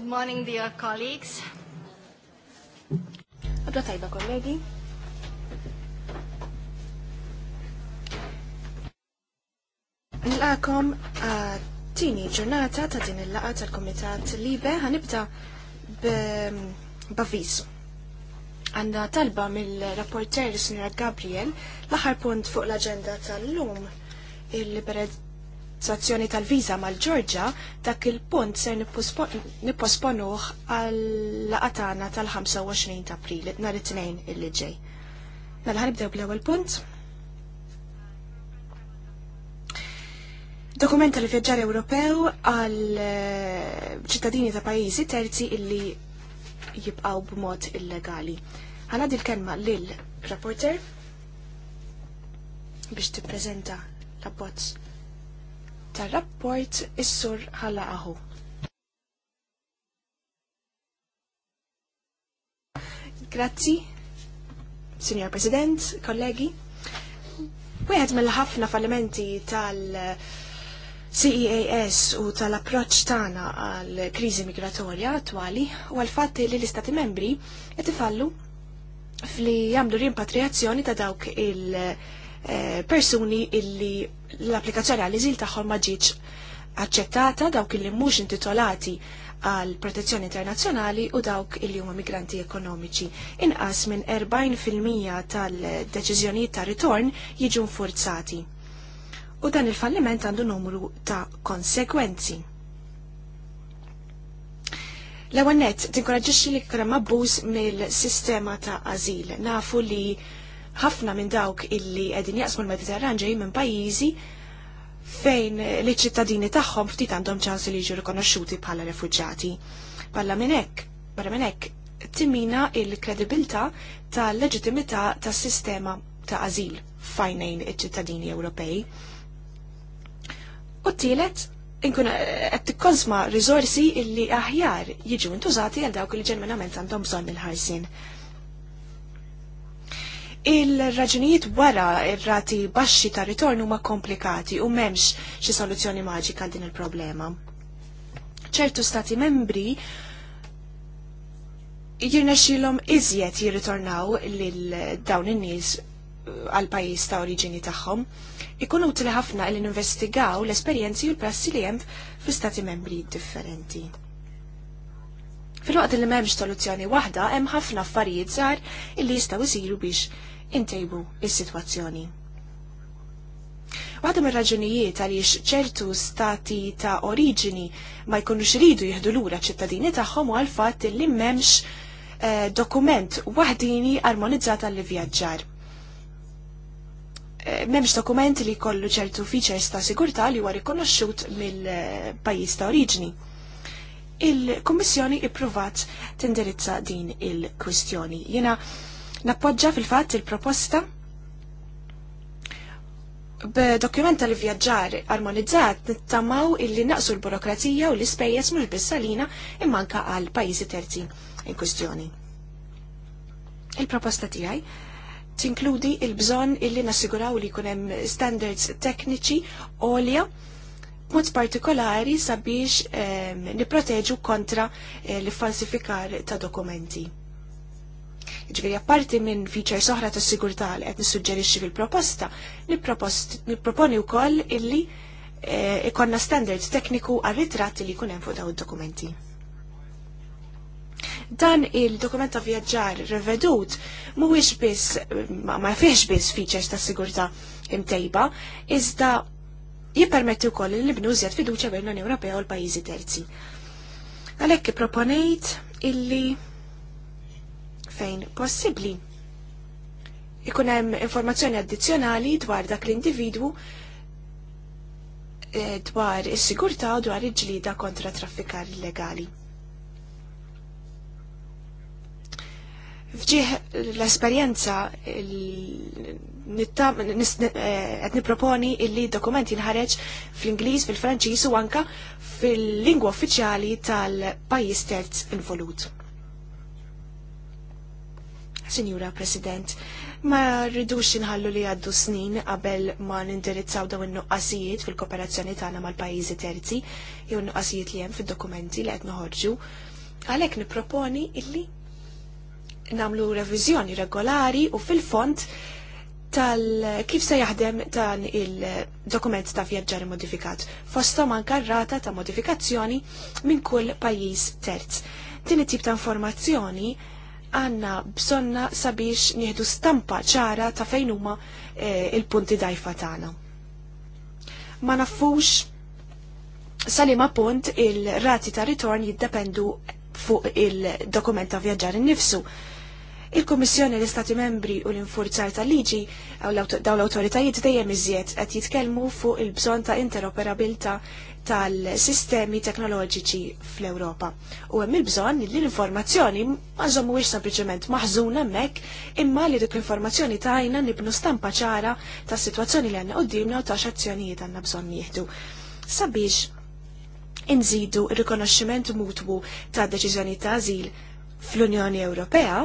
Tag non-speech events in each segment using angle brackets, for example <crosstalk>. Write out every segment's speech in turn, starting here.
Good morning, dear colleagues. Għabda tajba, kollegi. Nlaqkom uh, tini ġurnata ta' din il-laqa tal-Komitat Libe ħanibda b'avviż. Għandna talba mill-rapporter Sinjora Gabriel l-aħħar punt fuq l-aġenda tal-lum il-liberalizzazzjoni liberalizzazzjoni tal viza mal-Ġorġa, dak il-punt ser nipposponuh għall-qatana tal-25 ta' April, nhar it-tnejn illi ġej. Mela ħanibdew bl-ewwel punt. Dokument tal-vjaġġar Ewropew għal eh, ċittadini ta' pajjiżi terzi illi jibqgħu b'mod illegali. Ħanadi l-kelma lil rapporter biex tippreżenta l-abbozz tar-rapport is-sur ħalla aħu. Grazzi, Signor President, kollegi. Wieħed mill-ħafna fallimenti tal- CEAS u tal-approċ tagħna għall kriżi migratorja attwali u għal fatt li l-Istati membri qed ifallu fli jagħmlu rimpatrijazzjoni ta' dawk il- Eh, persuni illi l-applikazzjoni għal iżil tagħhom ma ġietx aċċettata dawk illi mhux intitolati għal protezzjoni internazzjonali u dawk illi huma migranti ekonomiċi. Inqas minn 40% tal-deċiżjonijiet ta' ritorn jiġu nfurzati. U dan il-falliment għandu numru ta' konsekwenzi. L-ewwel nett tinkoraġġixxi li kram abbuż mill-sistema ta' azil. Nafu li ħafna minn dawk illi qegħdin jaqsmu l-Mediterran ġej minn pajjiżi fejn li ċittadini tagħhom ftit għandhom ċans li jiġu rikonoxxuti bħala refuġġati. Balla minn hekk, barra minn hekk timina il-kredibilità tal-leġitimità tas-sistema ta' azil fajnejn iċ-ċittadini Ewropej. U t-tielet, inkun qed tikkonsma riżorsi illi aħjar jiġu intużati għal dawk li ġenwinament għandhom bżonn il-ħarsin. Il-raġunijiet wara ir-rati baxxi ta' ritorn huma komplikati u m'hemmx xi soluzzjoni maġika din il-problema. ċertu stati membri jirnexxilhom iżjed jirritornaw lil dawn in-nies uh, għal pajjiż ta' oriġini tagħhom, ikun utli ħafna li ninvestigaw l-esperjenzi u l-prassi li hemm fi stati membri differenti. Fil-waqt li m'hemmx soluzzjoni waħda hemm ħafna affarijiet żgħar illi jistgħu jsiru biex intejbu is-sitwazzjoni. Waħda mir raġunijiet għaliex ċertu stati ta' oriġini ma jkunux ridu jieħdu lura ċittadini tagħhom u għal-fatt li m'hemmx eh, dokument waħdini armonizzata li vjaġġar. Eh, m'hemmx dokument li kollu ċertu features ta' sigurtà li huwa rikonoxxut mill-pajjiż eh, ta' oriġini il-Kommissjoni ippruvat tindirizza din il-kwistjoni. Jena Nappoġġa fil-fatt il-proposta B'dokumenta li vjaġġar armonizzat nittamaw illi naqsu l-burokrazija u l-ispejjeż mhux biss għalina immanka għal pajjiżi terzi in kwistjoni. Il-proposta tiegħi tinkludi il-bżonn illi nassiguraw li jkun hemm standards tekniċi għolja mod partikolari sabiex eh, niproteġu kontra eh, l-falsifikar ta' dokumenti. Ġifieri apparti minn feature soħra ta' sigurtà li qed nissuġġerixxi fil-proposta, nipproponi wkoll illi eh, ikonna standard tekniku għal ritrat li jkun hemm fuq dawn id-dokumenti. Dan il-dokument ta' vjaġġar revedut mhuwiex biss ma fiex biss features ta' sigurtà imtejba, iżda jippermetti wkoll li nibnu żjed fiduċja bejn l-Unjoni Ewropea u l-pajjiżi terzi. Għalhekk proponejt illi fejn possibbli. Ikun hemm informazzjoni addizzjonali dwar dak l-individwu e, dwar is-sigurtà u dwar il-ġlida kontra traffikar illegali. Fġieħ l-esperienza e, qed niproponi illi dokumenti nħareġ fl-Ingliż, fil-Franċiż u anka fil-lingwa uffiċjali tal-pajjiż terz involut. Sinjura President. Ma rridux inħallu li għaddu snin qabel ma nindirizzaw daw in-nuqqasijiet fil-kooperazzjoni tagħna mal-pajjiżi terzi jew nuqqasijiet li hemm fid-dokumenti li qed noħorġu. Għalhekk nipproponi illi namlu reviżjoni regolari u fil-font tal kif se jaħdem dan il-dokument ta' vjaġġar modifikat. Fostom anka rata ta' modifikazzjoni minn kull pajjiż terz. Din it-tip ta' informazzjoni għanna bżonna sabiex nieħdu stampa ċara ta' fejn huma e, il-punti dajfa tagħna. Ma nafux salima punt il-rati ta' ritorn jiddependu fuq il-dokument ta' vjaġġar innifsu. Il-Kommissjoni l-Istati Membri u l-Infurzar tal-Liġi daw l-autoritajiet dejjem iżjed qed jitkellmu fuq il-bżonn ta' interoperabilità tal-sistemi teknoloġiċi fl-Ewropa. U hemm il-bżonn li l-informazzjoni mażom mhuwiex sempliċement maħżuna hemmhekk imma li dik l-informazzjoni tajna nibnu stampa ċara tas sitwazzjoni li għandna qudiemna u ta' x'azzjonijiet għandna bżonn nieħdu. Sabiex inżidu r-rikonoxximent mutwu ta' deċiżjoni ta' ażil fl-Unjoni Ewropea,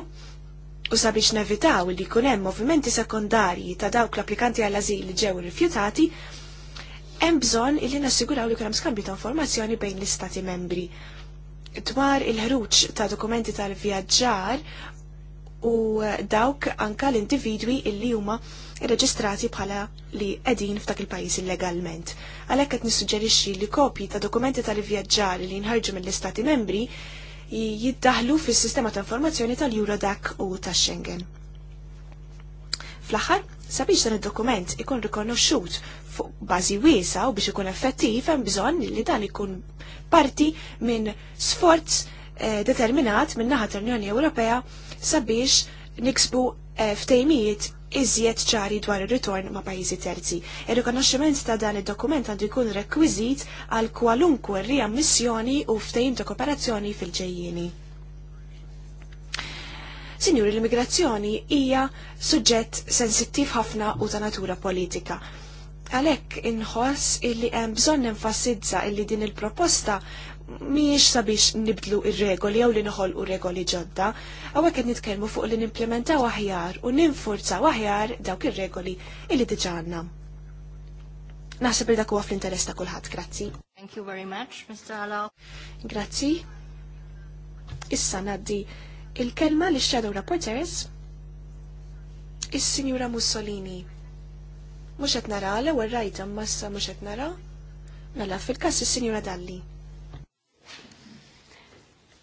U sabiex nevitaw li jkun hemm movimenti sekondarji ta' dawk l-applikanti għall ażil li ġew irrifjutati, hemm bżonn illi nassiguraw li kien hemm skambju ta' informazzjoni bejn l-istati membri dwar il-ħruġ ta' dokumenti tal-vjaġġar u eh, dawk anka l-individwi illi huma reġistrati bħala li qegħdin f'dak il-pajjiż illegalment. Għalhekk qed nissuġġerixxi li kopji ta' dokumenti tal-vjaġġar li nħarġu mill-Istati membri jiddaħlu fis-sistema ta' informazzjoni tal-Eurodac u tax-Schengen. Fl-aħħar, sabiex dan id-dokument ikun rikonoxxut fuq bażi wiesa u biex ikun effettiv hemm bżonn li dan ikun parti minn sforz eh, determinat minn naħat l-Unjoni Ewropea sabiex niksbu eh, ftejmijiet iżjed ċari dwar ir-ritorn ma' pajjiżi terzi. Ir-rikonoxximent ta' dan id-dokument għandu jkun rekwiżit għal kwalunkwe riammissjoni u ftehim ta' kooperazzjoni fil-ġejjieni. Sinjuri, l-immigrazzjoni hija suġġett sensittiv ħafna u ta' natura politika. Għalek inħoss illi hemm bżonn nenfasizza illi din il-proposta miex sabiex nibdlu ir-regoli jew li noħolqu regoli ġodda, għawek għed nitkellmu fuq li nimplementaw aħjar u ninfurzaw aħjar dawk ir-regoli illi diġà għandna. Naħseb li dak huwa fl-interess ta' kulħadd, grazzi. Thank you very much, Mr. Halal. Grazzi. Issa naddi il-kelma li xċadu rapporters is-Sinjura Mussolini. Mhux qed nara l-ewwel rajta massa mhux qed nara. Mela fil-każ is-Sinjura Dalli.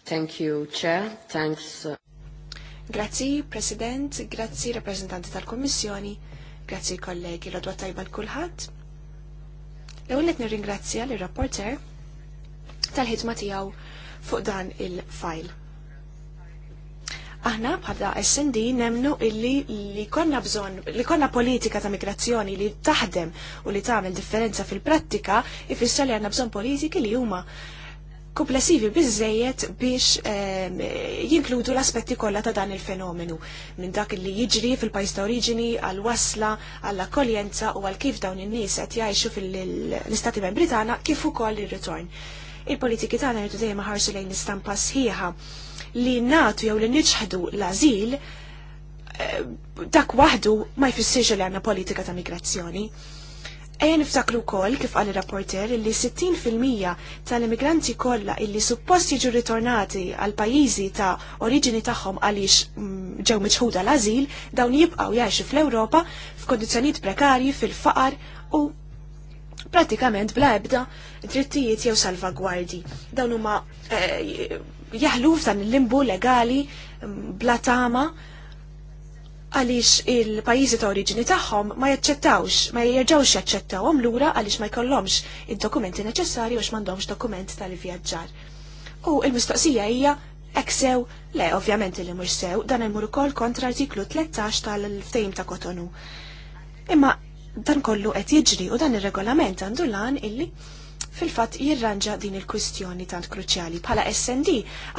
Thank you, Chair. Thanks. Uh, grazzi, President, grazzi, rappresentanti tal-Kommissjoni, grazzi, kollegi, l tajba l-kulħat. L-ewwel qed nirringrazzja lir-rapporter tal-ħidma tiegħu fuq dan il-file. Aħna bħabda SND nemnu illi li konna bżon, li konna politika ta' migrazzjoni li taħdem u li tagħmel differenza fil-prattika ifisser li għandna bżon politiki li huma komplessivi bizzejiet biex ehm, jinkludu l-aspetti kollha ta' dan il-fenomenu minn dak li jiġri fil-pajjiż ta' oriġini għal wasla għall akkoljenza u għal kif dawn in-nies qed jgħixu fil-Istati Membri tagħna kif ukoll ir-ritorn. Il-politiki tagħna jridu dejjem ħarsu lejn l-istampa sħiħa li natu jew li niċħdu l-azil eh, dak waħdu ma jfissirx li għanna politika ta' migrazzjoni. Ejja niftakru kol kif għal rapporter li 60% tal-immigranti kollha illi suppost jiġu ritornati għal pajjiżi ta' oriġini tagħhom għaliex mm, ġew miċħuda l-ażil dawn jibqgħu jgħixu fl-Ewropa f'kondizzjonijiet prekarji fil-faqar u pratikament bla ebda drittijiet jew salvagwardi. Dawn huma eh, jaħlu dan il-limbu legali mm, bla tama għaliex il-pajjiżi ta' oriġini tagħhom ma jaċċettawx, ma jerġgħux jaċċettawhom lura għaliex ma jkollhomx id-dokumenti neċessarji għax m'għandhomx dokument tal-ivvjaġġar. U il-mistoqsija hija hekk sew, le ovvjament li mhux sew, dan imur ukoll kontra artiklu 13 tal-ftehim ta' Kotonu. Imma dan kollu qed jiġri u dan ir-regolament għandu lan illi fil-fatt jirranġa din il-kwistjoni tant kruċjali. Bħala SND,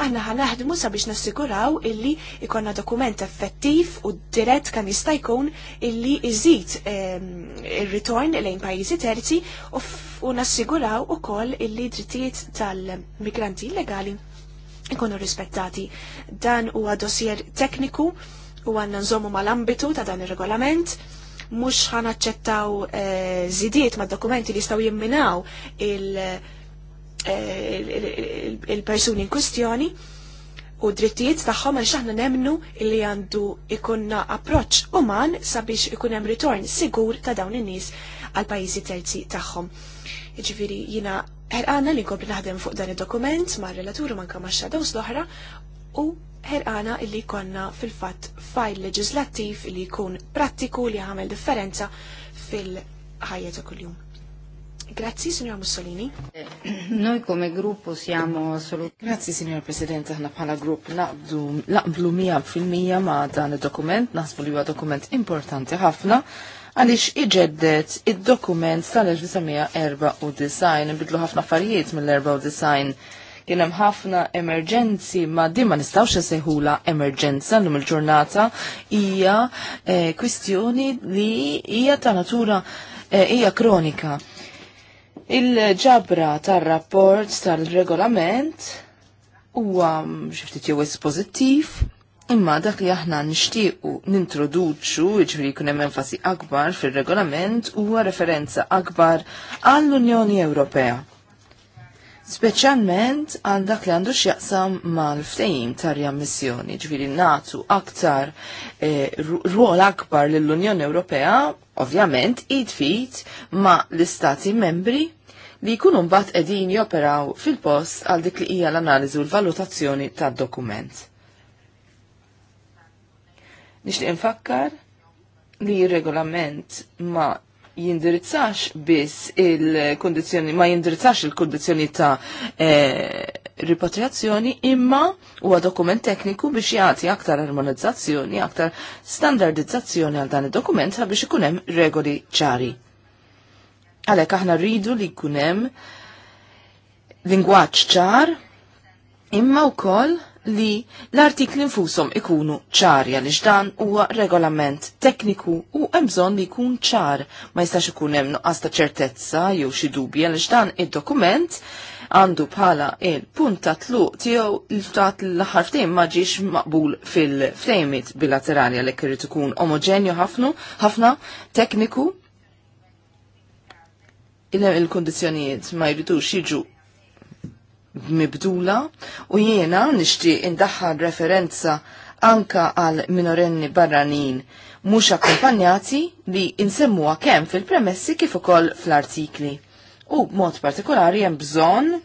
aħna ħanaħdmu sabiex nassiguraw illi ikonna dokument effettiv u dirett kan jista' jkun illi iżid ehm, ir-ritorn lejn pajjiżi terzi u nassiguraw ukoll illi drittijiet tal-migranti illegali ikunu rispettati. Dan huwa dossier tekniku u għanna nżommu mal-ambitu ta' dan ir-regolament mhux ħanaċċettaw eh, żidiet ma' dokumenti li jistgħu jimminaw il-persuni eh, in kustjoni u drittijiet tagħhom għal xaħna nemnu li għandu ikunna approċċ uman sabiex ikun hemm sigur ta' dawn in-nies għal pajjiżi terzi tagħhom. Ġifieri jiena ħerqana li nkompli naħdem fuq dan id-dokument ma' relatur manka ma' shadows l-oħra u ħerqana illi konna fil fat fajl leġislattiv illi jkun prattiku li għamel differenza fil-ħajja ta' jum Grazzi, signor Mussolini. Noi come gruppo siamo assolutamente... Grazzi, signor Presidente, ħna bħala grupp naqblu mija fil-mija ma' dan il-dokument, nasbu li huwa dokument importanti ħafna, għalix iġeddet id-dokument tal-1994 bidlu ħafna farijiet mill-94 kien hemm ħafna emerġenzi ma din ma nistgħux insejħula emerġenza llum il-ġurnata hija eh, kwistjoni li hija ta' natura eh, hija kronika. Il-ġabra tar-rapport tal-regolament huwa xi ftit jew pożittiv, Imma dak li aħna nixtiequ nintroduċu, ġifri jkun hemm enfasi akbar fir-regolament huwa referenza akbar għall-Unjoni Ewropea speċjalment għal dak li għandu x'jaqsam mal-ftehim tar riammissjoni, ġviri natu aktar e, ruol akbar lill-Unjoni Ewropea, ovvjament id fit ma l-istati membri li jkunu mbagħad qegħdin joperaw fil-post għal dik li hija l-analiżi u l-valutazzjoni tad-dokument. Nixtieq infakkar li regolament ma jindirizzax biss il-kondizjoni, ma jindirizzax il-kondizjoni ta' e, ripatriazzjoni imma huwa dokument tekniku biex jagħti aktar armonizzazzjoni, aktar standardizzazzjoni għal dan id-dokument biex ikun hemm regoli ċari. Għalhekk aħna rridu li jkun hemm lingwaġġ ċar imma wkoll li l-artikli nfusom ikunu ċari għal dan huwa regolament tekniku u hemm bżonn li jkun ċar ma jistax ikun hemm nuqqas ta' ċertezza jew xi dubi għal dan id-dokument għandu bħala il-punt ta' tluq tiegħu l-ftat l-aħħar ftehim ma ġiex maqbul fil-ftehimiet bilaterali għalhekk irid ikun omoġenju ħafna, ħafna tekniku il-kondizjonijiet ma jridux jiġu mibdula u jiena nixti indaħħal referenza anka għal minorenni barranin mhux akkumpanjati li insemmuha kemm fil-premessi kif ukoll fl-artikli. U mod partikolari hemm bżonn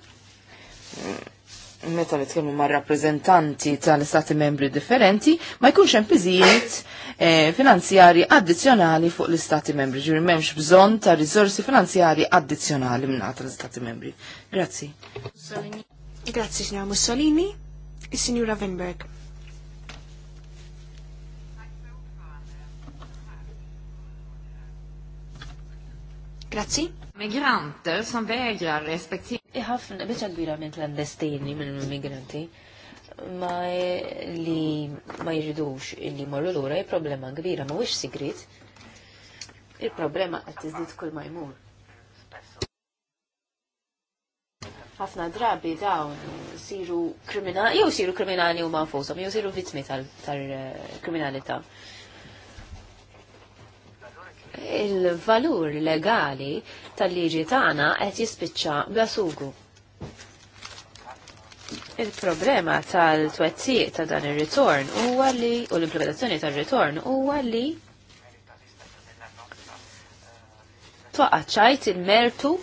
meta tkellmu ma' rappreżentanti tal-istati membri differenti ma jkunx hemm biżijiet finanzjarji eh, finanzjari addizzjonali fuq l-istati membri, Ġuri m'hemmx bżonn ta' riżorsi finanzjari addizzjonali mingħata l-istati membri. Grazzi. Grazzi signora Mussolini e signora Wenberg. Grazzi. Migranter som vägrar respektera... Ħafna, bieċa kbira minn klandestini minn migranti ma li ma jiridux li morru l-ura problema kbira ma wix sigrit il-problema qed tiżdied kull ma jmur. ħafna drabi dawn siru kriminali, jew siru kriminali u ma' jew siru vittmi tal-kriminalità. Tal eh, il-valur legali tal-liġi tagħna qed jispiċċa basugu. Il-problema tal twettiq ta' dan ir-ritorn huwa li u l-implementazzjoni tar-ritorn huwa li twaqaċċajt il-mertu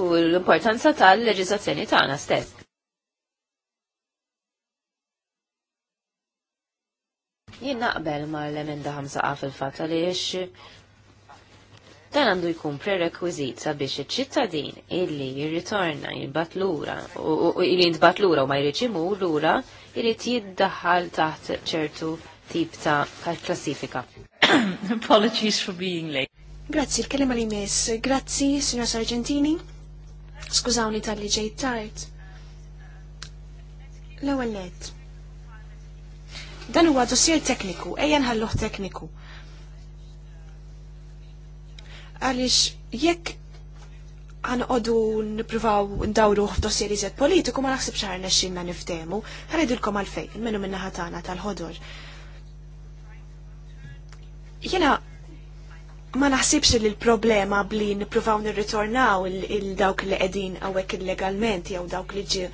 u l-importanza tal-leġiżazzjoni tagħna stess. Jien naqbel ma l-emenda 5 fil-fatt għaliex Dan għandu jkun prerekwizit sabiex iċ-ċittadin illi jirritorna jibbat lura u illi jintbat lura u ma jrid imur lura jrid jiddaħħal taħt ċertu tip ta' klassifika. <coughs> Apologies for being late. Grazzi, il kelima li mis. Grazzi, signor Sargentini. Skużawni tal-li ġejt tard. L-ewwel Dan huwa dossier tekniku, ejja nħalluh tekniku. Għaliex jekk għanqodu nipruvaw ndawru f'dossier iżjed politiku ma naħsibx ħarna xinna niftemu, ħaridilkom għalfejn, minnu minna ħatana tal-ħodor. Jena ma naħsibx li l-problema bli n nirritornaw il-dawk li qegħdin hawnhekk illegalment jew dawk li ġi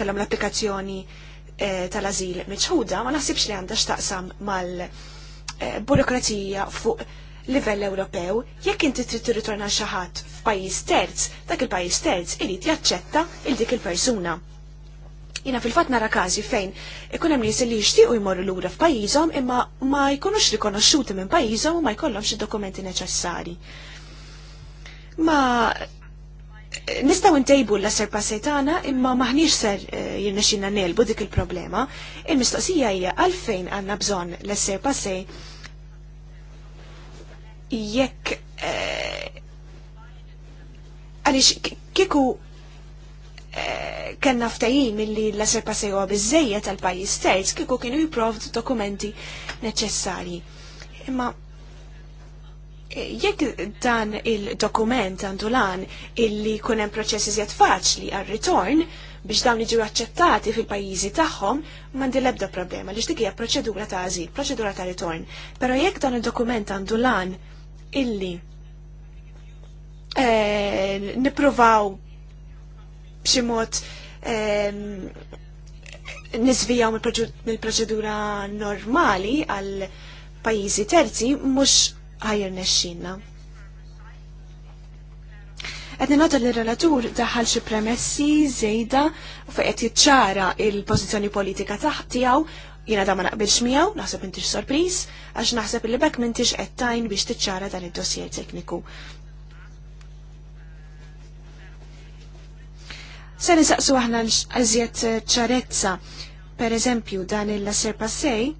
kellhom l-applikazzjoni eh, tal-azil miċħuda, ma naħsibx li għandha x'taqsam mal-burokrazija eh, fuq livell Ewropew, jekk inti trid tirritorna xi ħadd f'pajjiż terz, dak il-pajjiż terz irid jaċċetta il dik il-persuna. Jina fil-fatt nara każi fejn ikun hemm nies li jixtiequ jmorru lura f'pajjiżhom imma ma jkunux rikonoxxuti minn pajjiżhom u ma jkollhomx id-dokumenti neċessari. Ma Nistaw ntejbu l-lasser passetana imma maħniex ser eh, jirnexina nelbu dik il-problema. Il-mistoqsija hija għalfejn għanna bżonn l-lasser passej jekk eh, għaliex kieku eh, kena ftajim illi l-laser passejo bizzejja tal-pajis terz kieku kienu jiprovdu dokumenti neċessarji. Imma jekk dan il-dokument għandu lan illi kunem proċessi zjed faċli għal-ritorn biex dawn iġu accettati fil-pajizi tagħhom mandi lebda problema li dik hija proċedura ta' għażil, proċedura ta' ritorn. Pero jekk dan il-dokument għandu lan illi e, nipruvaw b'ximot ehm, nisvijaw nizvijaw mill-proċedura normali għal pajizi terzi mux ħajr nesċinna. Għedni nota li relatur daħal xi premessi zejda u fejqet jitċara il-pozizjoni politika taħtijaw Jina da ma naqbilx miegħu, naħseb intix sorpriż, għax naħseb li bekk m'intix qed tajn biex tiċċara dan id-dossier tekniku. Se nisaqsu aħna għażjed ċarezza, per eżempju dan il laser passej,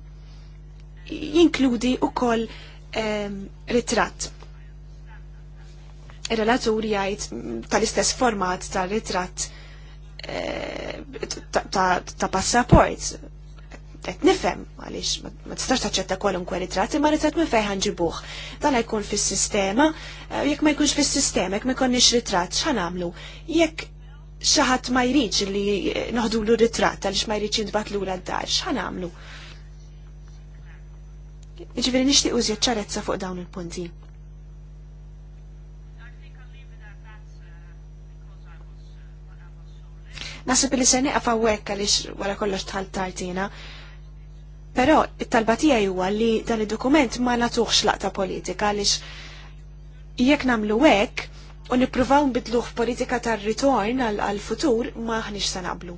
jinkludi ukoll ehm, ritratt il-relatur jgħid tal-istess format tal-ritratt eh, ta' passaport qed nifhem għaliex ma tistax taċċetta kwalunkwe ritratti ma ritrat minn fejn ħanġibuh. Dan jkun fis-sistema, eh, jekk ma jkunx fis-sistema, jekk ma jkunniex ritratt, x'għamlu. Jekk xi ħadd ma jridx li eh, noħdulu ritratt għaliex ma jridx jintbagħt lura d-dar, x'ħan Jiġifieri nixtieq użjed ċarezza fuq dawn il-punti. Nasib li se neqaf għawek għalix wara kollox tħal tartina, Però it-talba tiegħi juwa li dan id-dokument ma natuħx laqta politika għaliex jekk nagħmlu hekk u nippruvaw nbidluh politika tar-ritorn għal-futur ma ħnix se naqblu.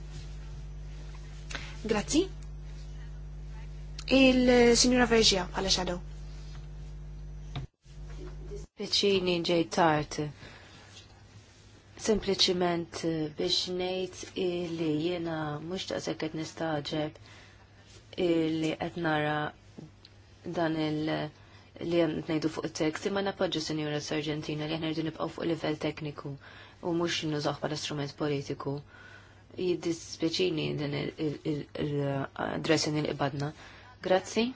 Grazzi. il signora Vergia, għala xadow. Piċini ġej tart. Sempliċiment biex ngħid li jiena mhux taqsek qed nistaġeb li qed nara dan il- li t-najdu fuq il-tekst, imma nappoġġu Senjura Sargentina li għan rridu nibqaw fuq livell tekniku u mux nużaw bħala strument politiku. Jiddispeċini din il-dressing il ibadna Grazzi.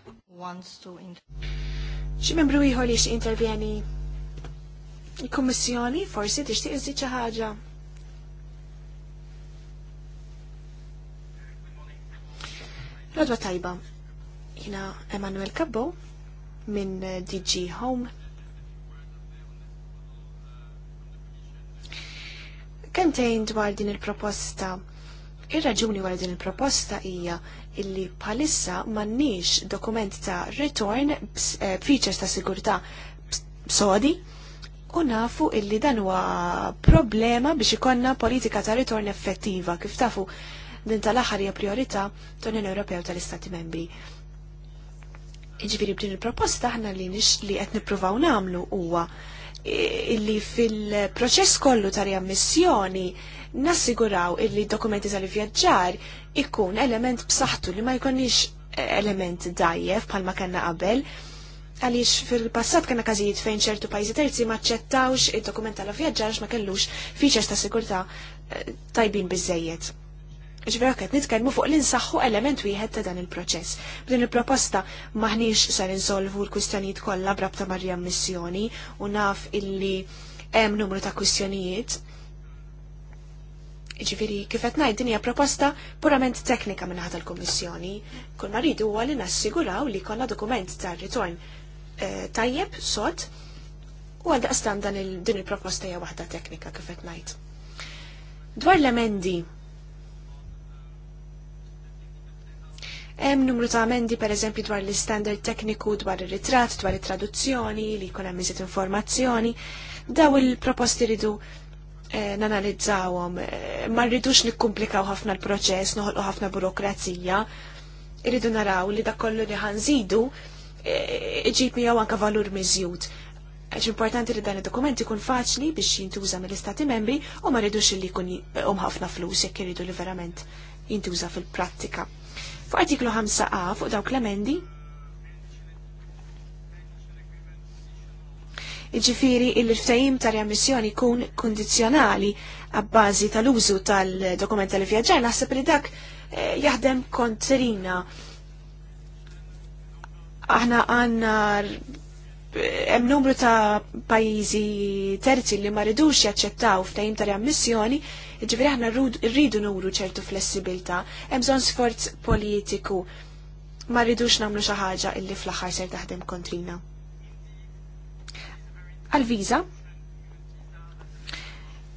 Xi membru ieħor li xi intervjeni il-Kummissjoni forsi tixtieq iżid xi ħaġa. Rodwa tajba, jina Emanuel Kabbo minn DG Home. Kentejn dwar din il-proposta Ir-raġuni wara din il-proposta hija illi bħalissa m'għandniex dokument ta' return eh, features ta' sigurtà sodi u nafu illi dan huwa problema biex ikonna politika ta' return effettiva kif tafu din tal-aħħar hija priorità tal-Unjoni Ewropew tal-Istati Membri. Iġifieri b'din il-proposta aħna li nix li qed nippruvaw nagħmlu huwa e, illi fil-proċess kollu ta' riammissjoni nassiguraw illi dokumenti tal-vjaġġar ikun element b'saħħtu li ma jkunix e, element dajjef bħalma kanna qabel, għaliex fil-passat kena każijiet fejn ċertu pajjiżi terzi ma ċettawx id-dokument tal-vjaġġar ma kellux fiċers ta' sigurtà e, tajbin biżejjed. Ġvera qed nitkellmu fuq l insaxħu element wieħed ta' dan il-proċess. B'din il-proposta maħniex sar insolvu l-kwistjonijiet kollha brabta marja missjoni u naf illi hemm numru ta' kwistjonijiet. Ġifiri, kif qed ngħid din hija proposta purament teknika minn ħadd il-Kummissjoni. ma rridu huwa li nassiguraw li konna dokument tar ritorn eh, tajjeb sod u għal daqstan din il-proposta hija waħda teknika kif qed ngħid. Dwar l-emendi Hemm numru ta' amendi per eżempju dwar l istandard tekniku dwar ir-ritratt, dwar it-traduzzjoni, li jkun hemm iżid informazzjoni. Daw il-proposti ridu eh, nanalizzawhom, eh, ma rridux nikkumplikaw ħafna l-proċess, noħolqu ħafna burokrazija. Irridu naraw li dak kollu li ħanżidu eh, iġib eh, miegħu anke valur miżjud għax importanti li dan id-dokument ikun faċli biex jintuża mill-istati membri u ma rridux li jkun ħafna flus jekk iridu li verament jintuża fil-prattika. F'artiklu 5a fuq dawk l-emendi, iġifiri il-ftajim ta' riammissjoni kun kondizjonali għabbażi tal-użu tal-dokument tal-vjaġġar, naħseb li dak eh, jaħdem kontrina. Aħna għanna hemm numru ta' pajjiżi terzi li ma ridux jaċċettaw f'tajim ta' riammissjoni, ġifieri aħna rridu nuru ċertu flessibilità, hemm bżonn sforz politiku. Ma rridux nagħmlu xi ħaġa illi fl-aħħar ser taħdem kontrina. Għal-viża,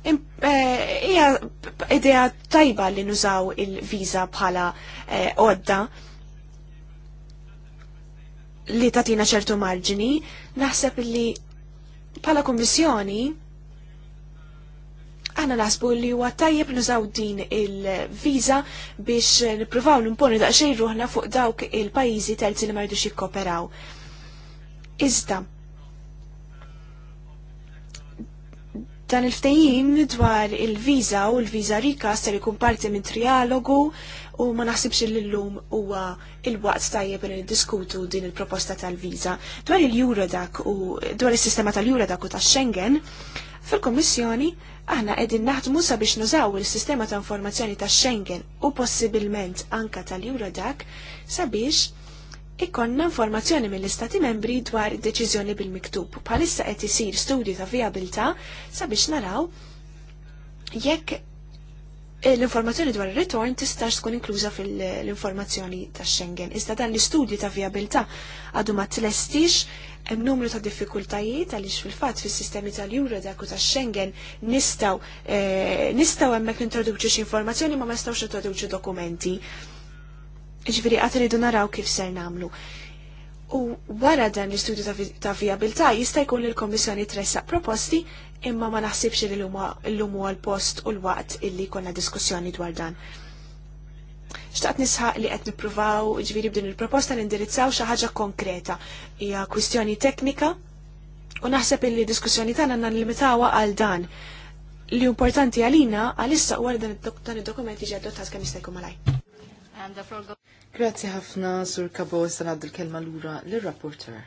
eh, hija idea tajba li nużaw il-viża bħala eh, għodda. Eh, li tatina ċertu marġini, naħseb li pala kommissjoni għana nasbu li huwa tajjeb nużaw din il-viza biex nipruvaw nimponu daqxej ruħna fuq dawk il-pajjiżi terzi li ma jdux jikkoperaw. Iżda, Dan il-ftejim dwar il-viza u l-viza rika ser ikun parti minn trialogu u ma naħsibx l-lum huwa il-waqt tajjeb li diskutu din il-proposta tal-viza. Dwar il-Eurodac u dwar il-sistema tal-Eurodac u tax-Schengen, fil-Kommissjoni aħna qegħdin naħdmu sabiex nużaw il-sistema ta' informazzjoni tax-Schengen u possibilment anka tal-Eurodac sabiex ikkonna informazzjoni mill-Istati membri dwar id deċiżjoni bil-miktub. Palissa qed isir studju ta' viabilità sabiex naraw jekk l-informazzjoni dwar ir return tistax tkun inkluża fil-informazzjoni ta' Schengen. Iżda dan l-istudju ta' viabilità għadu ma tlestix hemm numru ta' diffikultajiet għaliex fil-fatt fis-sistemi tal-Eurodac u tax-Schengen nistgħu eh, nistgħu hemmhekk nintroduċi xi informazzjoni ma ma nistgħux nintroduċi dokumenti. Ġviri għat rridu naraw kif ser namlu. U wara dan l-istudju ta' viabilità jista' jkun l komissjoni tressaq proposti imma ma naħsibx li l lumu għal post u l-waqt illi konna diskussjoni dwar dan. Xtaqt nisħaq li qed nippruvaw ġviri b'din il-proposta nindirizzaw xi ħaġa konkreta. Hija kwistjoni teknika u naħseb illi diskussjoni tagħna nlimitawha għal dan li importanti għalina għalissa u għal dan id-dokument li ġeddu ta' kemm jista' jkun malaj. Grazzi ħafna, Sur Kabo, sanad il-kelma l-ura l-rapporter.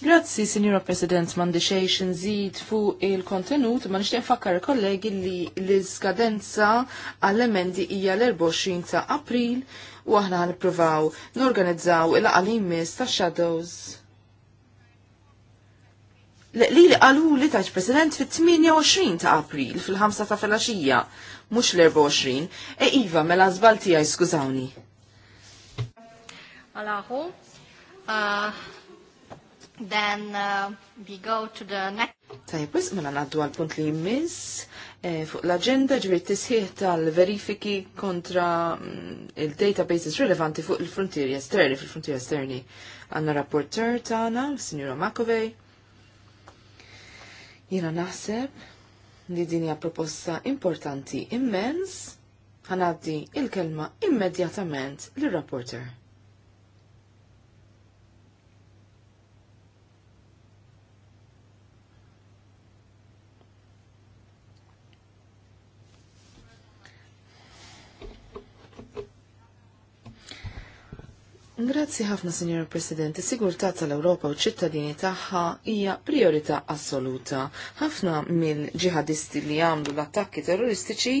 Grazzi, Signora President, mandi xejxin nżid fuq il-kontenut, ma nixtieq fakkar kollegi li l-iskadenza għall-emendi hija l-24 ta' April u aħna nippruvaw norganizzaw il jmiss ta' Shadows li li għalu li taċ president fit-28 ta' april fil-5 ta' felaxija mhux l-24. E iva, mela żbal għaj, skużawni. Allahu. Uh, then uh, we go to the next. Tajib, wis mela naddu għal punt li jimmis. e, eh, fuq l-agenda ġbir tisħiħ tal-verifiki kontra mm, il-databases rilevanti fuq il-frontieri esterni, fil-frontieri esterni. Għanna rapporter tagħna, Signora Makovej. Jena naħseb li din hija proposta importanti immens, ħanaddi il-kelma immedjatament l rapporter Grazzi ħafna, Signor President. Sigurtà tal-Ewropa u ċittadini tagħha hija priorità assoluta. Ħafna mill-ġihadisti li għamlu l-attakki terroristiċi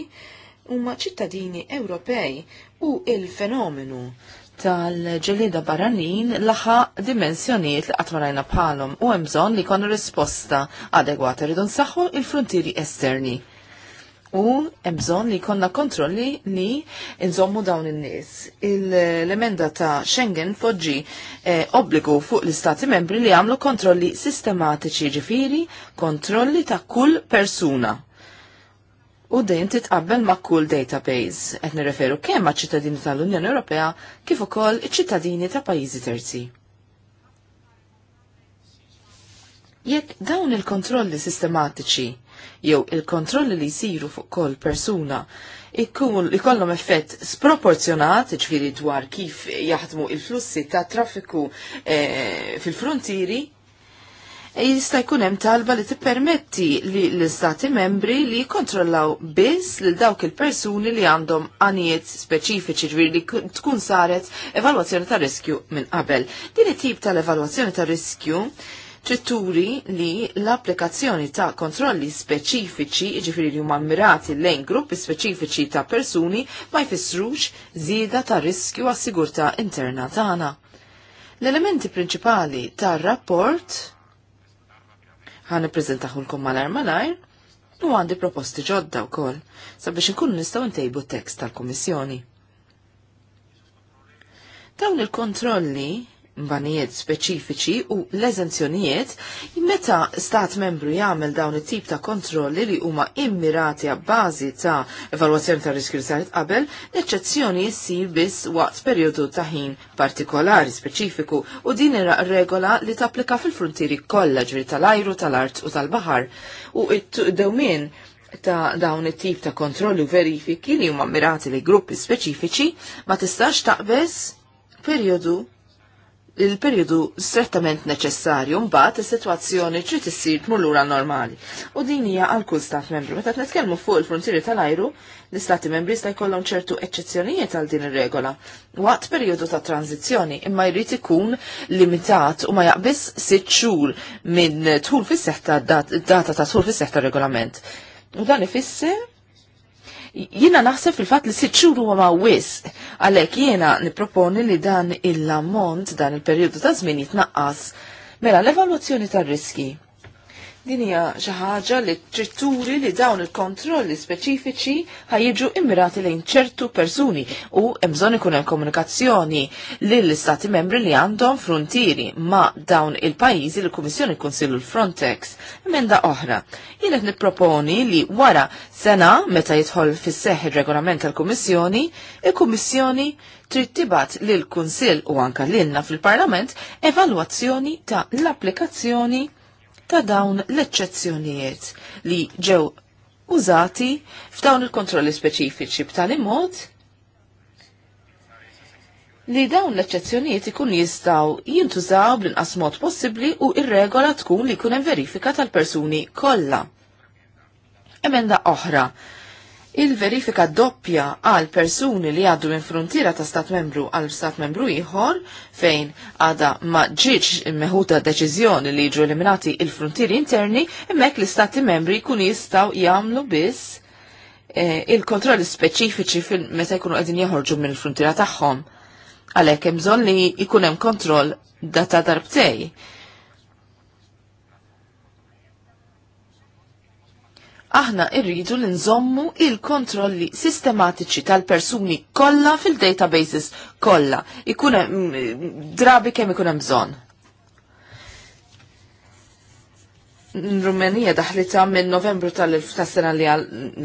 huma ċittadini Ewropej u il-fenomenu tal-ġelida barranin laħa dimensjoniet li għatmarajna bħalhom u hemm bżonn li konu risposta adegwata rridu nsaħħu il-frontieri esterni. U emżon li konna kontrolli li nżommu dawn in-nies. L-emenda ta' Schengen foġġi eh, obbligu fuq l-istati membri li għamlu kontrolli sistematiċi ġifiri, kontrolli ta' kull persuna. U din titqabbel ma' kull database, qed nirreferu kemm ma' ċittadini tal-Unjoni Ewropea kif ukoll iċ-ċittadini ta' pajjiżi terzi. Jekk dawn il-kontrolli sistematiċi jew il-kontrolli li jisiru fuq kol persuna ikollhom effett sproporzjonat, ġviri dwar kif jaħdmu il-flussi ta' traffiku e, fil-frontieri, e jista' jkun hemm talba li tippermetti li l-istati membri li jikkontrollaw biss lil dawk il-persuni li għandhom għanijiet speċifiċi ġviri li tkun saret evalwazzjoni ta' riskju minn qabel. Din it-tip tal-evalwazzjoni ta' riskju ċitturi li l-applikazzjoni ta' kontrolli speċifiċi, ġifiri li huma mirati lejn gruppi speċifiċi ta' persuni, ma jfissrux zieda ta' riskju għas sigurtà interna tagħna. L-elementi prinċipali tar rapport ħan ippreżentaħulkom mal-armalajr u għandi proposti ġodda wkoll sabiex inkunu nistgħu ntejbu t tekst tal-Kummissjoni. Dawn il-kontrolli banijiet speċifiċi u l-eżenzjonijiet, meta stat membru jagħmel dawn it-tip ta' kontrolli li huma immirati għab bażi ta' evalwazzjoni ta' riskju li qabel, l-eċċezzjoni ssir biss waqt perjodu ta' ħin partikolari speċifiku u din regola li tapplika fil frontiri kollha ġri tal-ajru, tal-art u tal-baħar. U id-dewmien ta' dawn it-tip ta' kontrollu verifiki li huma mirati li gruppi speċifiċi ma tistax taqbeż perjodu il-periodu strettament neċessarju mbagħad is-sitwazzjoni trid issir tmur lura normali. U din hija għal kull stat membru. Meta nitkellmu fuq il-frontieri tal-ajru, l-istati membri sta jkollhom ċertu eċċezzjonijiet għal din ir-regola. Waqt perjodu ta' tranzizzjoni imma jrid ikun limitat u ma jaqbis sitt xhur minn tħul fis-seħħ data ta' tħul fis-seħħ regolament. U dan ifisser Jiena naħseb fil-fatt li sitt xhur huwa ma' Għalhekk jiena nipproponi li dan il-ammont dan il-perjodu ta' żmien jitnaqqas. Mela l-evalwazzjoni tar-riski Din hija xi ħaġa li trituri li dawn il-kontrolli speċifiċi ħajġu immirati lejn ċertu persuni u hemm bżonn ikun hemm komunikazzjoni lill istati membri li għandhom frontieri ma' dawn il-pajjiżi li kummissjoni kunsillu l-Frontex. Emenda oħra. Jien qed nipproponi li wara sena meta jidħol fis seħħ ir-regolament tal-Kummissjoni, il-Kummissjoni trid tibgħat lill kunsill u anke lilna fil-Parlament evalwazzjoni ta' l-applikazzjoni ta' dawn l-eċċezzjonijiet li ġew użati f'dawn il-kontrolli speċifiċi b'tali mod li dawn l-eċċezzjonijiet ikun jistaw jintużaw bl-inqas mod possibbli u ir-regola tkun li kunem verifika tal-persuni kollha. Emenda oħra Il-verifika doppja għal persuni li għaddu minn frontiera ta' stat membru għal stat membru ieħor fejn għada ma ġiġ meħuta deċiżjoni li ġu eliminati il frontiri interni hemmhekk l-istati membri kun jistgħu jagħmlu biss eh, il-kontrolli speċifiċi fil meta jkunu qegħdin jħorġu minn il-frontiera tagħhom. Għalhekk hemm bżonn li jkun hemm kontroll data darbtej aħna irridu l nżommu il-kontrolli sistematiċi tal-persuni kollha fil-databases kollha. Ikun mm, drabi kemm ikun hemm bżonn. Rumenija daħlita minn novembru tal-sena li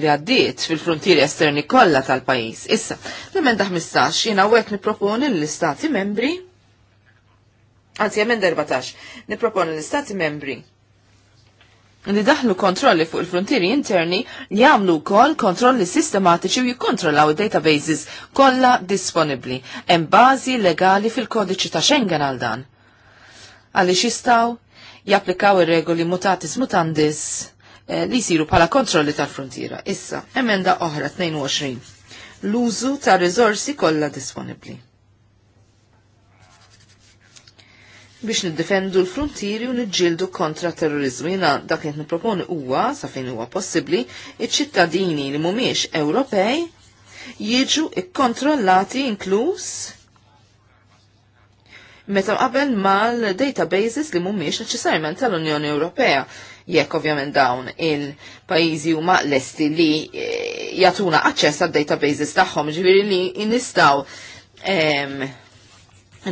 għaddiet fil-frontieri esterni kollha tal-pajis. Issa, l-emenda 15 jiena għet niproponi l-istati membri, anzi emenda 14, niproponi l-istati membri li daħlu kontrolli fuq il-frontieri interni jagħmlu wkoll kontrolli sistematiċi u jikkontrollaw id-databases kollha disponibbli hemm bażi legali fil-kodiċi ta' Schengen għal dan. Għaliex jistgħu japplikaw ir-regoli mutatis mutandis eh, li jsiru bħala kontrolli tal-frontiera. Issa, emenda oħra 22. L-użu ta' rizorsi kollha disponibbli. biex niddefendu l-frontieri u niġġieldu kontra terrorizmu. Jena dak qed nipproponi huwa sa fejn huwa possibbli iċ-ċittadini li mhumiex Ewropej jiġu ikkontrollati inkluż meta qabel mal-databases li mhumiex neċessarjament tal-Unjoni Ewropea. Jekk ovvjament dawn il-pajjiżi huma lesti li eh, jagħtuna aċċess għad-databases tagħhom, ġifieri li nistgħu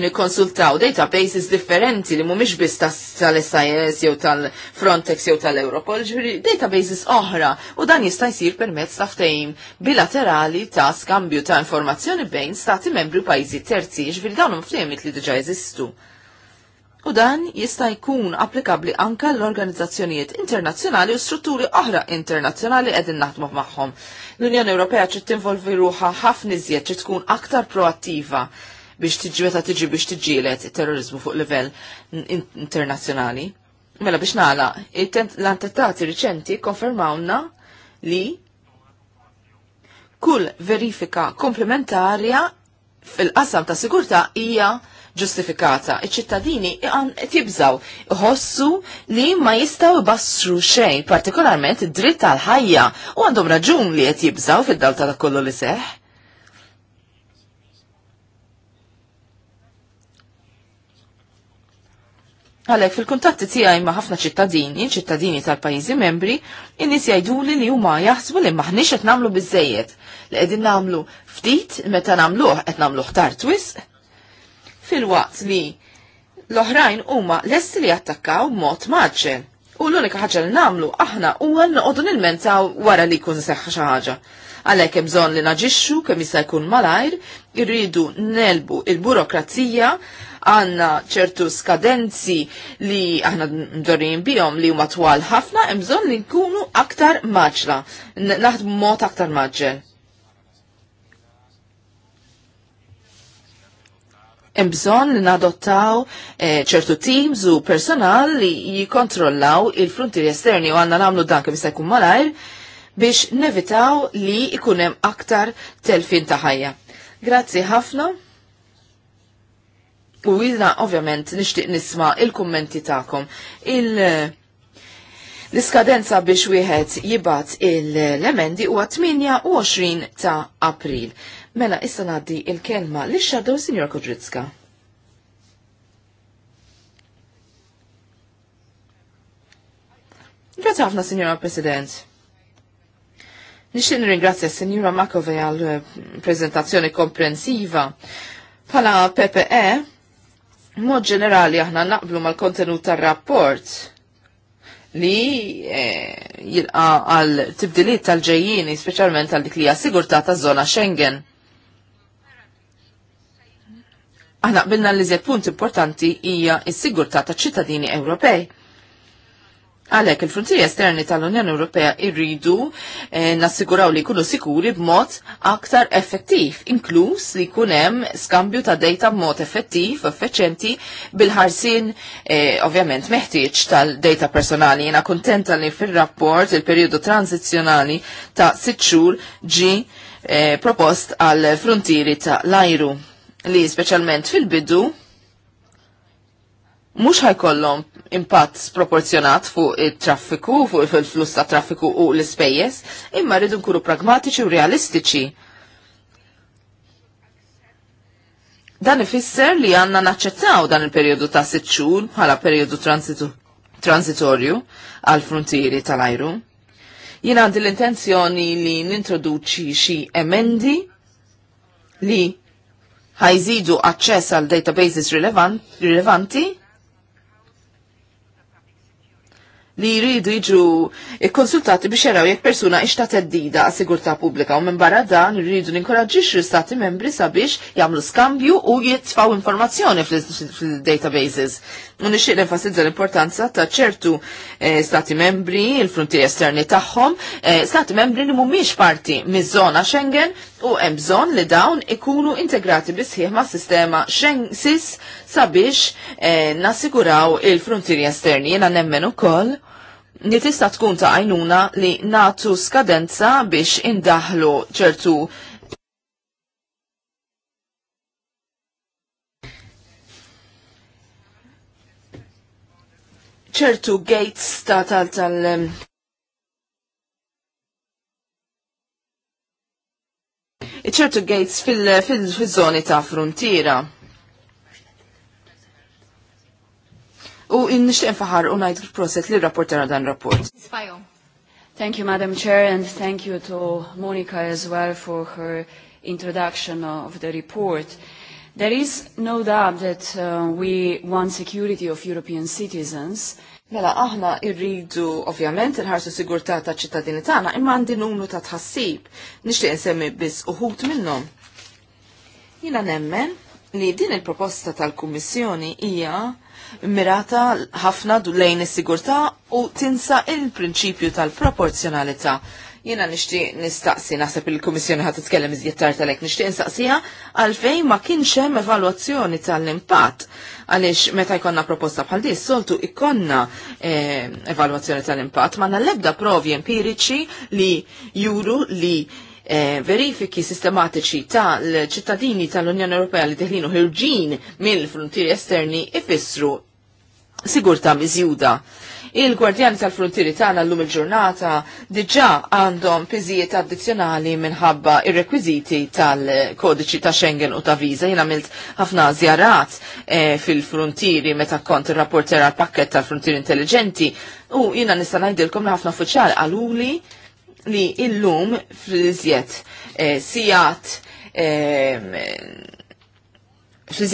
nikkonsultaw databases differenti li mhumiex biss tal-SIS jew tal-Frontex jew tal-Europol, ġifieri databases oħra u dan jista' jsir permezz ta' ftehim bilaterali ta' skambju ta' informazzjoni bejn stati membri u pajjiżi terzi, ġifieri dawn ftehimiet li diġà jeżistu. U dan jista' jkun applikabli anka l-organizzazzjonijiet internazzjonali u strutturi oħra internazzjonali qegħdin naħdmu magħhom. L-Unjoni Ewropea trid tinvolvi ruħha ħafna iżjed trid tkun aktar proattiva biex tiġi meta tiġi biex tiġilet terrorizmu fuq livell internazzjonali. Mela biex nagħla, l-antettati riċenti konfermawna li kull verifika komplementarja fil-qasam ta' sigurtà hija ġustifikata. Iċ-ċittadini tibżaw ħossu li ma jistaw ibassru xejn, partikolarment id-dritt tal-ħajja, u għandhom raġun li qed jibżaw fid-dalta ta' kollu li seħ. Għalek fil-kontatti tiegħi ma' ħafna ċittadini, ċittadini tal-pajjiżi membri, in-nies jgħiduli li huma jaħsbu li maħniex qed nagħmlu biżejjed. Li qegħdin nagħmlu ftit meta nagħmluh qed nagħmluh tard wisq. Fil-waqt li l-oħrajn huma lesti li jattakaw b'mod maġġel. U l-unika ħaġa li nagħmlu aħna huwa noqogħdu nilmentaw wara li jkun seħħ xi ħaġa. Għalhekk hemm bżonn li naġixxu kemm jista' jkun malajr, irridu nelbu il-burokrazija għanna ċertu skadenzi li aħna mdorin bihom li huma twal ħafna, hemm bżonn li nkunu aktar maġla, naħd mot aktar maġġel. imbżon li nadottaw eh, ċertu teams u personal li jikontrollaw il frontier esterni u għanna namlu dan kif jkun malajr biex nevitaw li ikunem aktar telfin ta' ħajja. Grazzi ħafna. U jina ovvjament nixtieq nisma' il-kummenti tagħkom. Il L-iskadenza biex wieħed jibgħat l-emendi huwa 28 ta' April. Mela issa ngħaddi il-kelma li xadow Sinjor Kodritska. Grazie ħafna, Sinjora President. Nixtieq nirringrazzja Sinjora Makovej għal eh, prezentazzjoni komprensiva. Pala PPE, Mod ġenerali aħna naqblu mal-kontenut tar-rapport li eh, jilqa għal tibdiliet tal-ġejjini, speċjalment għal dik li hija sigurtà taż-żona Schengen. Aħna qbilna li punt importanti hija s-sigurtà taċ-ċittadini Ewropej Għalhekk il-frontieri esterni tal-Unjoni Ewropea irridu eh, nassiguraw li jkunu sikuri b'mod aktar effettiv, inkluż li jkun hemm skambju ta' data b'mod effettiv, effiċenti bil-ħarsin eh, ovvjament meħtieġ tal-data personali. Jiena kuntenta li fir-rapport il-perjodu tranzizzjonali ta' sitt xhur ġi eh, propost għal frontieri ta' l-ajru li specialment fil-bidu mux ħajkollhom impatt sproporzjonat fuq il-traffiku, fuq il-flus ta' traffiku u l-ispejjeż, imma rridu nkunu pragmatiċi u realistiċi. Dan ifisser li għanna naċċettaw dan il periodu ta' sitt bħala perjodu transitorju għal frontieri tal-ajru. Jien għandi l-intenzjoni li nintroduċi xi emendi li ħajżidu aċċess għal databases rilevanti li jridu jiġu konsultati biex jaraw jekk persuna ixta teddida għas sigurtà pubblika u minn barra dan jridu ninkoraġġix l-istati membri sabiex jagħmlu skambju u jitfaw informazzjoni fil-databases. U nixtieq nenfasizza l-importanza ta' ċertu eh, stati membri, il-frontieri esterni tagħhom, eh, stati membri li mhumiex parti miż-żona Schengen u hemm bżonn li dawn ikunu integrati bisħieħ ma' sistema Schengen sabiex eh, nasiguraw il-frontieri esterni. Jena nemmen ukoll li tista' tkun ta' għajnuna li natu skadenza biex indaħlu ċertu ċertu gates ta' tal tal ċertu gates fil-żoni fil ta' frontiera. U nishtiq nfaħar u najt il-proset li rapportera dan rapport. Thank you, Madam Chair, and thank you to Monica as well for her introduction of the report. There is no doubt that uh, we want security of European citizens. Mela, aħna irridu ovvjament il-ħarsu sigurtà ta' ċittadini tagħna imma għandi numru ta' tħassib nixtieq insemmi biss uħud minnhom. Jiena nemmen li din il-proposta tal-Kummissjoni hija mirata ħafna lejn is-sigurtà u tinsa il-prinċipju tal-proporzjonalità jena nishtiq nistaqsi, naħseb il-Komissjoni ħat titkellem iżjed tard għalhekk nixtieq nistaqsija għalfejn ma kienx hemm evalwazzjoni tal-impatt għaliex meta jkollna proposta bħal dis soltu ikonna eh, evalwazzjoni tal-impatt ma l-ebda provi empiriċi li juru li Eh, verifiki sistematiċi tal-ċittadini tal-Unjoni Ewropea li teħlinu ħirġin mill-frontieri esterni ifissru sigurta miżjuda. Il-gwardjani tal-frontieri tagħna llum il-ġurnata diġà għandhom piżijiet addizzjonali minħabba ir-rekwiżiti tal-kodiċi ta' Schengen u ta' viża. Jien għamilt ħafna żjarat e, fil-frontieri meta kont ir-rapporter għal pakket tal-frontieri intelligenti u jiena nista' ngħidilkom li ħafna uffiċjal għaluli li illum fl-iżjed eh, sijat e, fl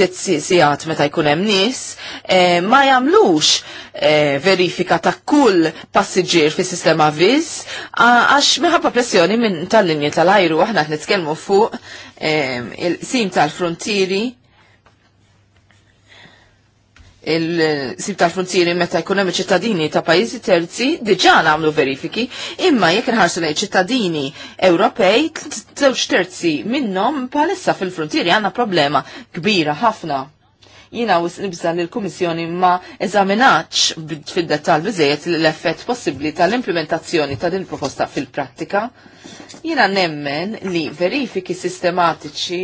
sijat meta jkun hemm nies eh, ma jagħmlux eh, verifika ta' kull passiġġier fis-sistema viz għax minħabba pressjoni minn tal-linji tal-ajru aħna qed nitkellmu fuq il-sim tal-frontieri il-sib tal-frontieri meta jkun hemm ċittadini ta' pajjiżi terzi diġà nagħmlu verifiki, imma jekk nħarsu lejn ċittadini Ewropej żewġ terzi minnhom bħalissa fil-frontieri għandna problema kbira ħafna. Jina wis nibżan il-Komissjoni kummissjoni ma eżaminax fid-dettall biżejjed l-effett possibbli tal-implementazzjoni ta' din proposta fil-prattika. Jina nemmen li verifiki sistematiċi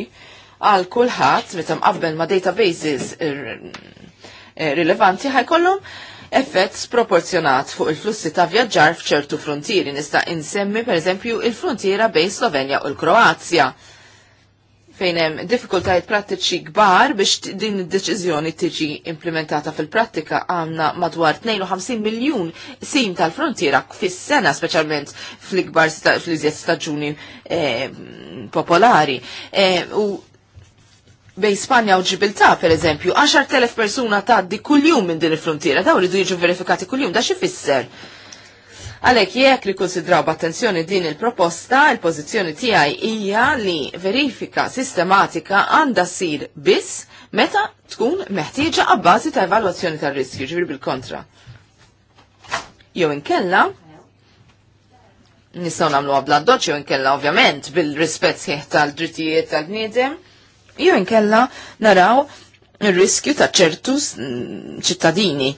għal kulħadd meta mqabbel ma' databases er, Eh, rilevanti ħajkollhom effett sproporzjonat fuq il-flussi ta' vjaġġar f'ċertu frontieri nista' insemmi pereżempju il-frontiera bejn Slovenja u l-Kroazja fejn hemm diffikultajiet prattiċi kbar biex din id-deċiżjoni tiġi implementata fil-prattika għandna madwar 52 miljun sim tal-frontiera fis-sena speċjalment fl-ikbar fl-iżjed staġuni eh, popolari. Eh, u bej Spanja u Ġibilta, per eżempju, 10.000 persuna taddi kuljum minn din il-frontiera, daw li jiġu verifikati kuljum, da xifisser. Għalek jek li konsidraw b'attenzjoni din il-proposta, il-pozizjoni tiegħi hija li verifika sistematika għandha sir biss meta tkun meħtieġa għabbazi ta' evalwazzjoni tar-riskju, ġifieri bil-kontra. Jew inkella, nistgħu nagħmluha d doċċ jew inkella ovvjament bil-rispett sħiħ tal-drittijiet tal-bniedem, tal drittijiet tal bniedem Jo inkella naraw il riskju ta' ċertu ċittadini.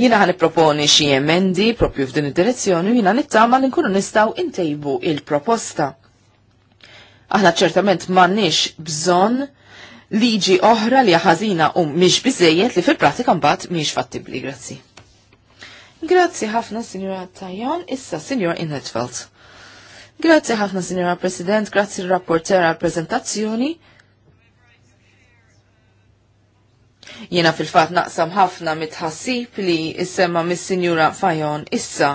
Jina ħan proponi xie emendi propju f'din id-direzzjoni jina nittama li nkunu nistaw intejbu il-proposta. Aħna ċertament mannix bżon liġi oħra li ħażina u miex biżejjed li fil-pratika mbagħad miex fattibli, grazzi. Grazzi ħafna, Sinjora Tajjon, issa Sinjora Innetfeld. Grazzi ħafna, Sinjora President, grazzi l-rapporter għal-prezentazzjoni. Jena fil-fat naqsam ħafna mitħassib li issemma mis-Sinjura Fajon issa.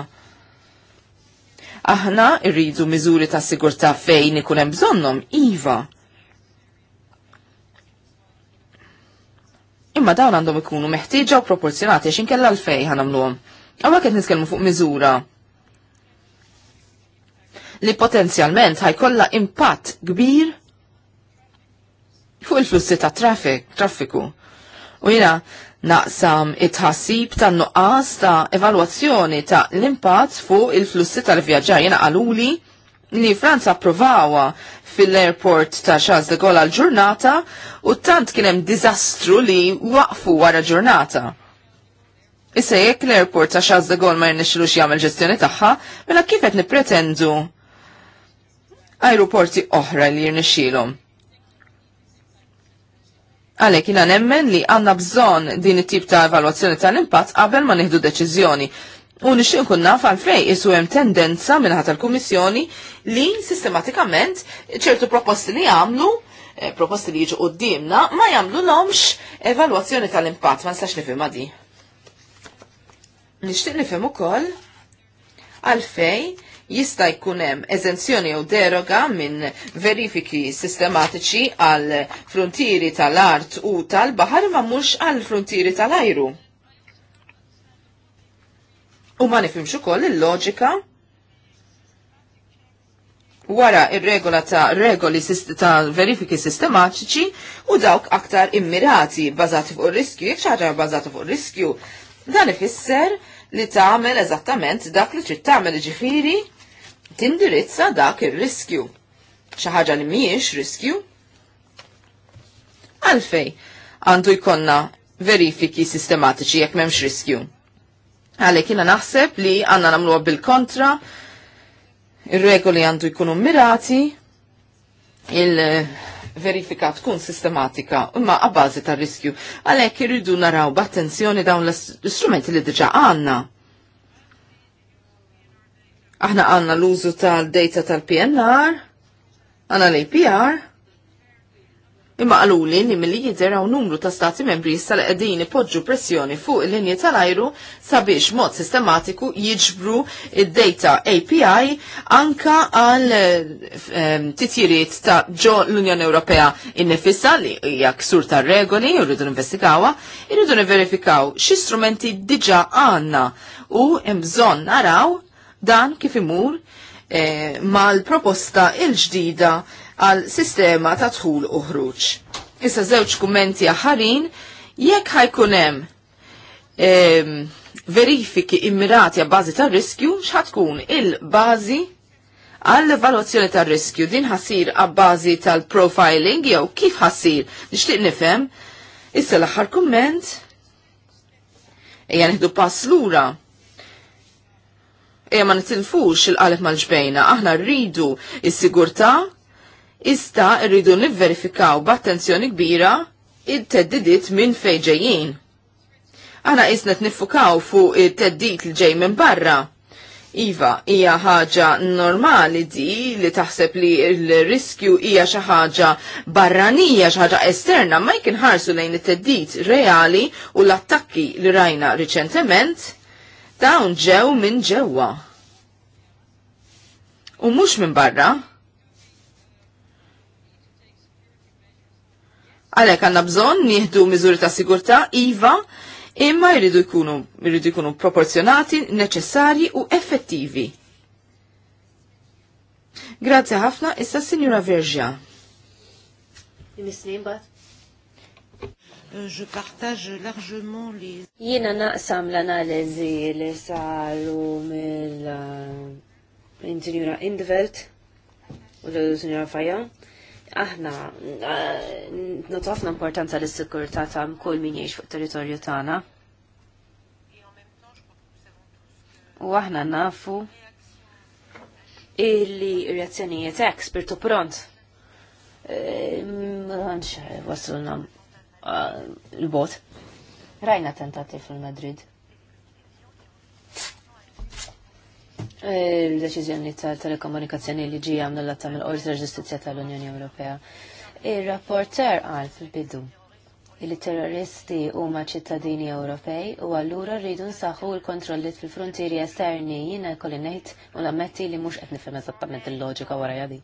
Aħna irridu miżuri ta' sigurtà fejn ikun hemm bżonnhom iva. Imma dawn għandhom ikunu meħtieġa u proporzjonati x'inkella l-fej ħanamluhom. Għawma qed nitkellmu fuq miżura li potenzjalment ħajkollha impatt kbir fuq il-flussi ta' traffic, traffiku. U jina naqsam it-ħassib ta' nuqqas ta' evalwazzjoni ta' l-impatt fuq il-flussi tal-vjaġġar jina għaluli li Franza provawa fil-airport ta' Charles de Gaulle għal-ġurnata u tant kienem dizastru li waqfu wara ġurnata. Issa jekk l-airport ta' Charles de Gaulle ma jirnexilux jagħmel ġestjoni tagħha, mela kif qed nippretendu aeroporti oħra li jirnexilhom. Għalek jina nemmen li għanna bżon din it-tip ta' evalwazzjoni tal-impatt qabel ma nieħdu deċiżjoni. U nixtieq nkun naf għalfej isu hemm tendenza minħata l-Kummissjoni li sistematikament ċertu proposti li għamlu eh, proposti li jiġu qoddimna ma jagħmlu nomx evalwazzjoni tal-impatt, ma nistax nifhem di. Nixtieq nifhem ukoll għalfej jista' jkun hemm eżenzjoni jew deroga minn verifiki sistematiċi għal frontieri tal-art u tal-baħar ma mhux għal frontieri tal-ajru. U ma nifhimx ukoll il-loġika wara ir-regola ta' regoli ta' verifiki sistematiċi u dawk aktar immirati bażati fuq ir-riskju, jekk xi bażata fuq ir-riskju, dan ifisser li tagħmel eżattament dak li trid tagħmel iġifieri? tindirizza dak ir-riskju. Xi ħaġa li mhijiex riskju? Għalfej għandu jkollna verifiki sistematiċi jekk m'hemmx riskju. Għalhekk jina naħseb li għandna nagħmluha bil-kontra, ir-regoli għandu jkunu mirati, il-verifika tkun sistematika imma għabbażi tar riskju għalhekk irridu naraw b'attenzjoni dawn l-istrumenti li diġà għandna Aħna għanna l-użu tal-data tal-PNR, għanna l-APR, imma għaluli li mill-li għaw numru ta' stati membri jistal qegħdin ipoġġu pressjoni fuq il-linji tal-ajru sabiex mod sistematiku jiġbru il data API anka għal ehm, titjiriet ta' ġo l-Unjoni Ewropea innifissa li jak sur ta' regoli jridu investigawa, jridu verifikaw xi strumenti diġa għandna u hemm naraw Dan kif imur eh, mal-proposta il-ġdida għal sistema ta' tħul uħruċ. Issa żewġ kummenti aħarin jekk ħajkunem hemm eh, verifiki immirati għal bażi tar-riskju x'ħatkun il-bażi għall evaluazzjoni tar riskju din ħassir għabbażi tal-profiling jew kif ħassir nixtieq nifhem issa l-aħħar kumment ejja nieħdu pass lura e ma nitilfux il qalet mal-ġbejna, aħna rridu il sigurtà ista rridu nivverifikaw b'attenzjoni kbira il-teddidiet minn fejġejjin. Aħna isna t-nifukaw fuq il-teddit l-ġej minn barra. Iva, hija ħaġa normali di li taħseb li l-riskju hija xi ħaġa barranija, xi ħaġa esterna, ma jkun ħarsu lejn it-teddit reali u l-attakki li rajna riċentement Dawn ġew minn ġewwa. U mhux minn barra. Għalhekk għandna bżonn nieħdu miżuri ta' sigurtà iva imma jridu jkunu jridu jkunu proporzjonati, neċessarji u effettivi. Grazzi ħafna issa Sinjura Verġja. Nisni mbagħad je partage largement les... Jina naqsam l-analizi li saru mill-inġinjura uh, Indvelt u l-inġinjura Fajan. Aħna, uh, notofna importanza l-sikurta ta' kull min jiex fuq territorju tagħna. U aħna nafu illi reazzjonijiet ekspirtu pr pront. E, eh, Mħanx, waslunam Uh, l-bot. Rajna tentati fil-Madrid. Eh, il-deċizjoni ta' telekomunikazzjoni li ġi għamna l-atta mill-Qorti ta' Ġustizzja tal-Unjoni Ewropea. Il-rapporter għal fil-bidu li terroristi huma ċittadini Ewropej u allura rridu nsaħħu l-kontrolli fil-frontieri esterni jina kolinejt ngħid u l-ammetti li mhux qed nifhem eżattament il-loġika wara jadi.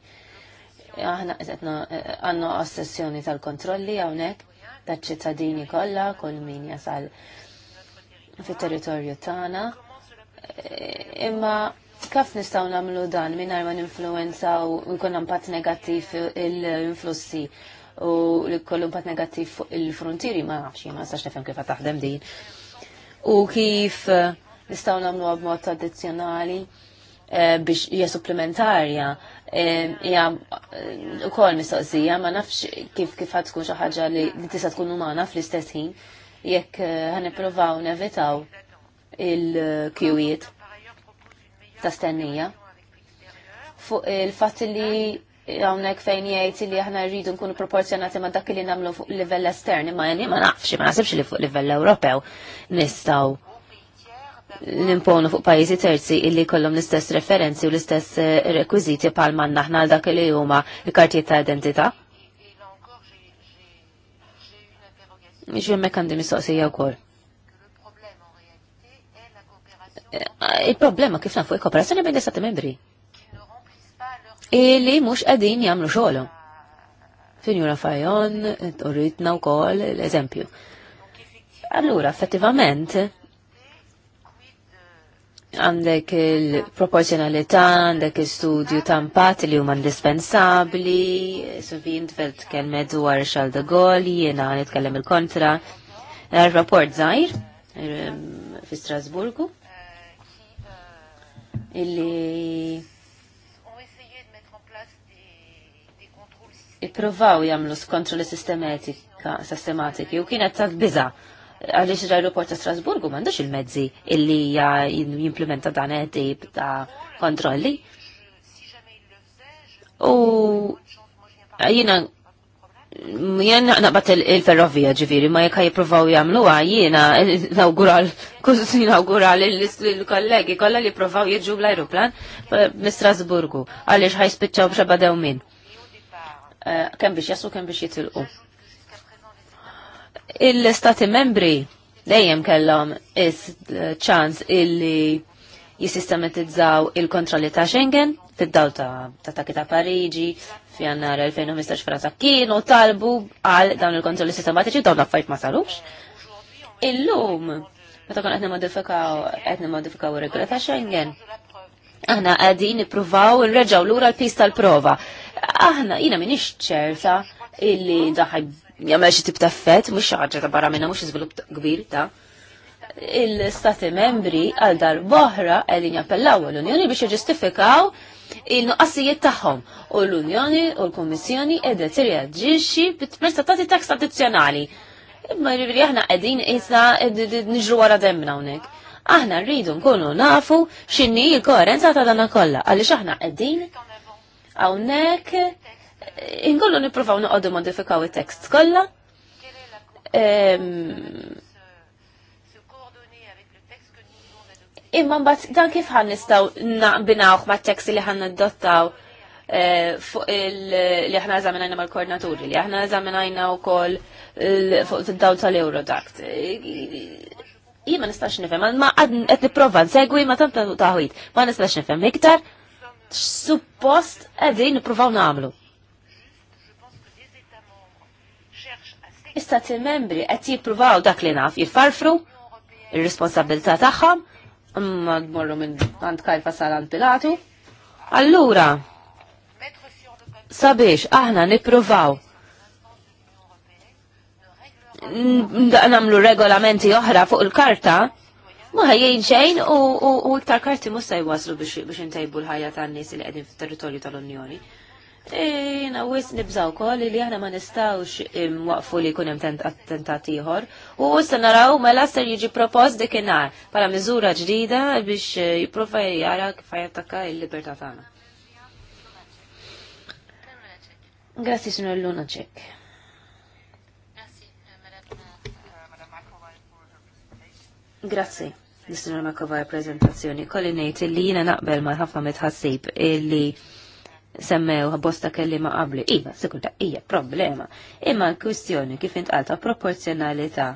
Aħna qed għandna ossessjoni tal-kontrolli hawnhekk taċ ċittadini kollha kull min jasal fit-territorju tagħna. Eh, imma kif nistgħu nagħmlu dan mingħajr ma ninfluwenza u jkun impatt negattiv l-influssi u li kollu impatt negattiv fuq il-frontieri ma nafx ma nistax nifhem kif taħdem din. U kif eh, nistgħu nagħmluha b'mod addizzjonali eh, biex hija supplementarja u eh, ukoll mistoqsija ma nafx kif kif għad tkun xi ħaġa li tista' tkun umana fl-istess ħin jekk eh, ħanippruvaw nevitaw il-kjujiet ta' stennija. Fuq il fat li hawnhekk fejn jgħid li aħna rridu nkunu proporzjonati ma' dak li nagħmlu fuq livell estern, ma' jenni ma nafx, ma nasibx li fuq livell Ewropew nistgħu nimponu fuq pajizi terzi illi kollhom l-istess referenzi u l-istess eh, rekwiziti pal man naħna dak li huma l kartiet ta' identità? Mhix hemmhekk għandi mistoqsija wkoll. Eh, il-problema kif nafu il-kooperazzjoni bejn l-istati membri. Illi mhux qegħdin jagħmlu xogħolhom. Finjura Fajon, uritna kol, l-eżempju. Allura, effettivament, għandek il-proporzjonalità, għandek il-studju tampat li huma indispensabli, Sofijn fil tkellmet dwar xal de gol, jiena nitkellem il-kontra. Il-rapport zaħir ehm, fi Strasburgu illi ippruvaw jagħmlu skontrolli sistematika sistematiki u kienet ta' biża' għaliex l-aeroport ta' Strasburgu m'għandux il-mezzi illi jimplementa dan e tip ta' kontrolli. U jina jen naqbat il-ferrovija ġiviri, ma jekk jiprofaw jamluwa, jiena inaugural, <laughs> kus inaugural il-kollegi, kolla li provaw jieġu l-aeroplan Strasburgu għalix ħajspiċċaw bxabba dew min. Eh, kem biex jasu, kem biex jitilqu il-stati membri dejjem kellhom is-ċans eh, illi jisistematizzaw il-kontrolli ta' Schengen fid-daw ta' attaki ta' Pariġi f'jannar 2015 Franza kienu talbu għal dawn il-kontrolli sistematiċi dawn l-affajt ma salux. Illum, meta kon qed nimmodifikaw qed nimmodifikaw ir-regola ta' Schengen, aħna qegħdin nippruvaw nreġgħu lura l-pista tal-prova. Aħna jiena m'iniex ċerta illi daħaj J'għamil xi tip ta' effett, mhux xi ħaġa ta' barra minna, mhux iżvilupp kbir ta' il-stati membri għal dar boħra għedin jappellaw l-Unjoni biex jġustifikaw il-nuqqassijiet tagħhom u l-Unjoni u l-Kommissjoni edha tirreagġixxi bit-prestati tax addizzjonali. Imma jribri aħna qegħdin issa niġru wara demna hawnhekk. Aħna rridu nkunu nafu x'inhi l-koerenza ta' dana kollha għaliex aħna qegħdin hawnhekk inkollu niprofaw noqogħdu modifikaw it-tekst kollha. Imma mbagħad dan kif ħan nistgħu naqbinawh mat-tekst li ħan adottaw eh, fuq li aħna eżaminajna mal-koordinaturi, li aħna eżaminajna wkoll fuq id-dawl tal-Eurodact. Ima ma nistax nifhem, ma qed nipprova nsegwi ma ta' taħwit, ma nistax nifhem iktar suppost qegħdin nippruvaw nagħmlu. Istati membri qed jippruvaw dak li naf jiffarfru ir-responsabilità tagħhom imma dmorru minn għand kajfa salan Pilatu. Allura, sabiex aħna nippruvaw namlu regolamenti oħra fuq il-karta, ma ħajjin xejn u l iktar karti musta jwaslu biex intajbu l-ħajja tan nies li qegħdin fit-territorju tal-Unjoni. Jina e, wis nibżaw kol li aħna ma nistawx waqfu li kunem attentat ieħor. U issa naraw ma mela laster jiġi propost dikinhar bħala miżura ġdida biex e, jipprova jara kif jattakka l-libertà tagħna. Grazzi sinu l-luna ċek. Grazzi. Nisinu l-makovar prezentazzjoni. Kolli nejt li jina naqbel ma ħafna mitħassib li semmew bosta kelli ma qabli. Iva, sikurta, ija problema. Imma l-kwistjoni kif intqalta proporzjonalità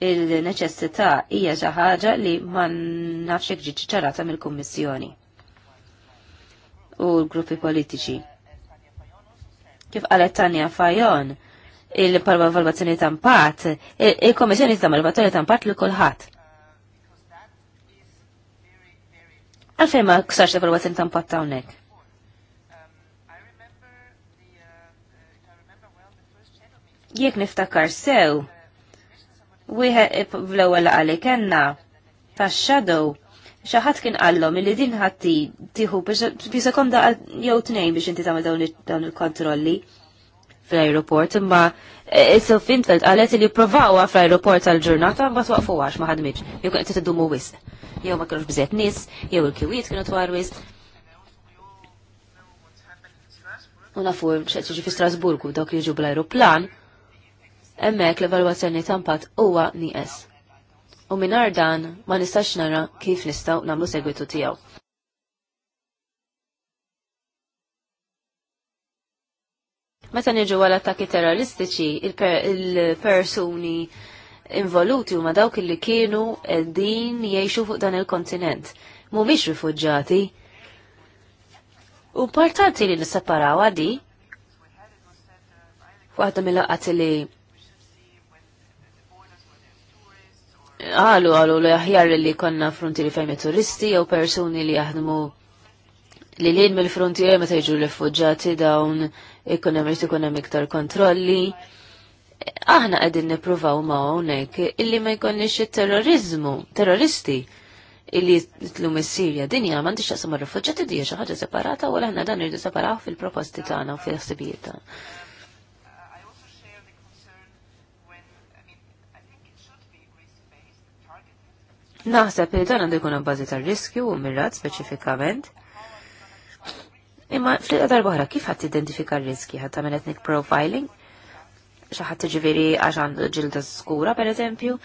il-neċessità hija xi ħaġa li ma nafx hekk ġiġi ċarata mill-Kummissjoni u l-gruppi politiċi. Kif qalet Tanja Fajon, il-valvazzjoni ta' impatt, il-Kommissjoni ta' valvazzjoni ta' impatt li kulħadd. Għalfejn ma ksarx evalwazzjoni ta' impatt hawnhekk? jekk niftakar sew, wieħed l-ewwel għali kellna tax-shadow xaħat kien għallom milli din ħatti tiħu bi sekonda jew tnejn biex inti tagħmel dawn il-kontrolli fl-aeroport, imma Issu e, e, Fintfeld qalet li provawa fl-aeroport għal-ġurnata ma twaqfu għax ma ħadmitx, jew kien qed iddumu wisq. Jew ma kienux bżiet nies, jew il-kiwiet kienu twar wisq. U nafu x'qed fi Strasburgu dawk jiġu bl-aeroplan, Emmek l-evalwazzjoni ta' impatt huwa nieqes. U minar dan ma nistax nara kif nistgħu nagħmlu segwitu tiegħu. Meta niġu għal attakki terroristiċi, il-persuni involuti huma dawk li kienu din jgħixu fuq dan il-kontinent. Mhumiex rifuġġati. U partanti li nisseparaw għadi. Waħda mill-laqat li għalu għalu li aħjar li konna frontieri fejn turisti jew persuni li jaħdmu li lin mill jew meta jiġu li fuġġati dawn ikun hemm ikun hemm iktar kontrolli. Aħna qegħdin nippruvaw ma' hawnhekk illi ma jkollniex it-terrorizmu, terroristi illi jitlu mis-Sirja dinja m'għandix taqsam ar-refuġġati dija xi ħaġa separata wara aħna dan irdu separaw fil-proposti tagħna u fil-ħsibijiet tagħna. Naħseb li dan għandu jkun bażi tar-riskju u mirrat speċifikament. Imma fl-qiegħda darba kif għat identifika r-riski għat tagħmel ethnic profiling? xaħat ġiviri għax għandu ġilda skura, per eżempju,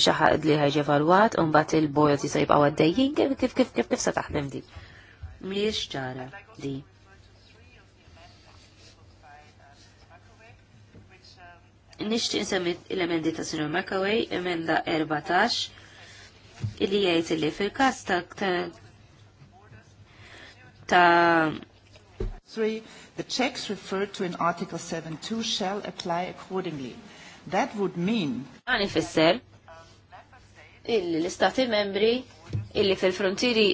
xaħat li ħajġi evalwat, bat il-bojot jisajb għaw għaddejjin, kif kif kif kif kif sa taħdem di. Miex ċara di. Nishti nsemmi l-emendi ta' Sinu Makaway, emenda 14, illi jgħid illi fil-każ ta' ta' Three, the checks referred to in Article 7.2 shall apply accordingly. That would mean... Għan ifisser illi l-istati membri illi fil-frontieri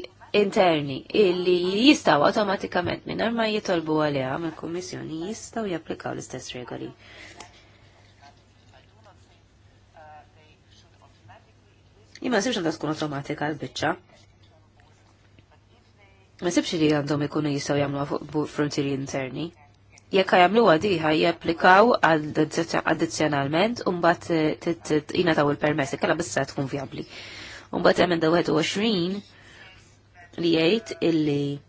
interni illi jistaw automatikament minn ma jitolbu għalija mill kommissjoni jistaw japplikaw l-istess regoli. Imma nsibx għandha tkun automatika l bicċa Ma sibx li għandhom ikunu jistaw jamlu frontieri interni. Jekk jagħmluha di japplikaw un-bat t-tina taw il permessi kalla bissa tkun vjabbli. Un-bat hemm emenda 21 li jgħid illi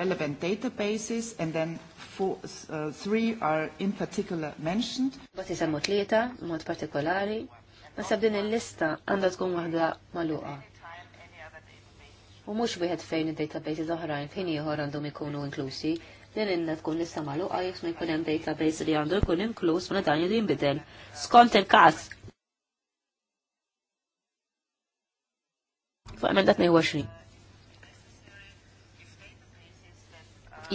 relevant databases and then four, uh, three are in particular mentioned. Bat jisemmu tlieta, mod partikolari, Nasab din il-lista għandha tkun waħda maluqa. U mux wieħed fejn id-databases oħrajn fejn ieħor għandhom ikunu inklusi, din inna tkun lista maluqa jekk ma jkun hemm database li għandu jkun inkluż minn dan li jinbidel. Skont il-każ. Fuq emenda 22.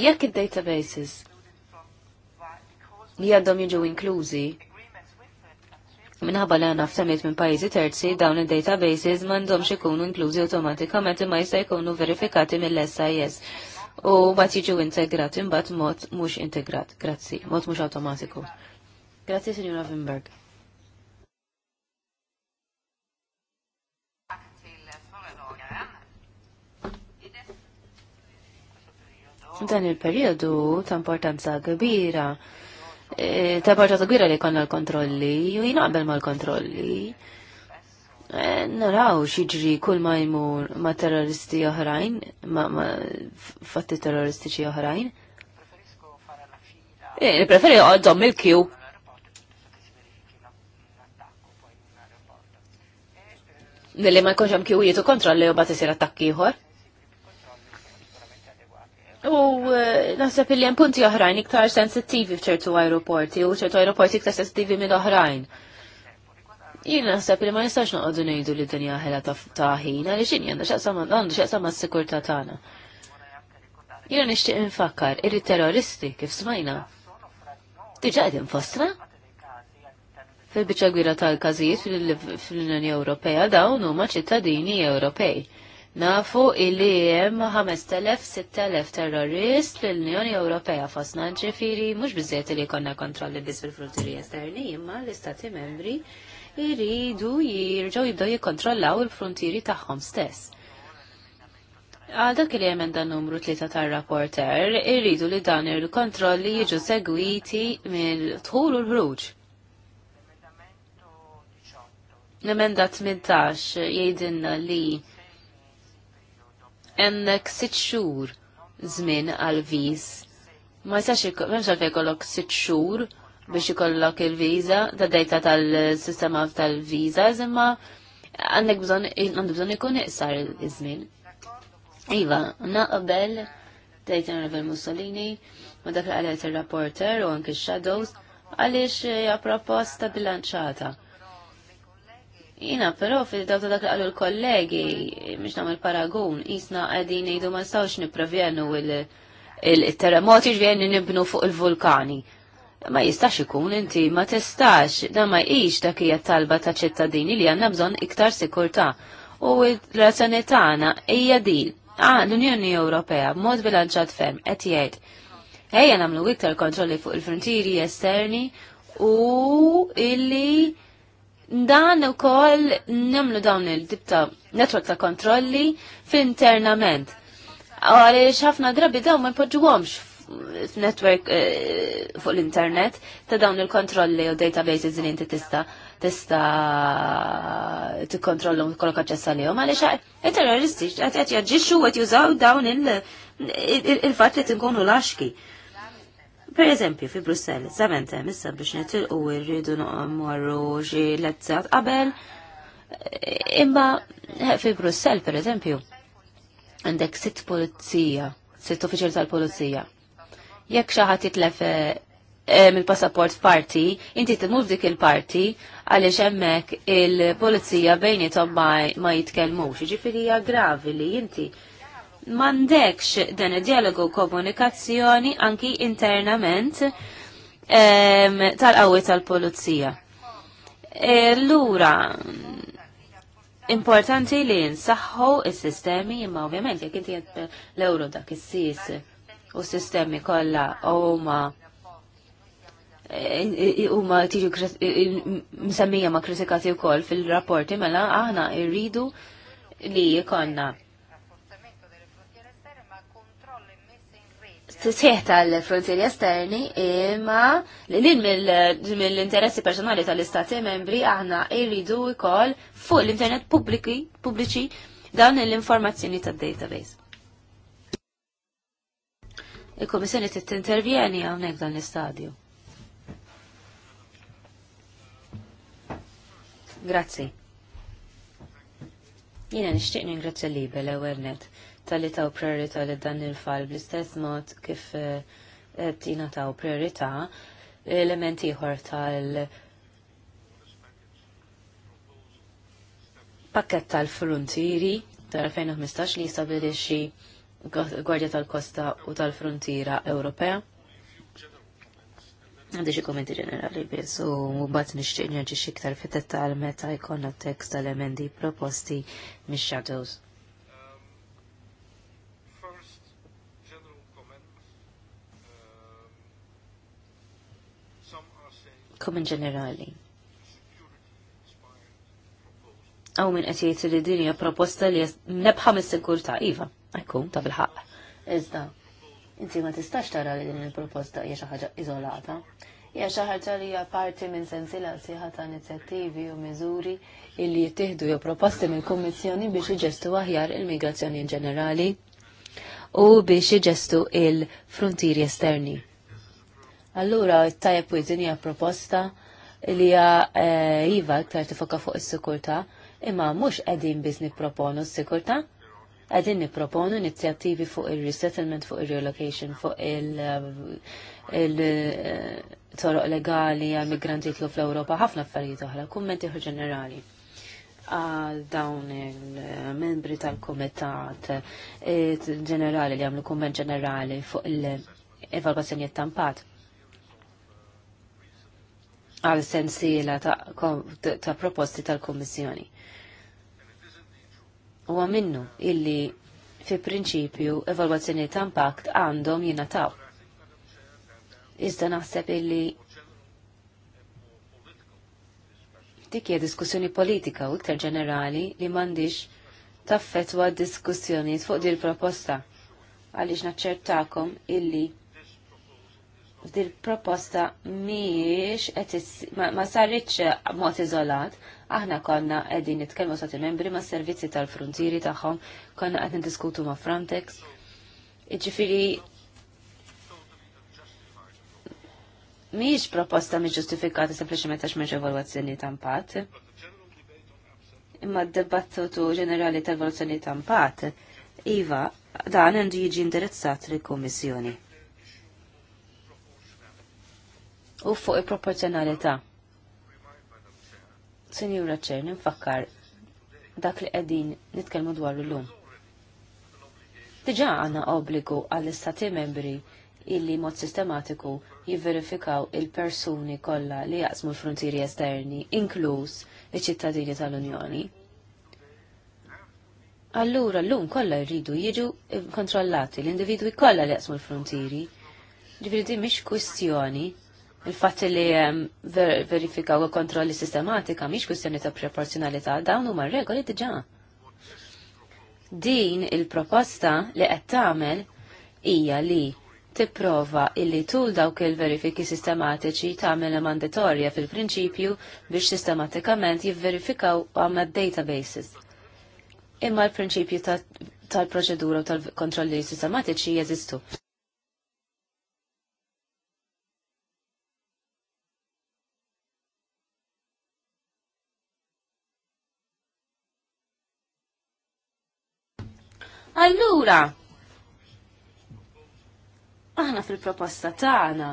Jekk id-databases li għandhom jiġu inklużi Minħabba li għanna ftemiet minn pajjiżi terzi, dawn id-databases m'għandhomx ikunu inklużi awtomatikament imma jista' jkunu verifikati mill-SIS u bat jiġu integrat imbagħad mod mhux integrat. Grazzi, mod mhux awtomatiku. Grazzi, Sinjura Wimberg. Dan il-periodu ta' importanza kbira ta' parta ta' gwira li konna l-kontrolli, u jinaqbel ma' l-kontrolli. E, naraw xieġri kull ma' jmur ma' terroristi oħrajn, ma' fatti terroristiċi oħrajn. E, Preferi għoddom il-kju. Nelli ma' jkunxam kju jietu kontrolli u bat jisir attakki jħor. U eh, naħseb li hemm punti oħrajn iktar sensittivi f'ċertu aeroporti u ċertu aeroporti iktar sensittivi minn oħrajn. Jien naħseb li ma nistax noqogħdu ngħidu li dinja ħela ta' ħin għaliex x'inhi għandu x'aqsam għandu x'aqsam mas-sikurtà tagħna. Jiena nixtieq infakkar ir-terroristi kif smajna. Diġà qed infostra? Fil-biċċa gwira tal-każijiet fil-Unjoni Ewropea dawn huma ċittadini Ewropej Nafu illi jem 5.000-6.000 terrorist l-Unjoni Ewropea fosna ġifiri, mux bizziet li konna kontrolli bis fil frutiri esterni, imma l-Istati membri iridu jirġaw jibdow jikontrollaw il-frontieri tagħhom stess. Għal dak li jemmen dan numru tlieta tar-rapporter, irridu li dan il-kontrolli jiġu segwiti mill-tħul u l-ħruġ. L-emenda 18 jgħidinna li ennek sitt xhur żmien għal viż. Ma jistax m'hemmx għalfejn jkollok sitt xhur biex ikollok il-viża ta' dejta tal-sistema tal-viża imma għandek bżon, għandu bżonn ikun iqsar iż-żmien. Iva, naqbel dejta Ravel Mussolini ma dak li għalet il-rapporter u anke shadows għaliex hija proposta bilanċata Jina, però fil-daw ta' dak għallu l-kollegi, biex namel paragun, jisna għadin jidu ma' stawx nipravjenu il-terremoti ġvjen nibnu fuq il-vulkani. Ma jistax ikun inti, ma tistax, da ma iġ dak hija talba ta' ċittadini li għanna bżon iktar sikurta. U l razzanetana tagħna hija din. Ah, l-Unjoni Ewropea, mod bilanċat ferm, qed jgħid. Ejja nagħmlu iktar kontrolli fuq il-frontieri esterni u illi dan u kol nimlu dawn il dipta network ta' kontrolli fil-internament. Għalix ħafna drabi daw ma f-network eh, fuq l-internet ta' dawn il-kontrolli u databases li inti tista' tista tikkontrollhom kollok aċċess għalihom għaliex it-terroristi qed jaġġixxu qed jużaw dawn il-fatt li t-nkunu laxki. Per eżempju, fi Brussell, zament hemm eh, issa biex u rridu morru xi lezzat qabel. Eh, imma eh, fi Brussell, per eżempju, għandek sitt pulizija, sitt uffiċjal tal-pulizija. Jekk xi ħadd jitlef mill-passaport f'parti, inti timur dik il-parti għaliex hemmhekk il-pulizija bejnietom ma jitkellmux. Ġifieri gravi li inti mandekx dan id-dialogu komunikazzjoni anki internament tal-qawwi tal-pulizija. E, Lura, importanti li nsaħħu il-sistemi imma ovvjament jekk inti l ewro dak is-sis u s-sistemi kollha huma e, huma tiġu e, msemmija ma kritikati wkoll fil-rapporti mela aħna rridu li jkollna Sussieħ tal-frontieri esterni imma lil mill-interessi personali tal-istati membri aħna irridu wkoll fuq l-internet pubbliċi dawn l-informazzjoni tad-database. Il-Komissjoni intervjeni hawnhekk dan l-istadju. Grazzi. Jiena nixtieq ningrazzja l-libel ewwel net tal-li taw priorità li dan il-fall bl-istess mod kif eh, tina taw priorità elementi ieħor tal- pakket tal-frontieri tal-2015 li stabilixi Gwardja tal-Kosta u tal-Frontiera Ewropea. Għandi xi kommenti ġenerali biss u mbagħad nixtieq nerġi' xiktar fit-dettall meta jkollna t-tekst tal-emendi proposti mix-shadows. in ġenerali. Aw minn qed jgħid li din hija proposta li nebħa mis-sigurtà iva, ekkun ta' bil-ħaq. Iżda, inti ma tistax tara li din il-proposta hija xi ħaġa iżolata. Hija xi ħaġa li hija parti minn sensiela sieħa ta' inizjattivi u miżuri illi jittieħdu jew proposti mill-Kummissjoni biex iġestu aħjar il-migrazzjoni in ġenerali u biex iġestu il-frontieri esterni Allura, tajab u id-dinja proposta li hija eh, iva l-ktar tifoka fuq is-sikurtà, imma mhux qegħdin biss nipproponu s-sikurtà, qegħdin nipproponu inizjattivi fuq il-resettlement, fuq il-relocation, fuq il-toroq eh, eh, legali għal migranti jitlu fl-Ewropa, ħafna affarijiet oħra, kummenti ġenerali għal dawn il-membri tal-komitat ġenerali li għamlu kumment ġenerali fuq il-evalvazzjoni tampat għal sensiela ta' proposti tal-Kommissjoni. U minnu illi fi prinċipju evalwazzjoni ta' impact għandhom ta'. Iżda naħseb illi dik diskussjoni politika u iktar ġenerali li m'għandix taffetwa diskussjonijiet fuq din il proposta għaliex naċċertakom illi dil proposta miex ma saritx mod iżolat. Aħna konna qegħdin nitkellmu sa' membri ma' servizzi tal-frontieri tagħhom, konna qed diskutu ma' Frontex. Iġifieri miex proposta miex ġustifikata sempliċement għax m'hemmx evalwazzjoni ta' impatt. Imma d-dibattitu ġenerali tal-evalwazzjoni ta' iva, dan għandu jiġi indirizzat lill-Kummissjoni u fuq il-proporzjonalità. Sinjura ċer, nifakkar dak li qegħdin nitkellmu dwar l-lum. Diġà għandna obbligu għall-istati membri illi mod sistematiku jivverifikaw il-persuni kollha li jaqsmu l-frontieri esterni, inkluż iċ-ċittadini tal-Unjoni. Allura l-lum kollha jridu jiġu kontrollati l-individwi kollha li jaqsmu l-frontieri. Ġifieri di mhix kwistjoni il fat li ehm, ver verifikaw u kontrolli sistematika miex kwistjoni ta' proporzjonalità dawn huma regoli diġà. Din il-proposta li qed tagħmel hija li tipprova illi tul dawk il-verifiki sistematiċi tagħmel mandatorja fil-prinċipju biex sistematikament jivverifikaw għamma databases. Imma l-prinċipju tal-proċedura u tal-kontrolli sistematiċi jeżistu. Allura, aħna fil-proposta tagħna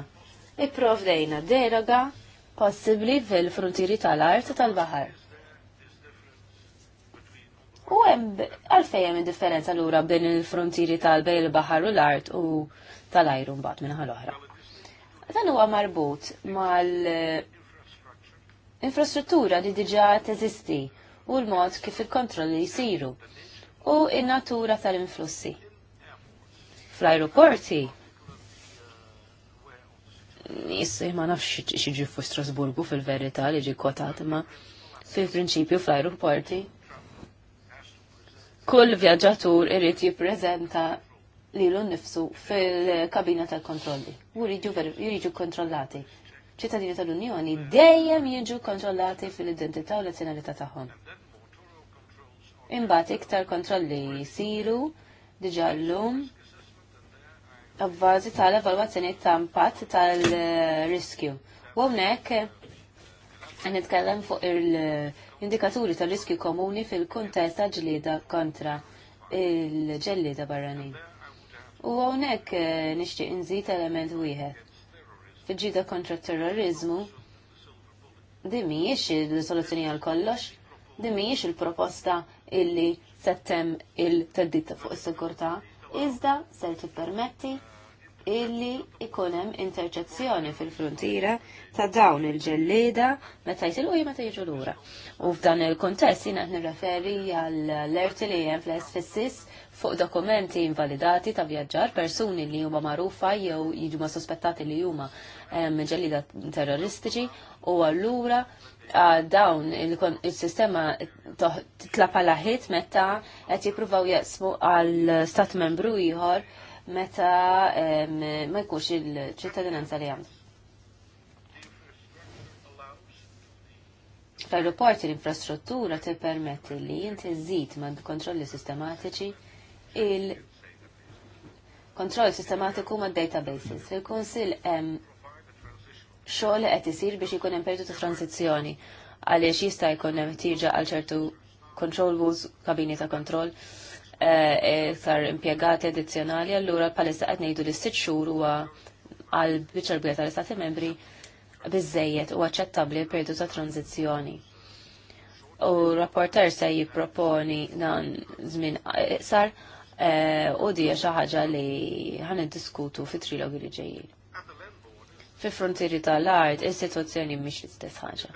ipprovdejna deroga possibbli fil frontiri tal-art tal-baħar. U hemm għalfejn hemm differenza lura bejn il-frontieri tal bej il-baħar u l-art u tal-ajru mbagħad minħa l-oħra. Dan huwa marbut mal-infrastruttura li diġà teżisti u l-mod kif il-kontrolli jsiru u in-natura tal-influssi. Fl-aeroporti, Issa eh, ma nafx xieġi fu Strasburgu fil-verità li ġi kotat, ma fil-prinċipju fl-aeroporti. Kull vjaġġatur irrit jiprezenta li l nifsu fil-kabina tal-kontrolli. U jiriġu kontrollati. ċittadini tal-Unjoni dejjem jiġu kontrollati fil-identità u l-azzjonalità tagħhom imbagħad iktar kontrolli jisiru diġà llum avvażi tal-evalwazzjoni ta' impatt tal-riskju. U hawnhekk nitkellem fuq il-indikaturi tal-riskju komuni fil-kuntest ta' ġlieda kontra il-ġellieda barranin. U hawnhekk eh, nixtieq inżid element wieħed. Fil-ġida kontra terrorizmu din mhijiex il-soluzzjoni għal kollox, din mhijiex il-proposta illi settem il-teddita fuq is sigurta iżda ser tippermetti illi ikunem interċezzjoni fil frontira ta' dawn il-ġellida meta jitilqu jew meta jiġu lura. U f'dan il-kontest jiena qed nirreferi għall-alert li hemm fl-SFSIS fuq dokumenti invalidati ta' vjaġġar persuni li huma magħrufa jew jiġu ma' sospettati li huma ehm, ġellida terroristiċi u allura dawn il-sistema t-tlapa laħit meta qed jippruvaw jaqsmu għal stat membru ieħor meta ma jkunx il-ċittadinanza li għandu. L-aeroporti l-infrastruttura tippermetti li jinti żid ma' kontrolli sistematiċi il kontrolli sistematiku ma' databases. il konsil hemm xogħol qed isir biex ikun hemm periodu ta' tranzizzjoni għaliex jista' jkun hemm tieġa għal ċertu control rules, kabini ta' kontroll, eh, iktar impjegati addizzjonali, allura palissa qed ngħidu li sitt xhur huwa għal biċarbija tal-Istati membri biżejjed u aċċettabbli periodu ta' tranzizzjoni. U rapporter se jipproponi dan żmien sar eh, u dija xi ħaġa li ħan diskutu fit trilogi li ġejjin fi frontieri tal-art, istituzzjoni mhix l-istess ħaġa.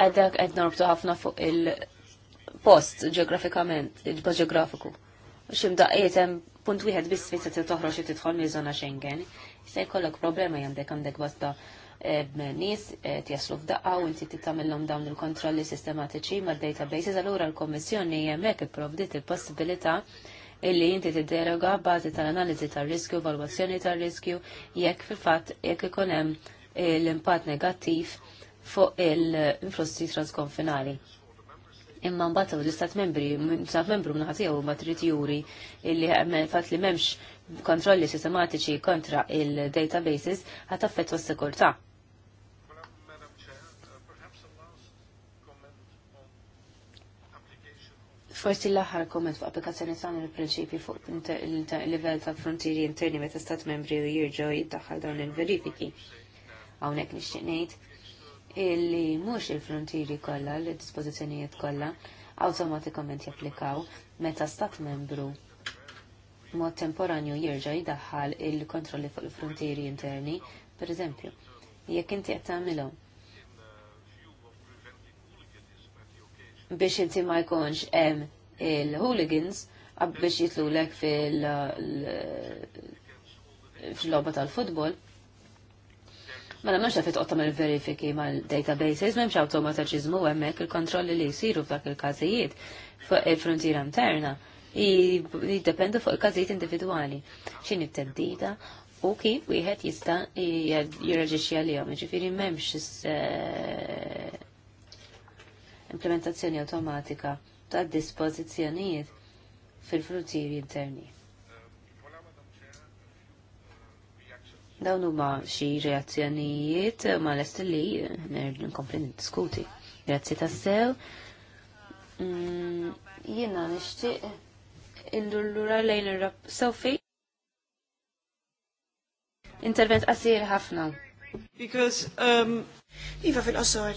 Għadak qed norbtu ħafna fuq il-post ġeografikament, il-post ġeografiku. Ximdaqiet hemm punt wieħed biss fejn se toħroġ u tidħol miż-żona Schengen, se jkollok problema jandek għandek basta eh, nis eh, jaslu f'daqqa u inti titamillhom dawn il-kontrolli sistematiċi mad databases allura l komissjoni hemmhekk il provdit il possibilità illi inti tidderoga bażi tal-analiżi tar-riskju, valwazzjoni tar-riskju, jekk fil-fatt jekk ikun hemm l-impatt negattiv fuq il-influssi transkonfinali. Imma mbagħad l-istat membri, l-istat membru mnaħat tiegħu mbagħad trid juri illi fat li m'hemmx kontrolli sistematiċi kontra il-databases u s sekurta Forsi l-aħħar komment fuq applikazzjoni tagħna l-prinċipji fuq il-livell ta' frontieri interni meta stat membri u jirġgħu jiddaħħal dawn il-verifiki. Hawnhekk nixtieq ngħid illi mhux il-frontieri kollha l-dispożizzjonijiet kollha awtomatikament japplikaw meta stat membru mod temporanju jirġa' jiddaħħal il-kontrolli fuq il-frontieri interni, per eżempju, jekk inti qed tagħmilhom biex inti ma jkunx hemm il-hooligans biex jitlulek fil- fil-logħba tal-futbol. Mela m'hemmx qed tqottam il-verifiki mal-databases, m'hemmx awtomatiċiżmu hemmhekk il-kontrolli li jsiru f'dak il-każijiet fuq il-frontiera interna jiddependu fuq il-każijiet individwali. X'in it-teddida u kif wieħed jista' jirreġixxi għalihom. Ġifieri m'hemmx eh, implementazzjoni automatika ta' dispożizzjonijiet fil-frutieri interni. Dawn huma xi reazzjonijiet ma lest li nkompli niddiskuti. Grazzi tassew. Mm, jiena nixtieq indullura lejn ir-rapp Sophie. Intervent qasir ħafna. Because um... Iva fil-qosor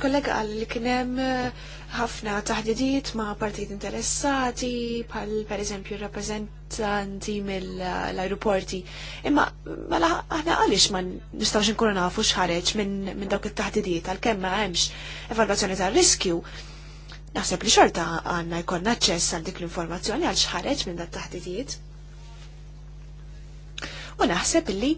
kollega għal li kienem eh, ħafna taħdidiet ma' partijt interessati, pal per eżempju rappresentanti mill-aeroporti. Imma mela aħna għaliex ma nistgħux inkunu nafu x'ħareġ minn min dawk it-taħdidiet għalkemm ma hemmx evalwazzjoni tar-riskju. Naħseb li xorta għandna jkollna aċċess għal dik l-informazzjoni għal xħareċ minn il taħdidiet U naħseb li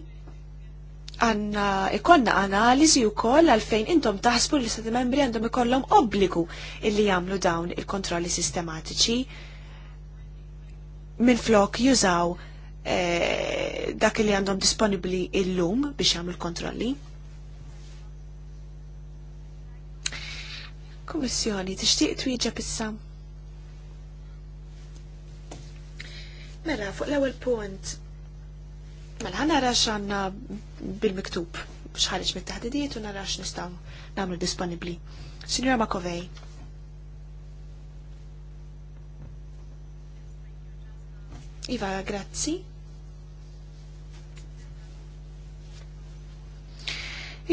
għanna ikonna analizi u koll għalfejn intom taħsbu li stati membri għandhom ikollhom obbligu illi jagħmlu dawn il-kontrolli sistematiċi minn flok jużaw eh, dak li għandhom disponibli il-lum biex jagħmlu kontrolli. t tixtieq twieġeb issa? Mela, fuq l-ewwel punt Mela ħana rax għanna bil-miktub xħarġ mit-taħdidiet u narax nistaw namlu disponibli. Signora Makovej. Iva, grazzi.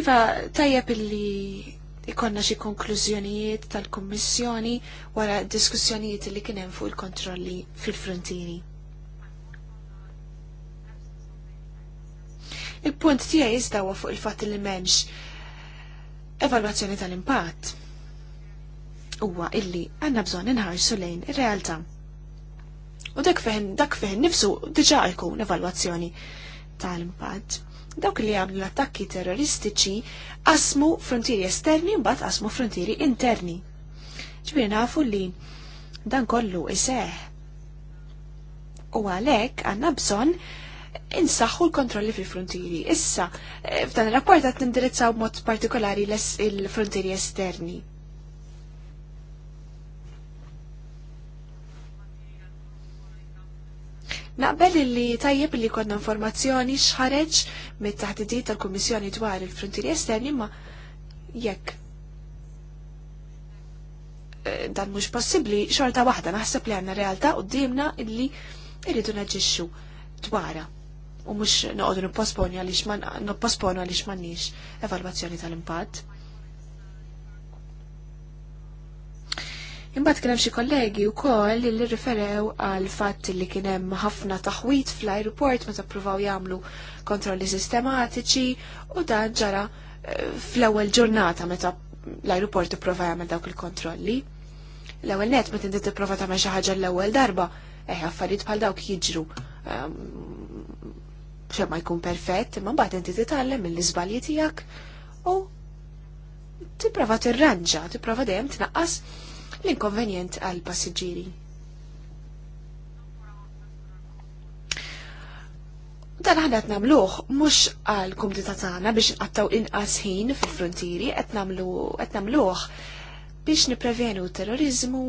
Iva, tajjeb illi ikonna xi konklużjonijiet tal-Kummissjoni wara diskussjonijiet li kien hemm fuq il-kontrolli fil-frontieri. Il-punt tiegħi jistawa fuq il-fatt li m'hemmx evalwazzjoni tal-impatt. Huwa illi għandna bżonn inħarsu lejn ir-realtà. U dak fejn dak fejn nifsu diġà jkun evalwazzjoni tal-impatt. Dawk li għamlu l-attakki terroristiċi qasmu frontieri esterni mbagħad qasmu frontieri interni. Ġbir nafu li dan kollu iseħ. U għalhekk għandna bżonn insaħħu l-kontrolli fil-frontieri. Issa, eh, f'dan il-rapport għat nindirizzaw mod partikolari il-frontieri esterni. Naqbel li tajjeb li konna informazzjoni xħareġ mit taħdidiet tal-Kummissjoni dwar il-frontieri esterni ma jekk eh, dan mhux possibbli xorta waħda naħseb li għandna realtà qudiemna illi rridu naġixxu dwarha u mux noqdu nipposponi għalix man, nipposponu għalix mannix evalwazzjoni tal-impatt. Imbat kienem xie kollegi u koll li riferew għal fatt li kienem ħafna taħwit fl-aeroport meta provaw jamlu kontrolli sistematiċi u dan ġara eh, fl-ewwel ġurnata meta l-aeroport prova jagħmel dawk il-kontrolli. L-ewwel net meta inti tipprova tagħmel xi ħaġa l-ewwel darba, eh affarijiet bħal dawk jiġru ehm, xe ma jkun perfett, ma mbagħad inti titgħallem mill-iżbalji tiegħek u tipprova tirranġa, tipprova dejjem tnaqqas l-inkonvenjent għal passiġġieri. Dan aħna qed nagħmluh mhux għal kumdita tagħna biex nqattaw inqas ħin fil-frontieri qed nagħmlu qed nagħmluh biex niprevenu terrorizmu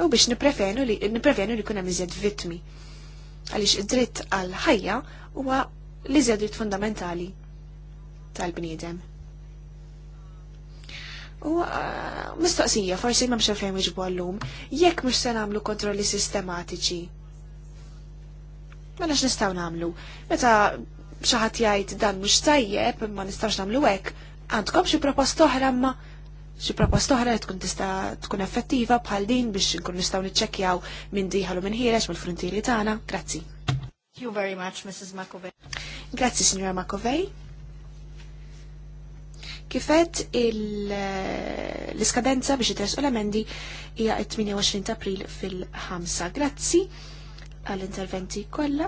u biex niprevenu li niprevenu li kuna miżjed vittmi għaliex id-dritt għal ħajja huwa l dritt fundamentali tal-bniedem. U uh, mistoqsija, forsi ma mxa fejn iġbu għallum, jekk mux se namlu kontrolli sistematiċi. nax nistaw namlu? Meta xi ħadd jgħid dan mhux tajjeb, ma nistawx namlu hekk, għandkom xi proposta oħra ma' xi proposta oħra tkun tista' tkun effettiva bħal din biex nkun nistgħu niċċekkjaw minn dieħal u minn ħireġ mill-frontieri tagħna. Grazzi. Thank you very much, Mrs. McAvey. Grazzi, Signora McAvey. Kifet eh, l-iskadenza biex u l-emendi hija 28 ta' April fil-5. Grazzi għall-interventi kollha.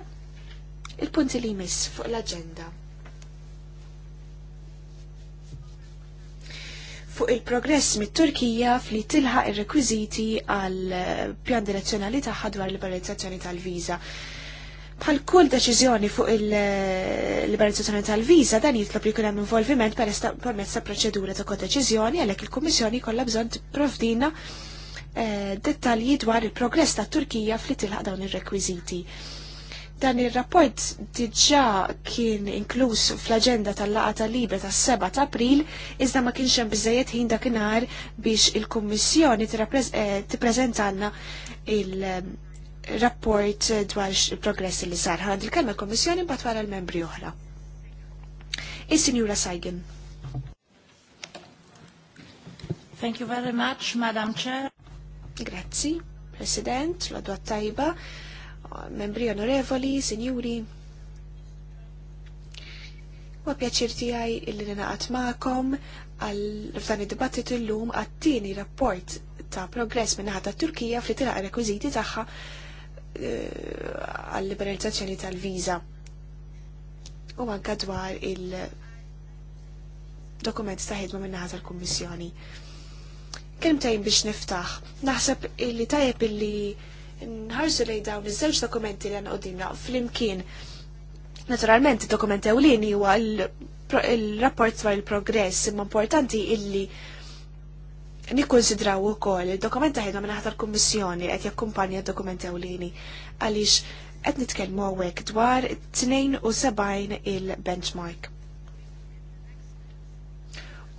Il-punti li jmiss fuq l-agenda fuq il-progress mit-Turkija fli tilħaq ir-rekwiżiti għal eh, pjan direzzjonali tagħha dwar liberalizzazzjoni tal-viża. Bħal kull deċiżjoni fuq il-liberalizzazzjoni eh, tal viza dan jitlob li jkun hemm involviment permezz ta' proċedura ta' kodeċiżjoni għalhekk il-Kummissjoni kollha bżonn tipprovdina eh, dettalji dwar il-progress ta' Turkija fli tilħaq dawn ir-rekwiżiti. Dan ir-rapport diġà kien inkluż fl-aġenda tal-laqa tal libra tas-7 ta' April, iżda ma kienx hemm biżejjed ħin dakinhar biex il-Kummissjoni eh, tippreżentanna il-rapport dwar il-progress li sar. Ħand il-kelma l-Kummissjoni mbagħad wara l-membri oħra. Is-Sinjura Sajgen. Thank you very much, Madam Chair. Grazzi, President, l-għadwa tajba membri onorevoli, sinjuri. Ma pjaċir tijaj illi ninaqat ma'kom għal f'dan id-dibattit lum għattini rapport ta' progress minna ta' Turkija fl tilaq rekwiziti tagħha eh, għal liberalizzazzjoni tal-viża. U anka dwar il-dokument ta' ħidma minna tal-Kummissjoni. Kemm tajn biex niftaħ, naħseb illi tajjeb illi nħarsu lej dawn iż-żewġ dokumenti li għanna qoddimna fl-imkien. Naturalment, dokumenti ewlieni huwa il-rapport dwar il-progress imma importanti illi nikkonsidraw ukoll il-dokumenti ħedna minn ħadd kummissjoni qed jakkumpanja dokumenti ewlieni għaliex qed nitkellmu hawnhekk dwar 72 il-benchmark.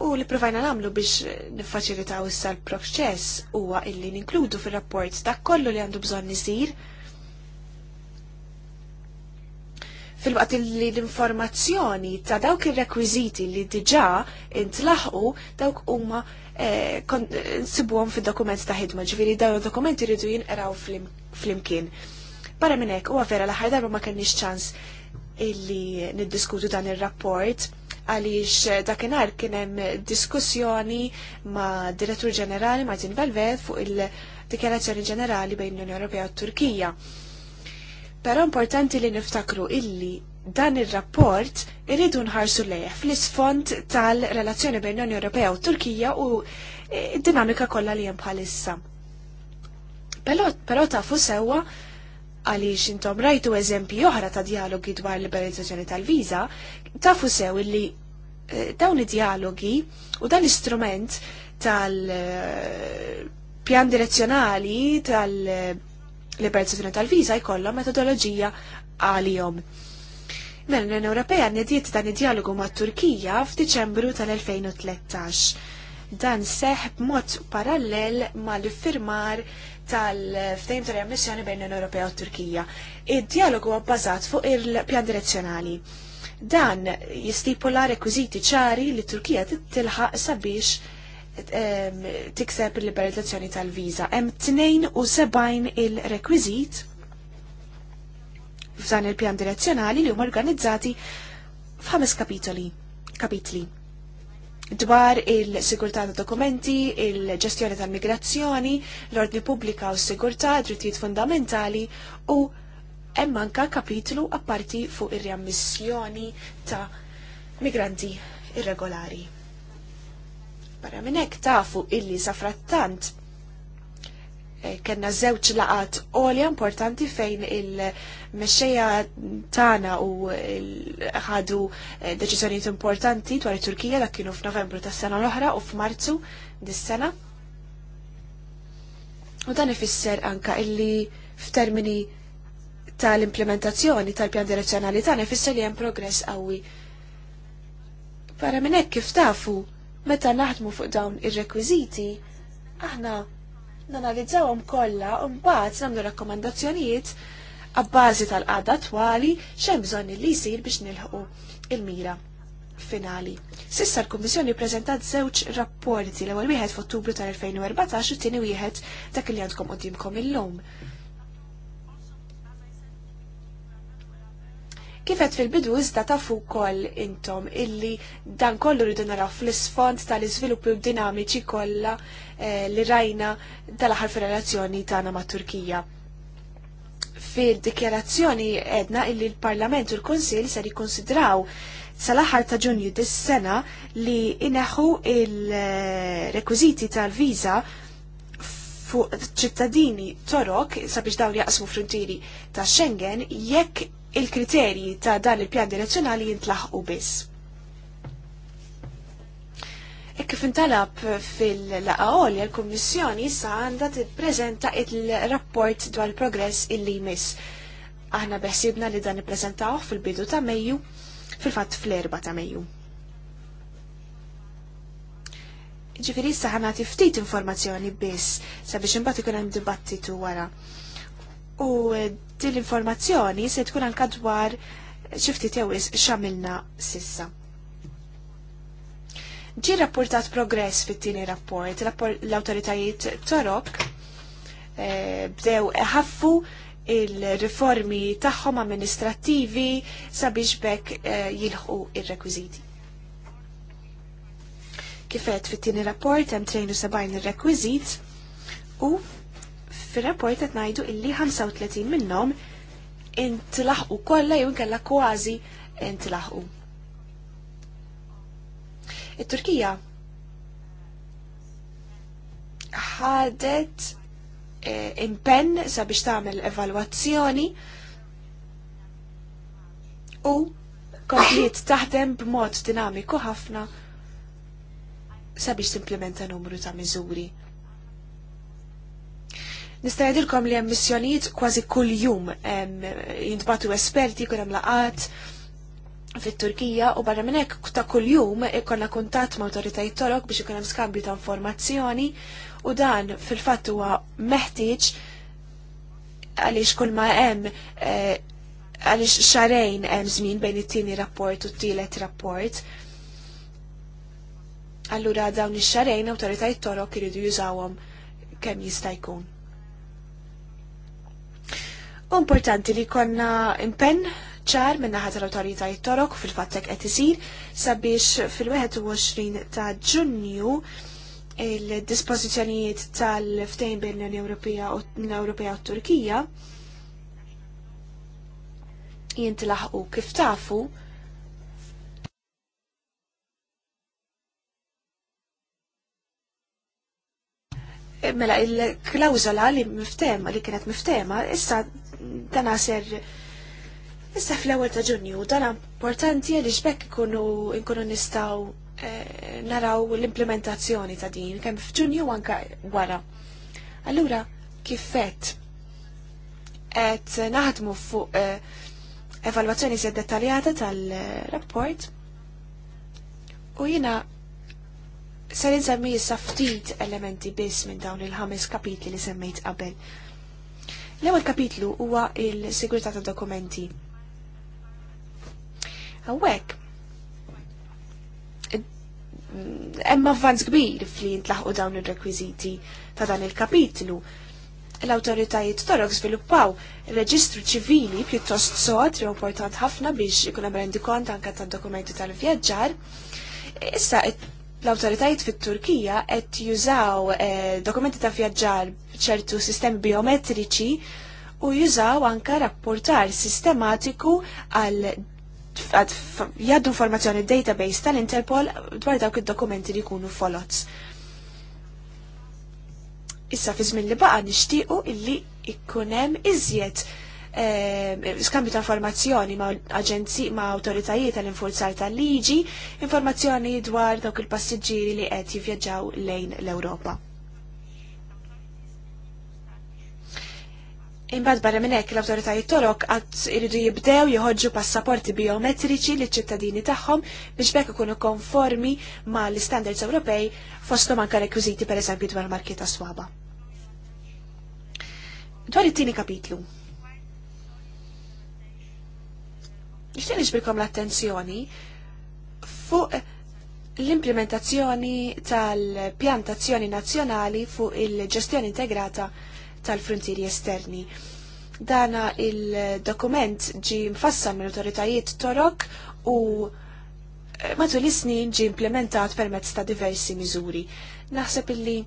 U li provajna namlu biex niffaċilitaw issa l-proċess huwa illi ninkludu fil-rapport dak kollu li għandu bżonn isir fil-waqt li l-informazzjoni ta' dawk ir-rekwiżiti li diġà intlaħqu dawk huma eh, nsibuhom fid-dokument ta' ħidma, ġifieri dawn id-dokumenti jridu jinqraw flimkien. Barra minn hekk huwa vera l-aħħar darba ma kenniex ċans illi niddiskutu dan ir-rapport għaliex eh, dakinhar kien hemm diskussjoni ma' Direttur Ġenerali Martin Velvet fuq il-Dikjarazzjoni Ġenerali bejn l-Unjoni Ewropea u Turkija. Però importanti li niftakru illi dan ir-rapport iridu irridu nħarsu lejh fl-isfond tal-relazzjoni bejn l-Unjoni Ewropea u Turkija u d-dinamika eh, kollha li hemm bħalissa. Però tafu sewwa għaliex intom rajtu eżempji oħra ta' dialogi dwar liberalizzazzjoni tal-viża, tafu sew illi eh, dawn id-dialogi u dan l-istrument tal-pjan eh, direzzjonali tal-liberalizzazzjoni tal eh, viza jkollhom metodoloġija għalihom. Mela l-Unjoni Ewropea nediet dan id-dialogu mat-Turkija f'Diċembru tal-2013 dan seħ b'mod parallel mal-firmar tal-ftejm tal ammissjoni bejn l-Unjoni Ewropea u Turkija. Id-dialogu huwa bbażat fuq il-pjan direzzjonali. Dan jistipula rekwiżiti ċari li Turkija titilħaq sabiex ehm, tikseb il-liberalizzazzjoni tal-viża. Hemm 72 il-rekwiżit f'dan il-pjan direzzjonali li huma organizzati f'ħames kapitoli. Kapitli dwar il-sigurtà ta' dokumenti, il-ġestjoni tal-migrazzjoni, l-ordni pubblika u s-sigurtà, drittijiet fundamentali u hemm anka kapitlu apparti fuq ir-riammissjoni ta' migranti irregolari. Barra minn hekk tafu illi sa frattant Eh, kena zewċ laqat olja importanti fejn il mesċeja tana u ħadu eh, deċiżjonijiet importanti dwar it-Turkija dak kienu f'Novembru tas-sena l-oħra u f'Marzu dis-sena. U dan ifisser anka illi f'termini tal-implementazzjoni tal-pjan direzzjonali tana ifisser li hemm progress qawwi. Para minn hekk kif tafu meta naħdmu fuq dawn ir-rekwiżiti aħna nanalizzawhom kollha u mbagħad nagħmlu rakkomandazzjonijiet għabbażi tal-qada twali xem bżonn li jsir biex nilħu il-mira finali. Sissa l-Kummissjoni prezentat żewġ rapporti l-ewwel wieħed f'Ottubru tal-2014 u t-tieni wieħed dak li għandkom qudiemkom illum. Kifet fil-bidu iżda tafu koll intom illi dan kollu rridu naraw fl-isfond tal-iżviluppi dinamiċi kollha Eh, li rajna tal-aħħar fir relazzjoni tagħna ma' Turkija. Fil-dikjarazzjoni edna illi l-Parlament u l-Konsil ser jikkonsidraw sal-aħħar ta' Ġunju dis-sena li ineħħu il-rekwiżiti tal-viża fuq ċittadini torok sabiex dawn jaqsmu frontieri ta' Schengen jekk il-kriterji ta' dan il-pjan direzzjonali jintlaħqu biss. E kif intalab fil-laqaol l-Kommissjoni issa għandha tippreżenta il-rapport dwar il-progress illi jmiss. Aħna beħsibna li dan ippreżentaw fil-bidu ta' Mejju, fil-fatt fl-erba ta' Mejju. Ġifieri issa ħana ftit informazzjoni biss sabiex imbagħad ikun hemm dibattitu wara. U eh, din l-informazzjoni se tkun għal kadwar xi ftit xamilna sissa. Ġi rapportat progress fit-tieni rapport, l-autoritajiet Torok eh, bdew ħaffu il-riformi tagħhom amministrattivi sabiex bekk eh, jilħu ir-rekwiżiti. Kifet fit-tieni rapport hemm 73 ir-rekwiżit u fir-rapport qed ngħidu illi 35 minnhom intlaħqu kollha jew inkella kważi intlaħqu. Il-Turkija ħadet eh, impenn sabiex tagħmel evalwazzjoni u komplet taħdem b'mod dinamiku ħafna sabiex simplementa numru ta' miżuri. Nista' jgħidilkom li hemm missjonijiet kważi kuljum jintbatu esperti, kun hemm laqat, fit-Turkija u barra minn hekk ta' kuljum ikonna kuntatt ma' awtoritajiet torok biex ikun hemm skambju ta' informazzjoni u dan fil-fatt huwa meħtieġ għaliex kull ma hemm eh, għaliex xarejn hemm żmien bejn it-tieni rapport u t-tielet rapport. Allura dawn ix-xarejn awtoritajiet torok iridu jużawhom kemm jista' jkun. Importanti li konna impenn ċar minna ħat l-autoritajiet torok fil-fattek qed isir sabiex fil-21 ta' Ġunju il-dispożizzjonijiet tal-ftejn bejn l-Unjoni Ewropea u t ewropea u Turkija kif tafu mela il-klawzola li miftema li kienet miftema issa dana ser Issa fl-ewwel ta' Ġunju dan importanti għaliex bekk ikunu nkunu nistgħu eh, naraw l-implementazzjoni ta' din kemm f'Ġunju anke wara. Allura kifet qed naħdmu fuq eh, evalwazzjoni żed dettaljata tal-rapport u jiena se nsemmi issa ftit elementi biss minn dawn il-ħames kapitli li semmejt qabel. L-ewwel kapitlu huwa il-sigurtà ta' dokumenti. Għawek, emma avvanz kbir fli jintlaħqu dawn il-rekwiziti ta' dan il-kapitlu. L-autoritajiet torok sviluppaw reġistru ċivili pjuttost sod li ħafna biex ikun hemm rendikont anke ta' dokumenti tal-vjaġġar. Issa l-autoritajiet fit-Turkija qed jużaw eh, dokumenti ta' vjaġġar ċertu sistemi biometriċi u jużaw anka rapportar sistematiku għal għad jaddu informazzjoni database tal-Interpol dwar dawk id-dokumenti li jkunu folots. Issa fi żmien li baqa' nixtiequ illi jkun hemm iżjed eh, skambju ta' informazzjoni ma' aġenzi ma' awtoritajiet tal-infurzar tal-liġi, informazzjoni dwar dawk il-passiġġieri li qed jivvjaġġaw lejn l-Ewropa. Imbad barra minn hekk l-awtoritajiet torok qatt iridu jibdew joħorġu passaporti biometriċi liċ ċittadini tagħhom biex bekk ikunu konformi ma' l-standards Ewropej fosthom rekwiziti rekwiżiti pereżempju dwar marki ta' swaba. Dwar it-tieni kapitlu. Nixtieq nixbilkom l-attenzjoni fuq l-implementazzjoni tal-pjantazzjoni nazzjonali fuq il-ġestjoni integrata tal-frontieri esterni. Dana il-dokument ġi mfassam mill autoritajiet torok u eh, matul is-snin ġi implementat permezz ta' diversi miżuri. Naħseb illi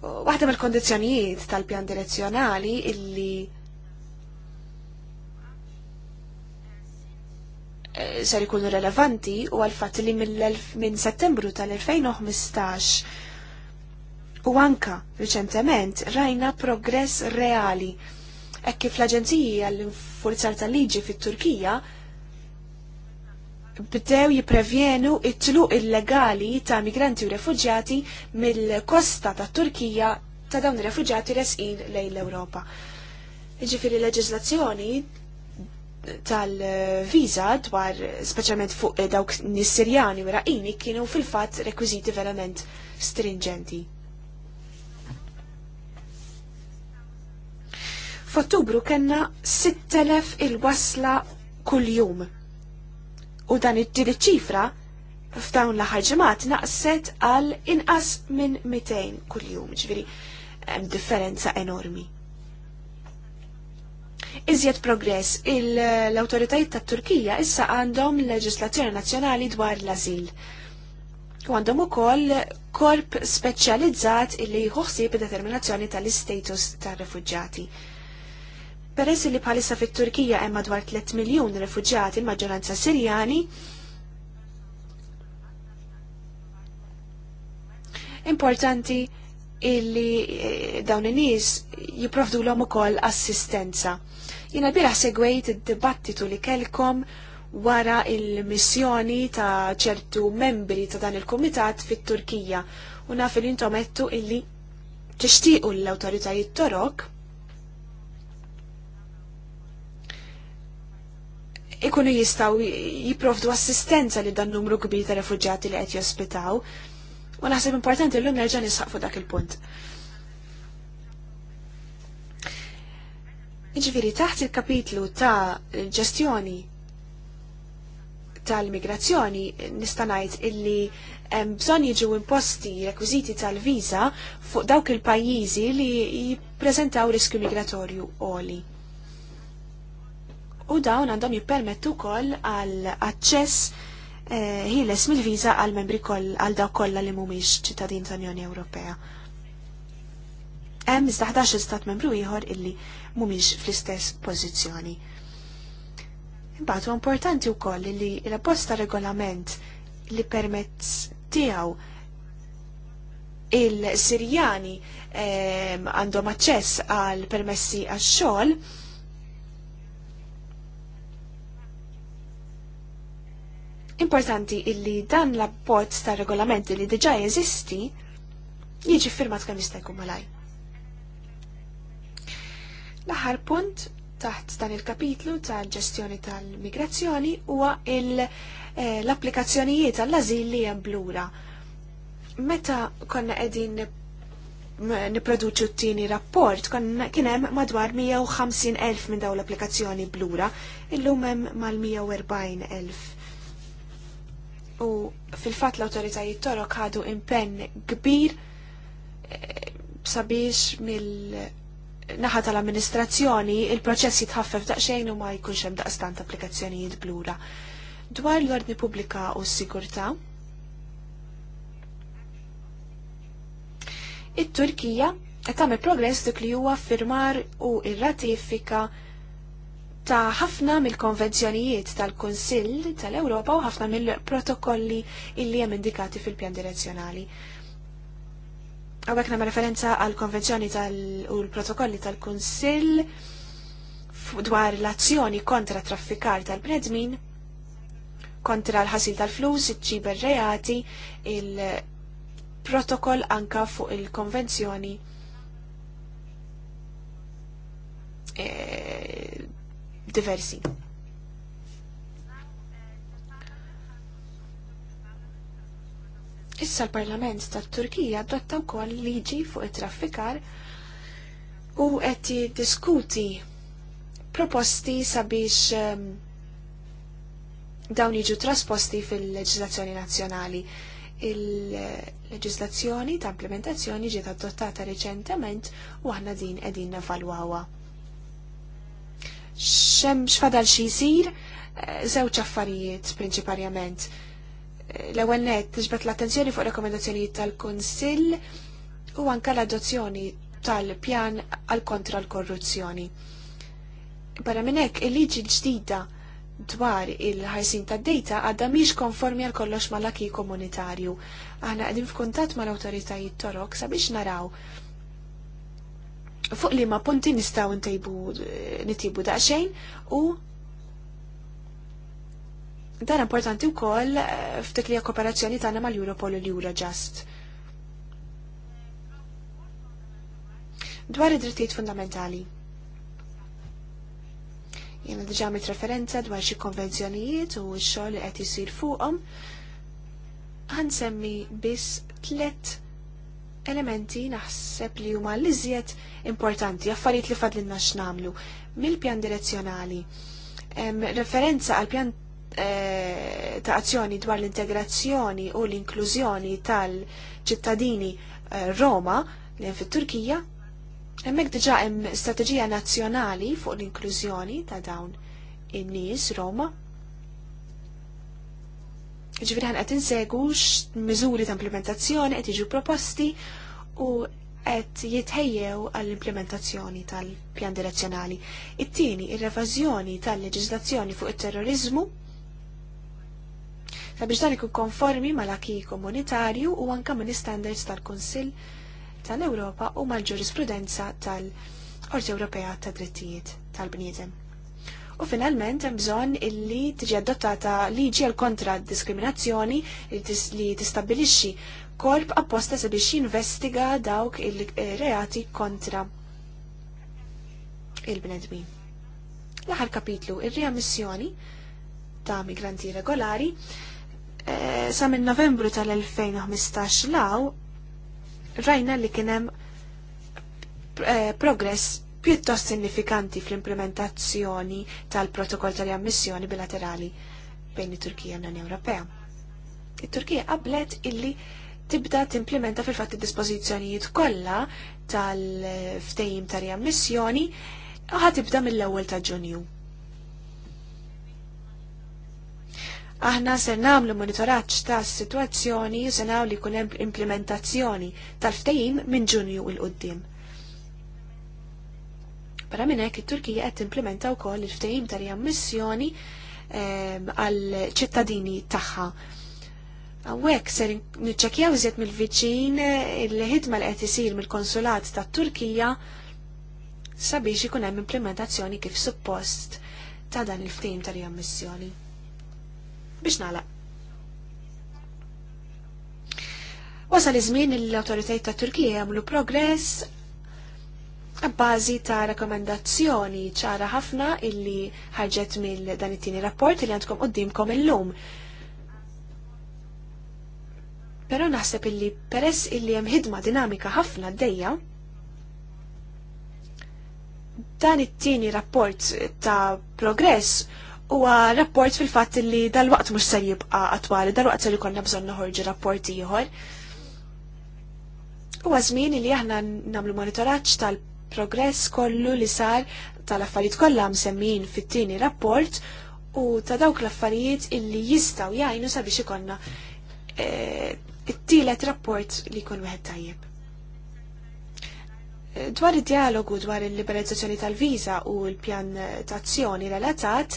Waħda mill-kondizjonijiet tal-pjan direzzjonali illi eh, ser ikunu relevanti u għal-fat li minn settembru tal-2015 U anka, reċentement, rajna progress reali. E kif l-Aġenziji għall-Infurzar tal-Liġi fit-Turkija bdew jiprevjenu it-tluq illegali ta' migranti u refugjati mill-kosta ta' Turkija ta' dawn ir-refugjati resqin lejn l-Ewropa. Ġifiri leġiżlazzjoni tal-viza dwar speċjalment fuq dawk nis-Sirjani u Raqini kienu fil-fatt rekwiżiti verament stringenti. F'Ottubru kellna 6000 il-wasla kuljum. U dan id-din iċ-ċifra f'dawn l-aħħar ġimgħat naqset għal inqas minn 200 kuljum, jum, hemm differenza enormi. Iżjed progress, l-autoritajiet tat Turkija issa għandhom leġislazzjoni nazzjonali dwar l-azil. U għandhom ukoll korp speċjalizzat illi jħossib id-determinazzjoni tal-istatus tar-refuġġati. Peress li bħalissa fit-Turkija hemm madwar 3 miljun refuġjati maġġoranza Sirjani, importanti illi eh, dawn in-nies jipprovdu l-om ukoll assistenza. Jiena bira segwejt id-dibattitu li kelkom wara il-missjoni ta' ċertu membri ta' dan il-Kumitat fit-Turkija u naf li intom illi tixtiequ l-awtoritajiet Torok ikunu jistaw jiprovdu assistenza li dan numru kbir ta' refugġati li qed jospitaw. U naħseb importanti l-lum nerġan nisħaqfu dak il-punt. Iġviri, taħt il-kapitlu ta' ġestjoni tal-migrazzjoni nista' ngħid illi bżon bżonn jiġu imposti rekwiżiti tal visa fuq dawk il-pajjiżi li jippreżentaw riskju migratorju għoli u dawn għandhom jippermettu wkoll għal aċċess eh, ħieles mill-viża għal membri koll għal daw kollha li mhumiex ċittadin tal-Unjoni Ewropea. Hemm iżda 11 stat membru ieħor illi mhumiex fl-istess pożizzjoni. Imbagħad huwa importanti wkoll li l-apposta regolament li permezz tiegħu il-Sirjani eh, għandhom aċċess għal permessi għax-xogħol Importanti illi dan l-apport ta' regolament li diġa jeżisti jiġi firmat kemm jista' jkun malaj. L-aħħar punt taħt dan il-kapitlu tal-ġestjoni tal-migrazzjoni huwa eh, l-applikazzjonijiet għall-azil li hemm blura. Meta konna qegħdin niproduċu t-tieni rapport, kien hemm madwar 150,000 minn dawn l-applikazzjoni blura, illum hemm mal-140,000 u fil-fat l-autoritajiet torok ħadu impenn kbir eh, sabiex mill naħa tal-amministrazzjoni il-proċess jitħaffef daqsxejn u ma jkunx hemm daqstant applikazzjonijiet blura. Dwar l-ordni pubblika u s-sigurtà, it-Turkija qed tagħmel progress dik li huwa firmar u ir-ratifika ta' ħafna mill-konvenzjonijiet tal-Kunsill tal-Ewropa u ħafna mill-protokolli illi hemm indikati fil-pjan direzzjonali. Għawek ma' referenza għal konvenzjoni u l-protokolli tal-Kunsill dwar l-azzjoni kontra traffikar tal-bnedmin, kontra l-ħasil tal-flus, iċ-ċiber reati, il-protokoll anka fuq il-konvenzjoni eh, diversi. Issa l-Parlament tat-Turkija adotta wkoll liġi fuq it-traffikar u qed jiddiskuti proposti sabiex ehm, dawn jiġu trasposti fil-leġislazzjoni nazzjonali. Il-leġislazzjoni ta' implementazzjoni ġiet adottata riċentement u aħna din qegħdin nevalwawha xem xfadal xi jsir eh, żewġ affarijiet prinċiparjament. Eh, l-ewwel nett l-attenzjoni fuq rekomendazzjonijiet tal-Kunsill u anke l-adozzjoni tal-pjan għal kontra l-korruzzjoni. Barra minn hekk il-liġi ġdida dwar il ħajsin tad dejta għadda miex konformi għal kollox mal-laki komunitarju. Aħna qegħdin f'kuntatt mal-awtoritajiet torok sabiex naraw fuq li ma punti nistaw ntejbu nitibu daqxejn u dan importanti u koll eh, ftit li kooperazzjoni tagħna mal-Europol u l-Eurojust. Dwar id-drittijiet fundamentali. Jena diġa għamilt referenza dwar xi konvenzjonijiet u x-xogħol li qed fuqom. fuqhom. semmi biss tliet elementi naħseb li huma l-iżjed importanti, affarijiet li fadlinna x'namlu mill-pjan direzzjonali. Referenza għal pjan eh, ta' azzjoni dwar l-integrazzjoni u l-inklużjoni tal-ċittadini eh, Roma li hemm fit-Turkija, hemmhekk diġà hemm strateġija nazzjonali fuq l-inklużjoni ta' dawn in-nies Roma. Ġifieri ħan qed insegu miżuri ta' implementazzjoni qed jiġu proposti u qed jitħejjew għall-implementazzjoni tal-pjan direzzjonali. It-tieni, ir-revażjoni tal-leġiżlazzjoni fuq it-terrorizmu sabiex dan ikun konformi mal-aki komunitarju u anka minn standards tal-Kunsill tal-Ewropa u mal-ġurisprudenza tal-Qorti Ewropea ta' Drittijiet tal-Bniedem. U finalment hemm bżonn illi tiġi adottata liġi għal kontra diskriminazzjoni li tistabbilixxi korp apposta sabiex jinvestiga dawk il-reati kontra il-bnedmin. L-aħar kapitlu, il-riammissjoni ta' migranti regolari, eh, sa' minn novembru tal-2015 law, rajna li kienem eh, progress pjuttost signifikanti fl-implementazzjoni tal-protokoll tal-ammissjoni bilaterali bejn it-Turkija u l-Unjoni Ewropea. It-Turkija qablet illi tibda timplementa fil-fatt id-dispożizzjonijiet kollha tal-ftehim ta' riammissjoni ħa tibda mill-ewwel ta' Ġunju. Aħna se nagħmlu monitoraġġ tas-sitwazzjoni u se li jkun hemm implementazzjoni tal-ftehim minn Ġunju il qudiem Para minn hekk it-Turkija qed timplementa wkoll il-ftehim ta' riammissjoni ehm, għal ċittadini tagħha Għawek ser nitċakjaw iżjed mill-viċin il-ħidma li qed isir mill-konsulat ta' Turkija sabiex ikun hemm implementazzjoni kif suppost ta' dan il-ftim ta' riammissjoni. Biex nagħlaq. Wasal iż-żmien l-awtoritajiet ta' Turkija jagħmlu progress Bbażi ta' rekomendazzjoni ċara ħafna illi ħarġet mill dan it-tieni rapport li għandkom qudiemkom illum. Pero naħseb illi peress illi hemm ħidma dinamika ħafna d-dejja, dan it-tieni rapport ta' progress huwa rapport fil-fatt li dal-waqt mhux ser jibqa' attwali, dal-waqt li konna bżonn noħorġu rapport ieħor. Huwa żmien li aħna nagħmlu monitoraġġ tal-progress kollu li sar tal-affarijiet kollha msemmin fit-tieni rapport u ta' dawk l-affarijiet illi jistaw jgħinu sabiex ikonna eh, it-tielet rapport li jkun wieħed tajjeb. Eh, dwar id-dialogu dwar il-liberalizzazzjoni tal-viża u l-pjan tazzjoni relatat,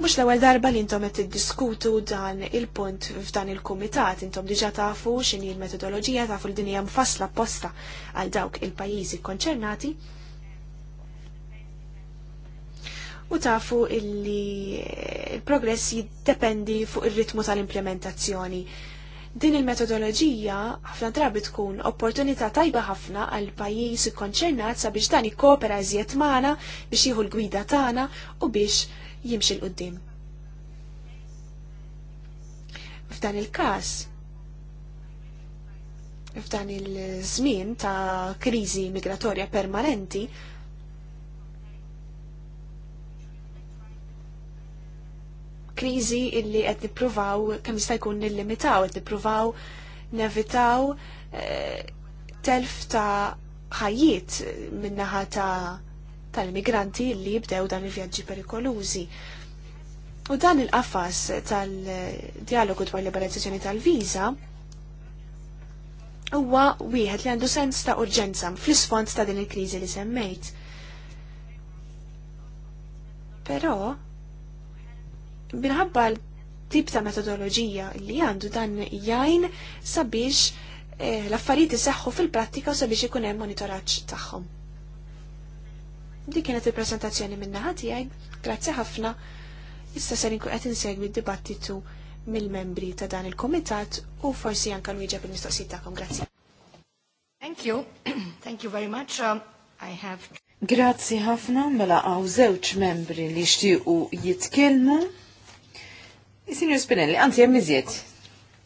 mhux l-ewwel darba li intom qed tiddiskutu dan il-punt f'dan il-kumitat, intom diġà tafu x'inhi l-metodoloġija tafu l dinja mfassla apposta għal dawk il-pajjiżi konċernati. u tafu il-progress jiddependi fuq ir-ritmu tal-implementazzjoni. Din il-metodoloġija ħafna drabi tkun opportunità tajba ħafna għal pajjiż ikkonċernat sabiex dan ikkopera iżjed magħna biex jieħu l-gwida tagħna u biex jimxi l qudiem F'dan il-każ f'dan il-żmien ta' kriżi migratorja permanenti, kriżi illi qed nippruvaw kemm jista' jkun nillimitaw, qed nippruvaw nevitaw eh, telf ta' ħajjiet minnaħa ta' tal-migranti li jibdew dan il-vjaġġi perikolużi. U dan il-qafas tal-dialogu dwar liberalizzazzjoni tal-viża huwa wieħed li għandu sens ta' urġenza fl-isfond ta' din il-kriżi li semmejt. Però minħabba l-tip ta' metodoloġija li għandu dan jgħin sabiex eh, l-affarijiet iseħħu fil-prattika sabiex ikun hemm monitoraġġ tagħhom. Dik kienet il-prezentazzjoni minnaħa tiegħi, grazzi ħafna. Issa ser inkun qed insegwi d-dibattitu mill-membri ta' dan il-komitat u forsi anke nwieġeb il-mistoqsijiet tagħkom. Grazzi. Thank you. <clears throat> Thank you very much. Um, I have Grazzi ħafna mela għaw żewġ membri li xtiequ jitkellmu. Signor Spinelli, anzi, hemm iżjed.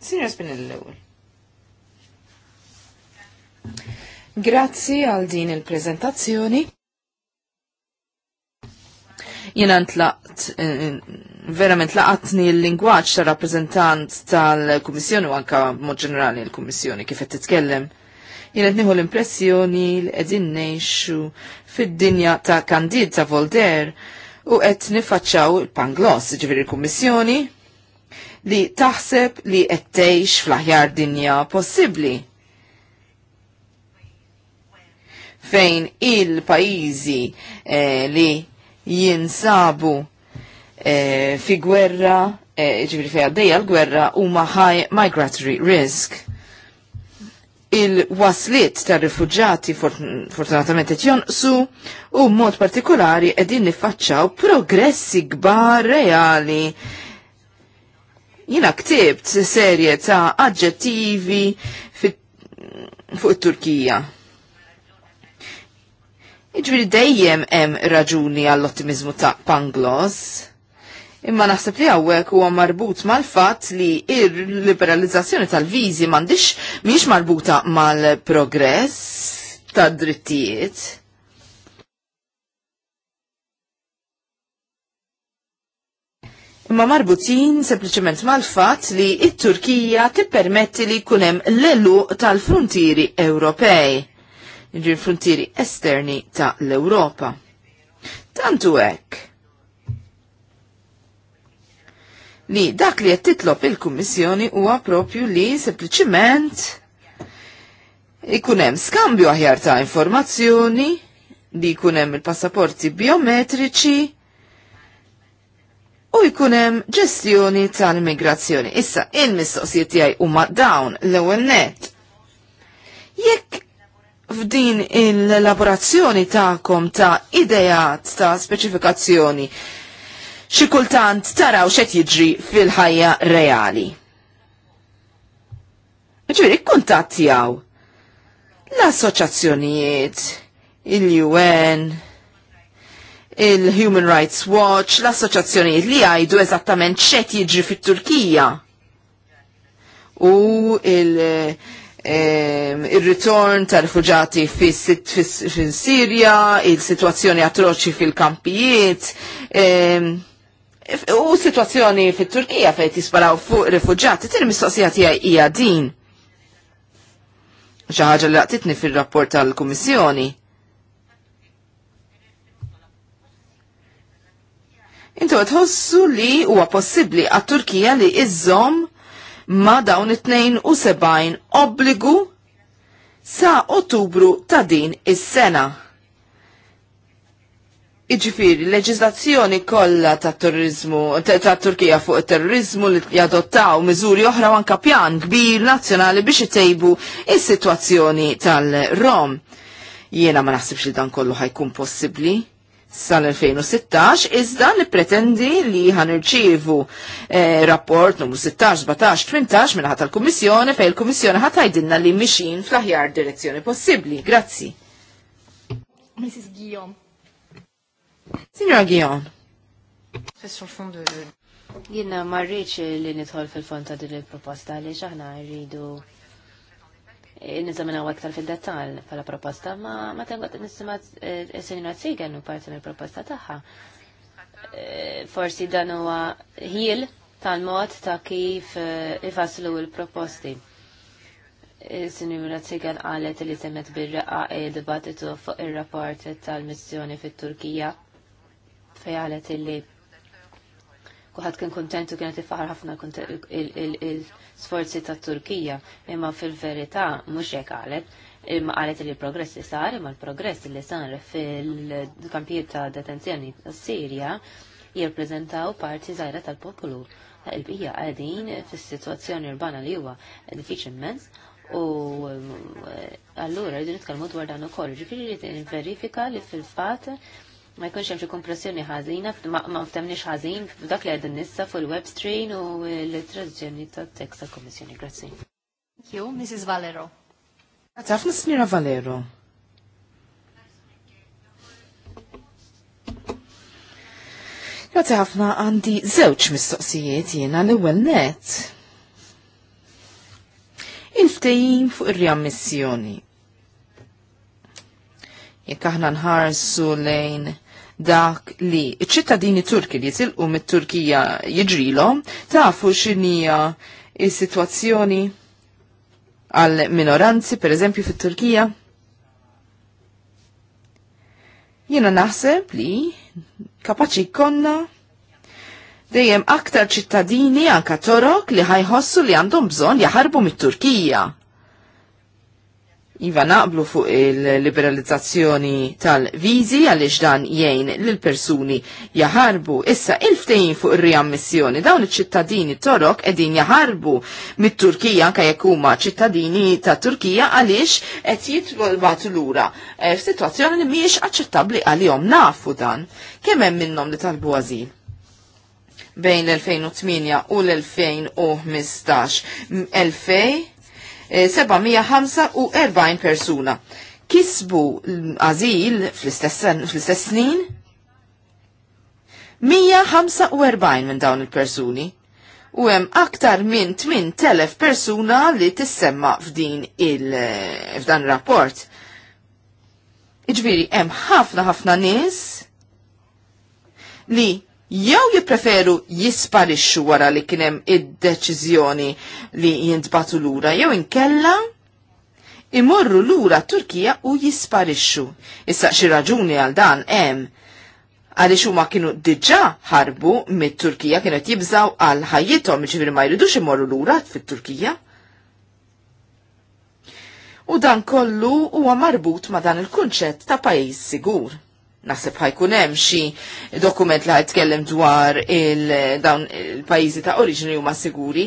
Signor Spinelli l-ewwel. Grazzi għal din il-prezentazzjoni. Jena ntlaqt, eh, verament laqatni l-lingwaċ ta' rappresentant tal-Kummissjoni u anka mod ġenerali l-Kummissjoni kif qed titkellem. Jena tniħu l-impressjoni li qegħdin ngħixu fid-dinja ta' Candid ta' Volder u qed nifaċċaw il-Pangloss, ġifieri l-Kummissjoni, li taħseb li qed tgħix fl-aħjar dinja possibbli. Fejn il-pajjiżi eh, li jinsabu eh, fi gwerra, eh, ġifri fejn għaddejja l-gwerra huma maħaj migratory risk il-waslit ta' rifugġati fortunatament qed jonqsu u mod partikolari qegħdin nifacċaw progressi kbar reali Jina ktibt serje ta' aġġettivi fuq it-Turkija. Iġviri dejjem hemm raġuni għall-ottimizmu ta' Pangloss, Imma naħseb li għawek huwa marbut mal-fatt li ir-liberalizzazzjoni tal-viżi m'għandix miex marbuta mal-progress tad-drittijiet imma marbutin sempliciment mal-fat li il turkija tippermetti li kunem l-elu tal-frontieri Ewropej, ġir frontiri esterni ta' l-Europa. Tantu hekk li dak li qed titlob il-Kummissjoni huwa propju li sempliciment ikun hemm skambju aħjar ta' informazzjoni li jkun hemm il-passaporti biometriċi u jkunem ġestjoni tal-migrazzjoni. Issa, il-mistoqsijiet tiegħi huma dawn l-ewwel net. Jekk f'din il-elaborazzjoni ta'kom ta' idejat ta' speċifikazzjoni xi kultant taraw xed jiġri fil-ħajja reali. Ġifieri kuntattjaw l-assoċjazzjonijiet, il-UN, il-Human Rights Watch, l-assoċazzjonijiet li għajdu eżattament xet jiġri fit-Turkija. U il- ehm, il-ritorn ta' rifugjati fil-Sirja, il-situazzjoni atroċi fil-kampijiet, ehm, u situazzjoni fit turkija fejn jisparaw fuq rifugjati, til mistoqsija tiegħi hija din. ċaħġa ħaġa li għatitni fir-rapport tal-Kummissjoni Intu tħossu li huwa possibbli għat-Turkija li iżżomm ma dawn it-72 obbligu sa' Ottubru ta' din is-sena. Iġifiri, leġizlazzjoni kollha ta' terrorizmu, ta' Turkija fuq terrorizmu li jadottaw miżuri oħra u anka pjan kbir nazzjonali biex itejbu is-sitwazzjoni tal-Rom. Jiena ma naħsibx li dan kollu ħajkun possibbli sal-2016, iżda li pretendi li ħanirċivu eh, rapport numru 16, 17, 18 minna tal-Kummissjoni fej il-Kummissjoni ħatajdinna li miexin fl-aħjar direzzjoni possibli. Grazzi. Mrs. Guillaume. Signora Guillaume. Jina marriċ li nidħol fil-fond ta' din il-proposta li xaħna rridu nizaminaw aktar fil-detal pala proposta, ma ma tengot nisima s-senjura eh, Zigan u parti mill proposta taħħa. Eh, forsi dan huwa ħil tal-mod ta' kif eh, ifaslu l-proposti. Sinjura Zigan għalet li semmet bil-reqqa il-dibattitu fuq il-rapport tal-missjoni fit-Turkija fej għalet li kuħat kien kontentu kienet ifaħar ħafna il- sforzi ta' Turkija imma fil-verità mhux hekk qalet imma qalet li l-progress li sar imma l-progress li sar fil-kampijiet ta' detenzjoni ta' Sirja jirpreżentaw parti żgħira tal-popolu. Il-bija qegħdin fis-sitwazzjoni urbana li huwa diffiċli immens U eh, allura rridu nitkellmu dwar dan ukoll, ġifieri verifika li fil-fatt ma jkunx hemm xi kompressjoni ħażina, ma ftemniex ħażin f'dak li qegħdin nissa fuq il-web stream u l-traduzzjoni ta' tekst tal-Kommissjoni. Grazzi. Thank you, Mrs. Valero. Għafna ħafna Smira Valero. Grazzi ħafna għandi żewġ mistoqsijiet jiena l-ewwel net. Il-ftehim fuq ir-riammissjoni jekk aħna nħarsu lejn dak li ċittadini Turki li jitilqu mit-Turkija jiġrilhom tafu x'inhija s sitwazzjoni għal minoranzi pereżempju fit-Turkija. Jiena naħseb li kapaċi jkollna dejjem aktar ċittadini anka torok li ħajħossu li għandhom bżonn jaħarbu mit-Turkija Iva naqblu fuq il-liberalizzazzjoni tal-vizi għaliex dan jgħin l persuni jaħarbu. Issa il-ftejn fuq ir-riammissjoni dawn iċ-ċittadini torok edin jaħarbu mit-Turkija anke jekk huma ċittadini ta' Turkija għaliex qed l lura f e, f'sitwazzjoni li mhijiex aċċettabbli jom nafu dan. Kemm hemm minnhom li talbu għazil? bejn l-2008 u l-2015. 2000 745 eh, persuna. Kisbu l-azil fl-istess snin 145 minn dawn il-persuni u hemm aktar minn 8000 persuna li tissemma f'din il eh, f'dan rapport. Iġbiri hemm ħafna ħafna nies li jew jippreferu jisparixxu wara li kien hemm id-deċiżjoni li jintbatu lura jew inkella imorru lura Turkija u jisparixxu. Issa xi raġuni għal dan hemm għaliex huma kienu diġà ħarbu mit-Turkija kienu jibżaw għal ħajjithom jiġifieri ma jridux imorru lura fit-Turkija. U dan kollu huwa marbut ma dan il-kunċett ta' pajjiż sigur. Nasib ħajkun hemm xi dokument li ħajtkellem dwar il-dawn il-pajjiżi ta' oriġini huma siguri,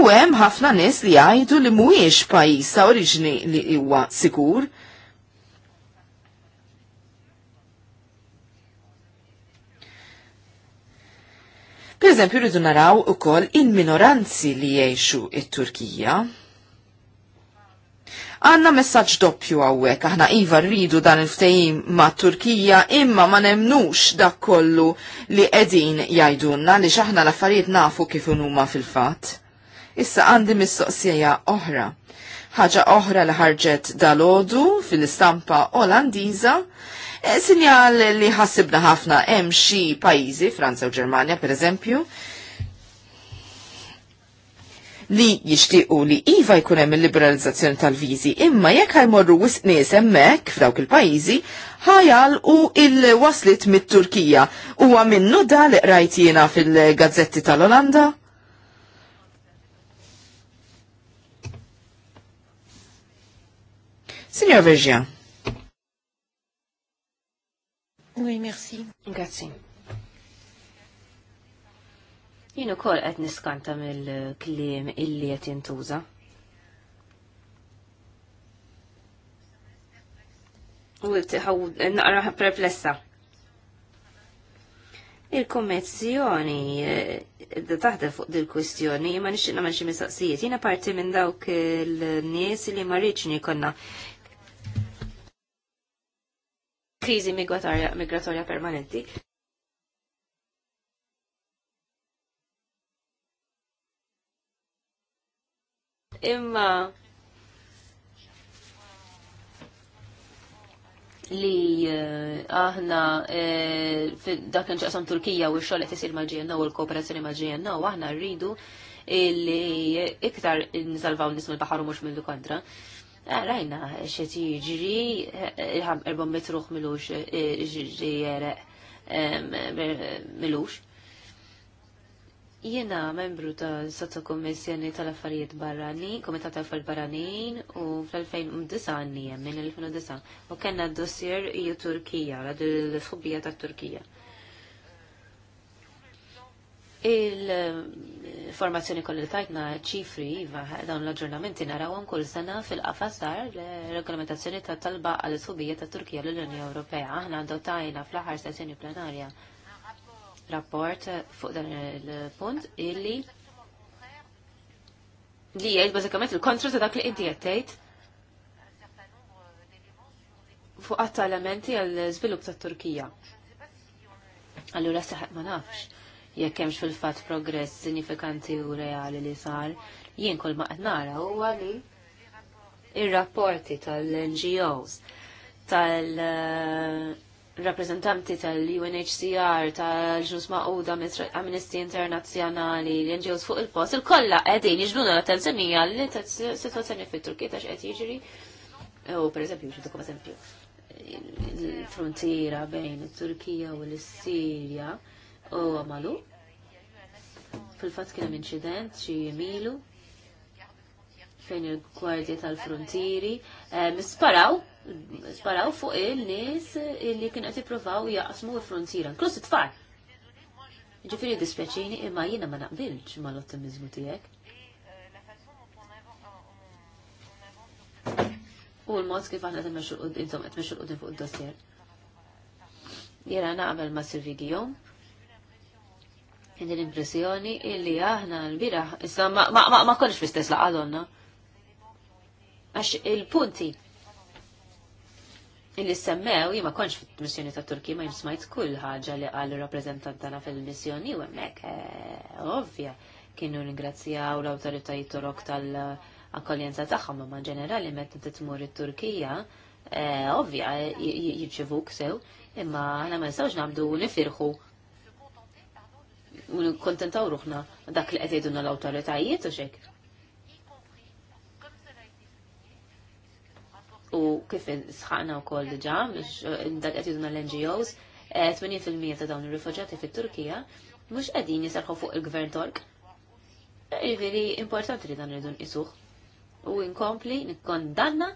u hemm ħafna nies li jgħidu li mhuwiex pajjiż ta' oriġini li huwa sigur. Per eżempju, rridu naraw ukoll il-minoranzi li jgħixu it-Turkija. il minoranzi li jgħixu it turkija il minoranzi li it turkija Għanna messaġġ doppju għawek, aħna iva rridu dan il-ftejim ma' Turkija imma ma' nemnux dak kollu li edin jajdunna li xaħna l-affarijiet nafu kif huma fil-fat. Issa għandi mistoqsija oħra. Ħaġa oħra li ħarġet dal-ħodu fil-istampa Olandiża eh, Sinjal li ħassibna ħafna hemm xi pajjiżi, Franza u Ġermanja pereżempju, li jixtiequ li iva jkun hemm il-liberalizzazzjoni tal-viżi, imma jekk ħajmorru wisq nies hemmhekk f'dawk il-pajjiżi, ħajal u il-waslit mit-Turkija. Huwa minnu da li qrajt jiena fil-gazzetti tal-Olanda? Signor Vergia. Oui, merci. Grazie. Jien ukoll qed niskanta mill-kliem illi qed jintuża. U naqra perplessa. Il-kommissjoni eh, taħdem fuq dil-kwistjoni ma nixtieq nagħmel xi mistaqsijiet. Jiena parti minn dawk il-nies li ma rridx konna kriżi migratorja permanenti. Imma li eh, aħna eh, dak nċaqsam Turkija u x-xogħol qed isir u l-kooperazzjoni mal-GNO aħna rridu li iktar nsalvaw nies l baħar u mhux mill kontra. Eh, rajna xed jiġri erbom ruħ milux jere milux. Jiena membru ta' sotto kommissjoni tal-affarijiet Barrani, komitat tal-affarijiet barranin u fl-2009 għanni minn 2009 u kena dossier ju Turkija, la il sħubija ta' Turkija. Il-formazzjoni kolli tajtna ċifri, iva, dawn l-aġġornamenti narawhom kull sena fil-qafas dar regolamentazzjoni ta' talba għal sħubija ta' Turkija l-Unjoni Ewropea. Aħna dotajna fl-aħħar sessjoni plenarja rapport fuq dan il-punt illi li jgħid bażikament il-kontra ta' dak li inti qed tgħid fuq għatta elementi għal-żvilupp ta' Turkija. Allura saħaq ma nafx jekk hemmx fil-fatt progress sinifikanti u reali li sar, jien kol ma qed nara huwa li ir-rapporti tal-NGOs tal rappresentanti tal-UNHCR, tal-ġus maquda, Amnesty Internazzjonali, l-NGOs fuq il-post, il-kolla għedin iġduna l-attenzjoni għalli situazzjoni fit-Turkija ta' xqed jiġri. U per eżempju, ġidukom eżempju, il-frontiera bejn il-Turkija u l-Sirja u għamalu. Fil-fat kien hemm inċident xi milu, fejn il-gwardja tal frontiri misparaw eh, sparaw fuq il-nies li kien qed jippruvaw jaqsmu l frontira inkluż it-tfal. Ġifieri dispjaċini imma jiena ma naqbilx mal-ottimiżmu tiegħek. U l-mod kif aħna temmexxu qed mexxu l-qudiem fuq id-dossier. Jiena naqbel ma' Silvi Gijom. Kien l-impressjoni illi aħna l-biraħ, issa ma konniex fl-istess laqadonna. Għax il-punti illi semmew jima konx fit-missjoni ta' Turkija ma jimsmajt kull ħaġa li għal rappresentant fil-missjoni u hemmhekk eh, ovvja kienu u l-awtoritajiet torok tal-akkoljenza tagħhom ma ġenerali meta titmur it-Turkija eh, ovvja jirċevuk sew imma aħna ma nistgħux nagħmdu nifirħu u kontentaw ruħna dak li qed jgħidulna l-awtoritajiet u xekk u kif sħaqna u koll diġa, biex eh, dak qed l-NGOs, 80% eh, ta' dawn ir rifugġati fit-Turkija mhux qegħdin jisarħu fuq il-Gvern Tork. Iveri jiġifieri importanti li dan irridu nqisuh. U inkompli nikkondanna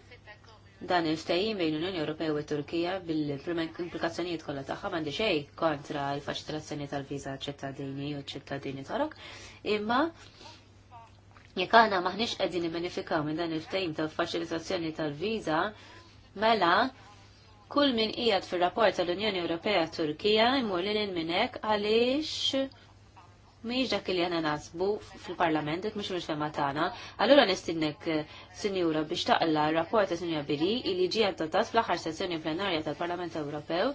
dan il-ftehim bejn l-Unjoni Ewropea u Turkija bil-implikazzjonijiet kollha tagħha m'għandi xejn kontra l-faċilitazzjoni tal-viża ċittadini u ċittadini Tork. imma Jekk għana maħniex qegħdin immanifikaw minn dan il-ftehim ta' faċilitazzjoni tal-viża, mela kull min qiegħed fir-rapport tal-Unjoni Ewropea Turkija jmur lil minn hekk għaliex mhijiex dak li għana nasbu fil-parlament, dik mux mux fema tana, għallura nistinnek sinjura biex taqla rapport ta' sinjura Biri illi ġi għaddotat fl-axar sessjoni plenarja tal-Parlament Ewropew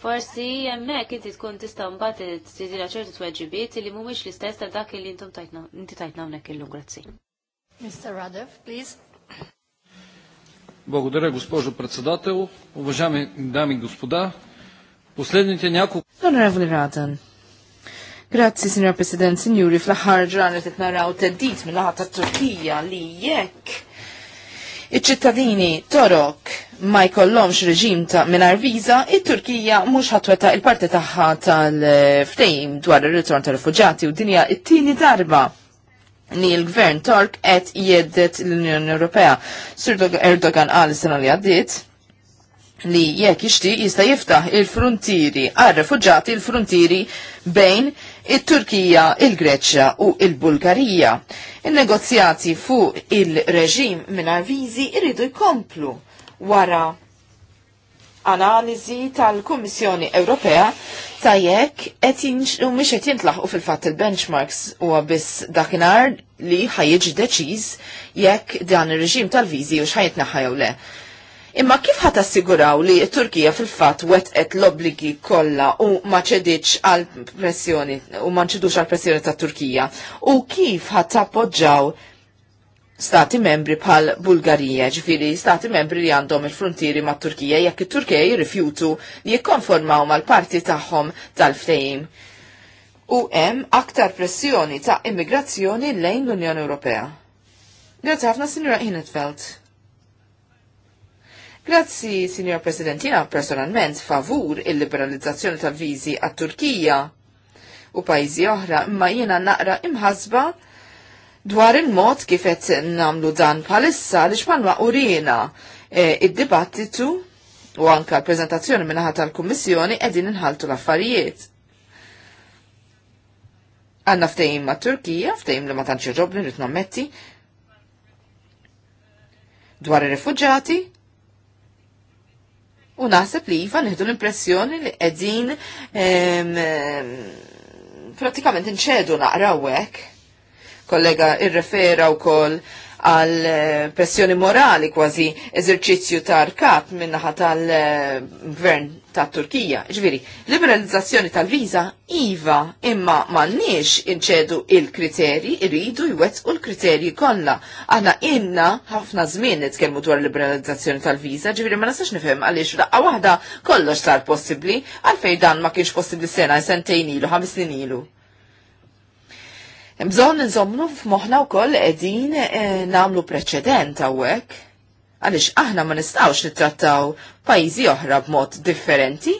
Forsi jemmek inti tkun tista' t-tizira ċertu t tweġibiet li mumiex l-istess ta' dak li intom tajtna inti tajtna hawnhekk illum grazzi. Mr. Radev, please. Благодаря, госпожо председател. Уважаеми дами и господа, последните няколко... Honorable Radan, Grazzi, Signor Presidente, Signori, fl għanet etna raw teddit mill-ħat ta' Turkija li jekk iċ-ċittadini Torok ma jkollhomx reġim ta' mingħajr viża, it-Turkija mhux ħatweta il-parti tagħha tal-ftejm dwar ir-ritorn tal-rifuġati u dinja it-tieni darba li l-gvern Tork qed jeddet l-Unjoni Ewropea. Sir Erdogan qal sena li għaddiet li jekk ixti jista' jiftaħ il-frontieri għar-refuġati il-frontieri bejn it-Turkija, il-Greċja u il-Bulgarija. Il-negozjati fuq il-reġim minna viżi irridu jkomplu wara analizi tal-Kummissjoni Ewropea ta' jekk qed u mhux qed jintlaħqu fil-fatt il-benchmarks huwa biss dakinhar li ħajjiġi deċiż jekk dan ir-reġim tal-viżi u x'ħajtnaħħa jew le. Imma kif ħat assiguraw li Turkija fil-fat wetqet l-obligi kollha u ma għal pressjoni u ma għal pressjoni ta' Turkija u kif ħat appoġġaw stati membri bħal Bulgarija, ġifiri stati membri li għandhom il-frontieri ma' Turkija jekk it-Turkija jirrifjutu li jikkonformaw mal-parti tagħhom tal ftejim U hemm aktar pressjoni ta' immigrazzjoni lejn l-Unjoni Ewropea. Grazzi ħafna Sinjura Hinetfeld. Grazzi, Signor President, jina personalment favur il-liberalizzazzjoni tal-viżi għat-Turkija u pajjiżi oħra, imma jiena naqra imħasba dwar il-mod kif qed nagħmlu dan bħalissa li x'malma urina e, id-dibattitu u anka l-preżentazzjoni minnaħa tal-Kummissjoni qegħdin inħaltu l-affarijiet għanna ftejim ma' Turkija, ftejim li ma tantx ġobni rrit nammetti, dwar ir-refugġati, U naħseb li jifa neħdu l-impressjoni li qegħdin pratikament nċedu naqrawek. Kollega irrefera wkoll għal eh, pressjoni morali kważi eżerċizzju tar kap minnaħat tal-gvern eh, ta' Turkija. Ġviri, liberalizzazzjoni tal-viza iva imma mannix inċedu il-kriteri, irridu jwetz u l-kriteri kolla. Għana inna ħafna zmin nitkellmu dwar liberalizzazzjoni tal-viza, ġviri ma nasax nifhem għaliex raqqa waħda kollox sar possibbli, għalfej dan ma kienx possibbli sena sentejn ilu, ħames snin ilu. Mżon nżomnu f'moħna wkoll qegħdin eh, namlu preċedent hawnhekk għaliex aħna ma nistawx nittrattaw pajjiżi oħra b'mod differenti.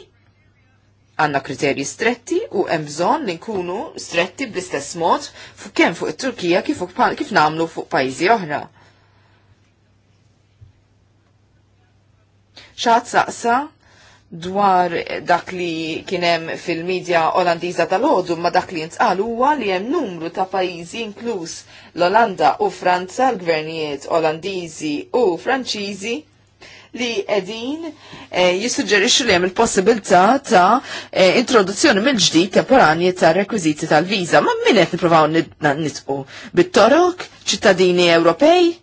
Għanna kriterji stretti u hemm bżonn li nkunu stretti bl-istess mod kemm fuq it-Turkija kif, kif namlu fuq pajjiżi oħra. ċaħat saqsa dwar dak li kienem fil-medja olandiza tal-ħodu ma dak li jintqal huwa li hemm numru ta' pajjiżi inkluż l-Olanda u Franza l-gvernijiet Olandiżi u Franċiżi li edin e, jissuġġerixxu li hemm il-possibilità ta' e, introduzzjoni mill-ġdid temporanja ta' rekwiżiti tal-viża. Ma' min qed nippruvaw nitqu bit-torok, ċittadini Ewropej,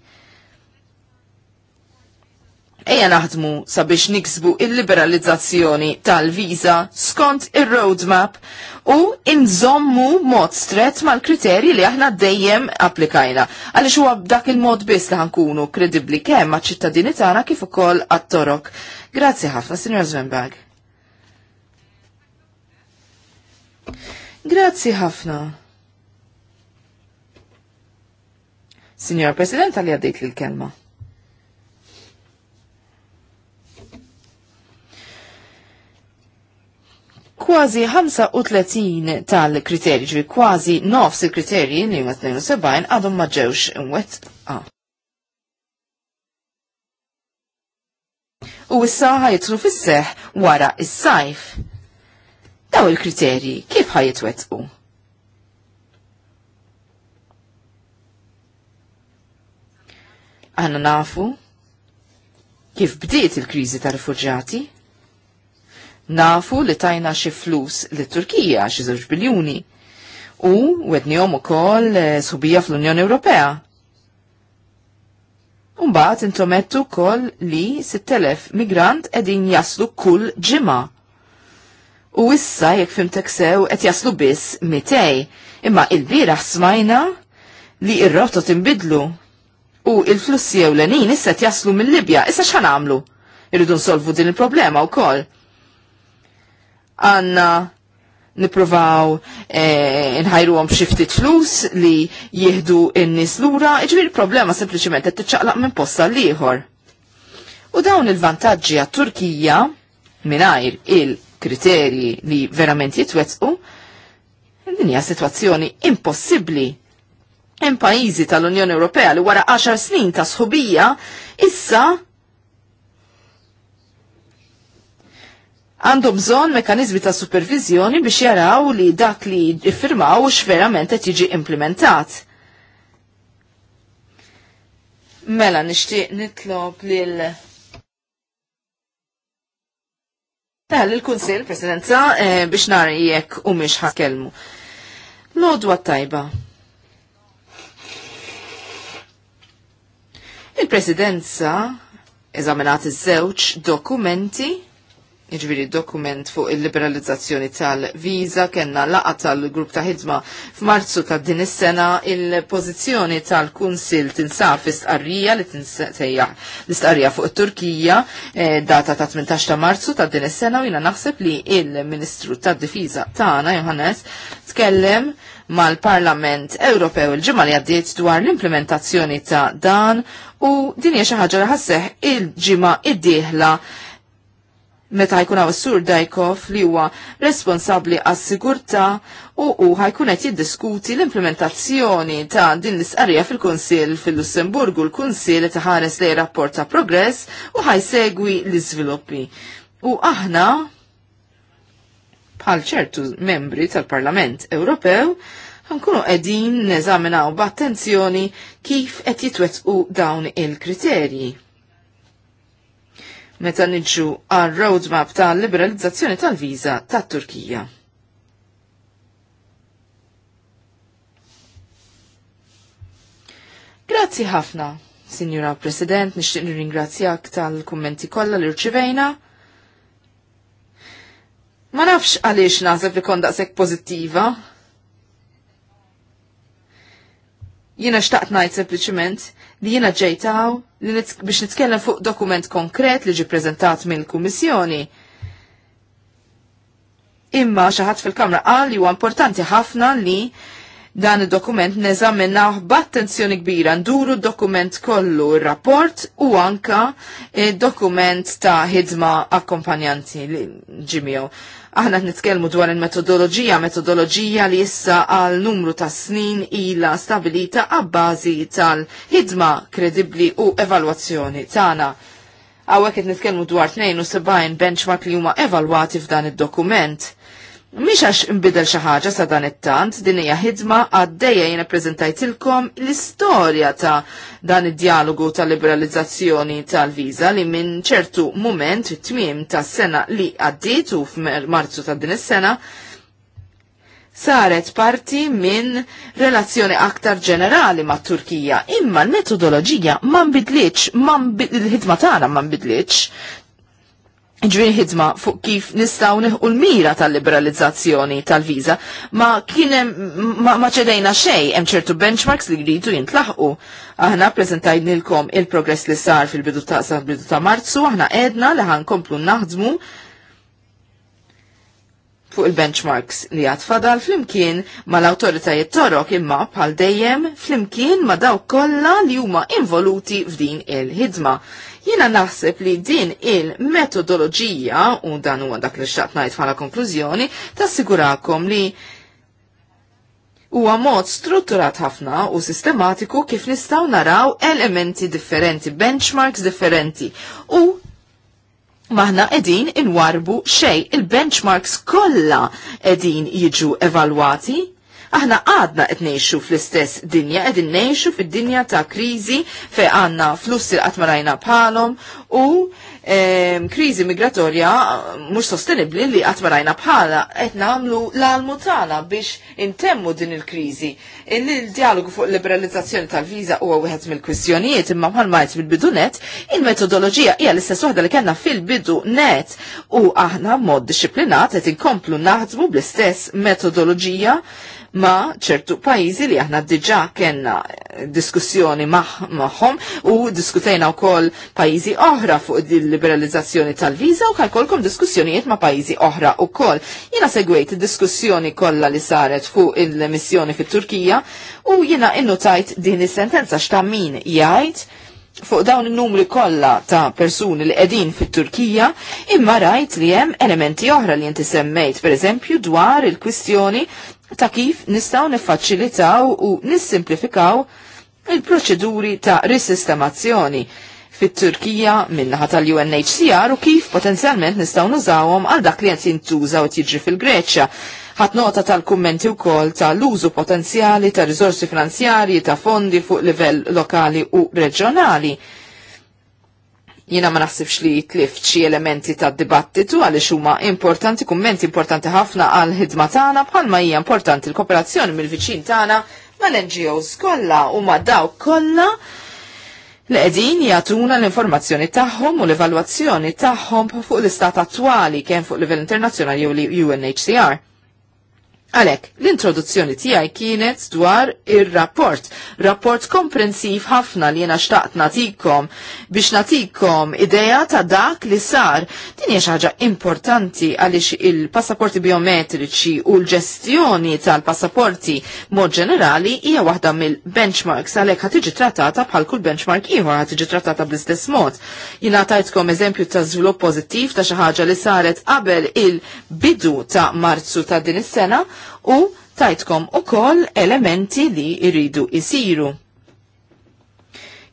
Eja naħdmu sabiex niksbu il-liberalizzazzjoni tal-viza skont il-roadmap u inżommu mod stret mal-kriterji li aħna dejjem applikajna. Għalix huwa b'dak il-mod biss li ħankunu kredibli kemm għaċ-ċittadini tagħna kif ukoll għat-torok. Grazzi ħafna, Sinjor Zwenberg. Grazzi ħafna. Sinjor President, għalli għaddejt l-kelma. kważi 35 tal-kriterji, ġvi kważi nofs il-kriterji li huma 72 għadhom ma ġewx imwet. Ah. U issa ħajtru fisseħ wara is-sajf. Daw il-kriterji kif u? Għanna nafu kif bdiet il-kriżi tar rifugġati Nafu li tajna xi flus li Turkija xi żewġ biljuni u wednihom ukoll eh, subija fl-Unjoni Ewropea. Umbat intomettu kol li 6.000 migrant edin jaslu kull ġimgħa. U issa jekk fimtek sew qed jaslu biss 200, imma il-biraħ smajna li r rotot timbidlu u il-flussi ewlenin issa qed jaslu mill-Libja, issa x'ħan Irridu nsolvu din il-problema wkoll għanna niprovaw eh, nħajru għom xiftit flus li jihdu n-nis lura, iġbir problema sempliciment għed t-ċaqlaq minn posta liħor. U dawn il-vantagġi għat Turkija minnajr il-kriterji li verament jitwetqu, din hija situazzjoni impossibbli hemm pajjiżi tal-Unjoni Ewropea li wara 10 snin ta' sħubija issa Għandu bżon mekanizmi ta' supervizjoni biex jaraw li dak li iffirmaw x'verament qed jiġi implementat. Mela nixtieq nitlob lil Taħal il-Kunsil, Presidenza, eh, biex nari jekk u miex ħakelmu. Lodwa tajba. Il-Presidenza eżaminat iż-żewġ dokumenti Iġviri dokument fuq il-liberalizzazzjoni tal-viza kena laqa tal-grupp ta' ħidma f'Marzu ta' din is-sena il-pożizzjoni tal-Kunsil tinsab istqarrija li tinsejjaħ l-istqarrija fuq it-Turkija eh, data ta' 18 ta' Marzu ta' din is-sena u jiena naħseb li il-Ministru tad-Difiża tagħna Johannes tkellem mal-Parlament Ewropew il-ġimgħa li għaddiet dwar l-implementazzjoni ta' dan u din hija xi ħaġa li ħasseħ il-ġimgħa id-dieħla il meta jkun għaw sur Dajkov li huwa responsabli għas sigurta u u ħajkun qed jiddiskuti l-implementazzjoni ta' din l-isqarrija fil-Kunsill fil-Lussemburgu l konsil ta' ħares li rapport ta' progress u ħajsegwi l-iżviluppi. U aħna bħal ċertu membri tal-Parlament Ewropew ħankunu qegħdin neżaminaw b'attenzjoni kif qed u dawn il-kriterji meta niġu għal roadmap ta' liberalizzazzjoni tal-viza ta' Turkija. Grazzi ħafna, Signora President, nixtieq nirringrazzjak tal-kummenti kollha li rċivejna. Ma nafx għaliex naħseb li kon daqshekk pożittiva. Jiena xtaqt ngħid sempliċement li jiena ġejtaw biex nitkellem fuq dokument konkret li ġi prezentat mill-Kummissjoni. Imma xaħat fil-Kamra qal li huwa importanti ħafna li dan id-dokument neżaminaw b'attenzjoni kbira nduru d-dokument kollu r-rapport u anka id-dokument ta' ħidma akkompanjanti li ġimiju. Aħna nitkellmu dwar il-metodoloġija, metodoloġija li issa għal numru ta' snin ila stabilita għabbażi tal-ħidma kredibli u evalwazzjoni tagħna. Għawek qed nitkellmu dwar 72 benchmark li huma evalwati f'dan id-dokument. Mhix għax imbidel xi ħaġa sa dan it-tant, din hija ħidma għaddejja jiena preżentajtilkom l-istorja ta' dan id-dialogu ta' liberalizzazzjoni tal-viża li minn ċertu mument it-tmiem tas-sena li għaddiet u f'Marzu ta' din is-sena saret parti minn relazzjoni aktar ġenerali ma' Turkija. Imma l-metodoloġija ma' nbidlitx, il-ħidma tagħna ma' mbidliċ, ġviri ħidma fuq kif nistaw u l-mira tal-liberalizzazzjoni tal-viza, ma kienem ma, ma ċedejna xej, hemm ċertu benchmarks li jridu jintlaħqu. Aħna prezentajnilkom il-progress li sar fil-bidu ta' bidu ta' marzu, aħna edna li komplu naħdmu fuq il-benchmarks li għad fadal flimkien ma l-autoritajiet torok imma bħal dejjem flimkien ma daw kollha li huma involuti f'din il-ħidma. Jina naħseb li din il-metodoloġija, u dan huwa dak li xtaqt ngħid bħala konklużjoni, tassigurakom li huwa mod strutturat ħafna u sistematiku kif nistgħu naraw elementi differenti, benchmarks differenti u maħna edin inwarbu xej il-benchmarks kollha edin jiġu evalwati aħna għadna qed ngħixu fl-istess dinja, qed ngħixu fid-dinja ta' kriżi fejn għandna flussi qatt marajna rajna bħalhom u ehm, kriżi migratorja mhux sostenibbli li qatt ma rajna bħala qed nagħmlu l-almu tagħna biex intemmu din il-kriżi. Il-dialogu fuq liberalizzazzjoni tal-viża huwa wieħed mill-kwistjonijiet imma bħal majt bidu bidunet il-metodoloġija hija l-istess waħda li kellna fil-bidu net u aħna mod disciplinat qed inkomplu naħdmu bl-istess metodoloġija ma' ċertu pajizi li aħna diġa kena diskussjoni maħħom u diskutejna u kol pajizi oħra fuq il-liberalizzazzjoni tal-viza u kalkolkom diskussjonijiet ma' pajizi oħra u kol. Jena segwejt diskussjoni kolla li saret fuq il-missjoni fit turkija u jena innotajt din is-sentenza x'tammin jgħid fuq dawn il-numri kollha ta' persuni li qegħdin fit-Turkija, imma rajt li hemm elementi oħra li inti semmejt, pereżempju dwar il-kwistjoni ta' kif nistaw niffaċilitaw u nissimplifikaw il-proċeduri ta' risistemazzjoni fit-Turkija minnaħa tal-UNHCR u kif potenzjalment nistaw nużawhom għal dak li qed jintużaw qed jiġri fil-Greċja. Ħadd nota tal-kummenti wkoll tal-użu potenzjali ta' rizorsi finanzjarji ta' fondi fuq livell lokali u reġjonali Jiena ma naħsibx li jitlif xi elementi ta' dibattitu għaliex huma importanti, kummenti importanti ħafna għal ħidma tagħna bħalma hija importanti l-kooperazzjoni mill-viċin tagħna mal-NGOs kollha u ma' dawk kollha li qegħdin jagħtuna l-informazzjoni tagħhom u l-evalwazzjoni tagħhom fuq l-istat attwali kemm fuq livell internazzjonali jew l-UNHCR. Għalek, l-introduzzjoni tijaj kienet dwar il-rapport. Rapport komprensiv ħafna li jena xtaqt natikom biex natikom ideja ta' dak li sar. Din hija ħaġa importanti għaliex il-passaporti biometriċi u l-ġestjoni tal-passaporti mod ġenerali hija waħda mill-benchmarks għalek ħatiġi trattata bħal kull benchmark ieħor ħatiġi trattata bl-istess mod. Jina tajtkom eżempju ta' żvilupp pożittiv ta' xi ħaġa li saret qabel il-bidu ta' Marzu ta' din is-sena u tajtkom u koll elementi li irridu isiru.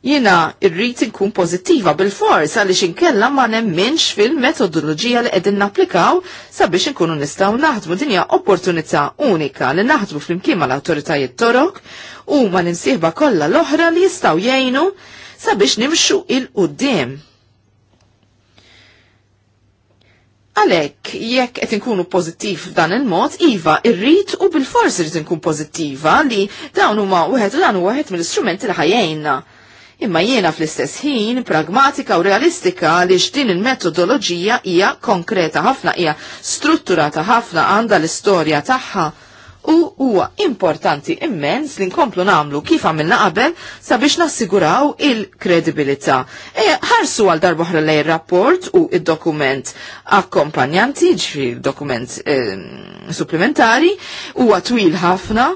Jina irrid inkun pozittiva bil-fors għaliex inkella ma nemminx fil-metodoloġija li qegħdin napplikaw sabiex inkunu nistgħu naħdmu dinja opportunità unika li naħdmu flimkien mal-awtoritajiet torok u ma l kolla kollha l-oħra li jistgħu jgħinu sabiex nimxu il-qudiem. Għalek, jekk qed inkunu pozittiv f'dan il-mod, iva irrid u bil-fors irrid inkun pozittiva li dawn huma wieħed u dan huwa wieħed mill-istrumenti li ħajjejna. Imma jiena fl-istess ħin pragmatika u realistika li x'din il-metodoloġija hija konkreta ħafna hija strutturata ħafna għandha l-istorja tagħha u huwa importanti immens li nkomplu namlu kif għamilna qabel sabiex nassiguraw il-kredibilità. E ħarsu għal darbohra lej rapport u id-dokument akkompanjanti, ġifi dokument ehm, supplementari, huwa twil ħafna,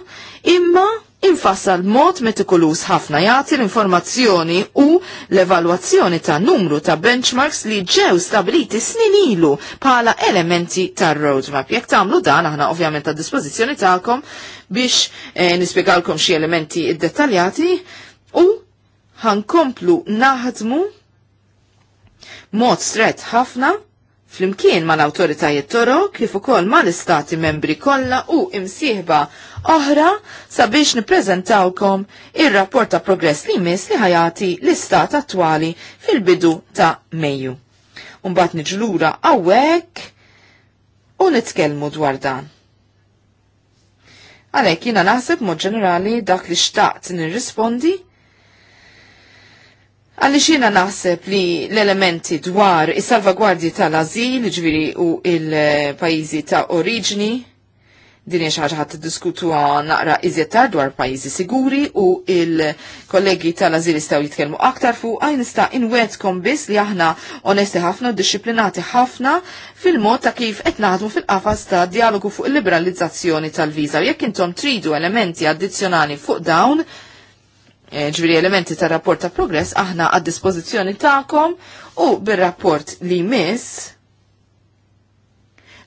imma infassal mod metikulus ħafna jagħti l-informazzjoni u l-evalwazzjoni ta' numru ta' benchmarks li ġew stabiliti snin ilu bħala elementi tar roadmap. Jekk tagħmlu dan aħna ovvjament ta' dispożizzjoni tagħkom biex eh, nispjegalkom xi elementi dettaljati. u ħankomplu naħdmu mod stret ħafna flimkien ma l-autoritajiet toro kif ukoll ma l-istati membri kollha u imsieħba oħra sabiex nippreżentawkom ir-rapport ta' progress li jmiss li ħajati l-istat attwali fil-bidu ta' Mejju. Unbat niġlura hawnhekk u nitkellmu dwar dan. Għalhekk jiena naħseb mod ġenerali dak li xtaqt nirrispondi Għalli xina naħseb li l-elementi dwar is salvagwardji tal-azil, ġviri u il-pajizi ta' oriġni, din hija ħaġa ħadd naqra iżjed tard dwar pajjiżi siguri u il-kollegi tal-azil jistgħu jitkellmu aktar fuq għaj nista' inwedkom biss li aħna onesti ħafna u dixxiplinati ħafna fil-mod ta' kif qed naħdmu fil-qafas ta' dialogu fuq il-liberalizzazzjoni tal-viża. Jekk intom tridu elementi addizzjonali fuq dawn, Eh, ġviri elementi ta' rapport ta' progress aħna għad dispożizzjoni ta'kom u bil-rapport li mis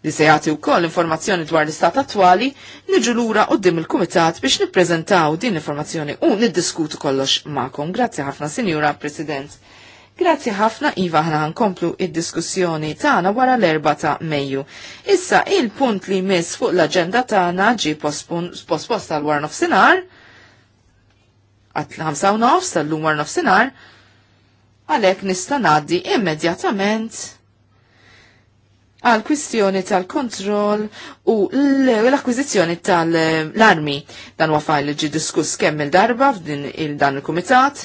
li se jagħti wkoll informazzjoni dwar l-istat attwali, niġu lura dim il-kumitat biex nippreżentaw din l-informazzjoni u niddiskutu kollox ma'kom. Grazzi ħafna, Signora President. Grazzi ħafna Iva ħna nkomplu id-diskussjoni tagħna wara l-4 ta' Mejju. Issa il-punt li mis fuq l-aġenda tagħna ġi posposta l of Sinar l-ħamsa u nofs tal-lum nofsinar, għalek nista naddi immedjatament għal kwistjoni tal-kontroll u l-akkwizizjoni tal-armi. Dan huwa fajl li ġi diskuss kemm il-darba f'din il-dan il-kumitat.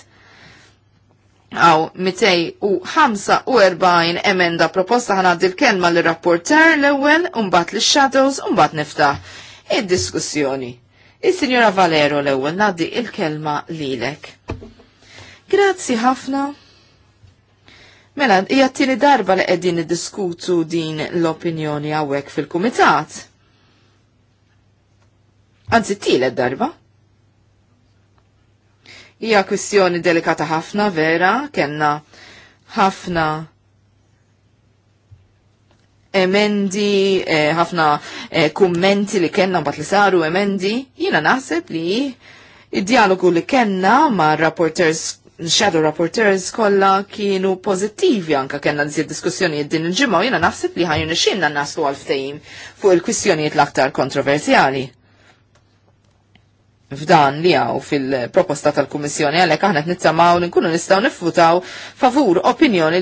Għaw 245 emenda proposta ħanaddi l-kelma l-rapporter l-ewel, un-bat l-shadows, un-bat niftaħ id-diskussjoni. Is-Sinjora Valero l-ewwel naddi il-kelma lilek. Grazzi ħafna. Mela, hija t-tieni darba li qegħdin niddiskutu din l-opinjoni hawnhekk fil-kumitat. Anzi, t-tielet darba. Hija kwistjoni delikata ħafna vera, kellna ħafna emendi, eh, ħafna eh, kummenti li kena bat li saru emendi, jina naħseb li id-dialogu li kena ma' rapporters shadow rapporteurs kolla kienu pozittivi anka kena nżid diskussjoni din il-ġimma u jena naħseb li ħajun xinna naslu għal-ftejim fuq il-kwistjonijiet l-aktar kontroversjali f'dan li għaw fil-proposta tal-Kummissjoni għalek aħna t-nittamaw li nkunu nistaw nifvutaw favur opinjoni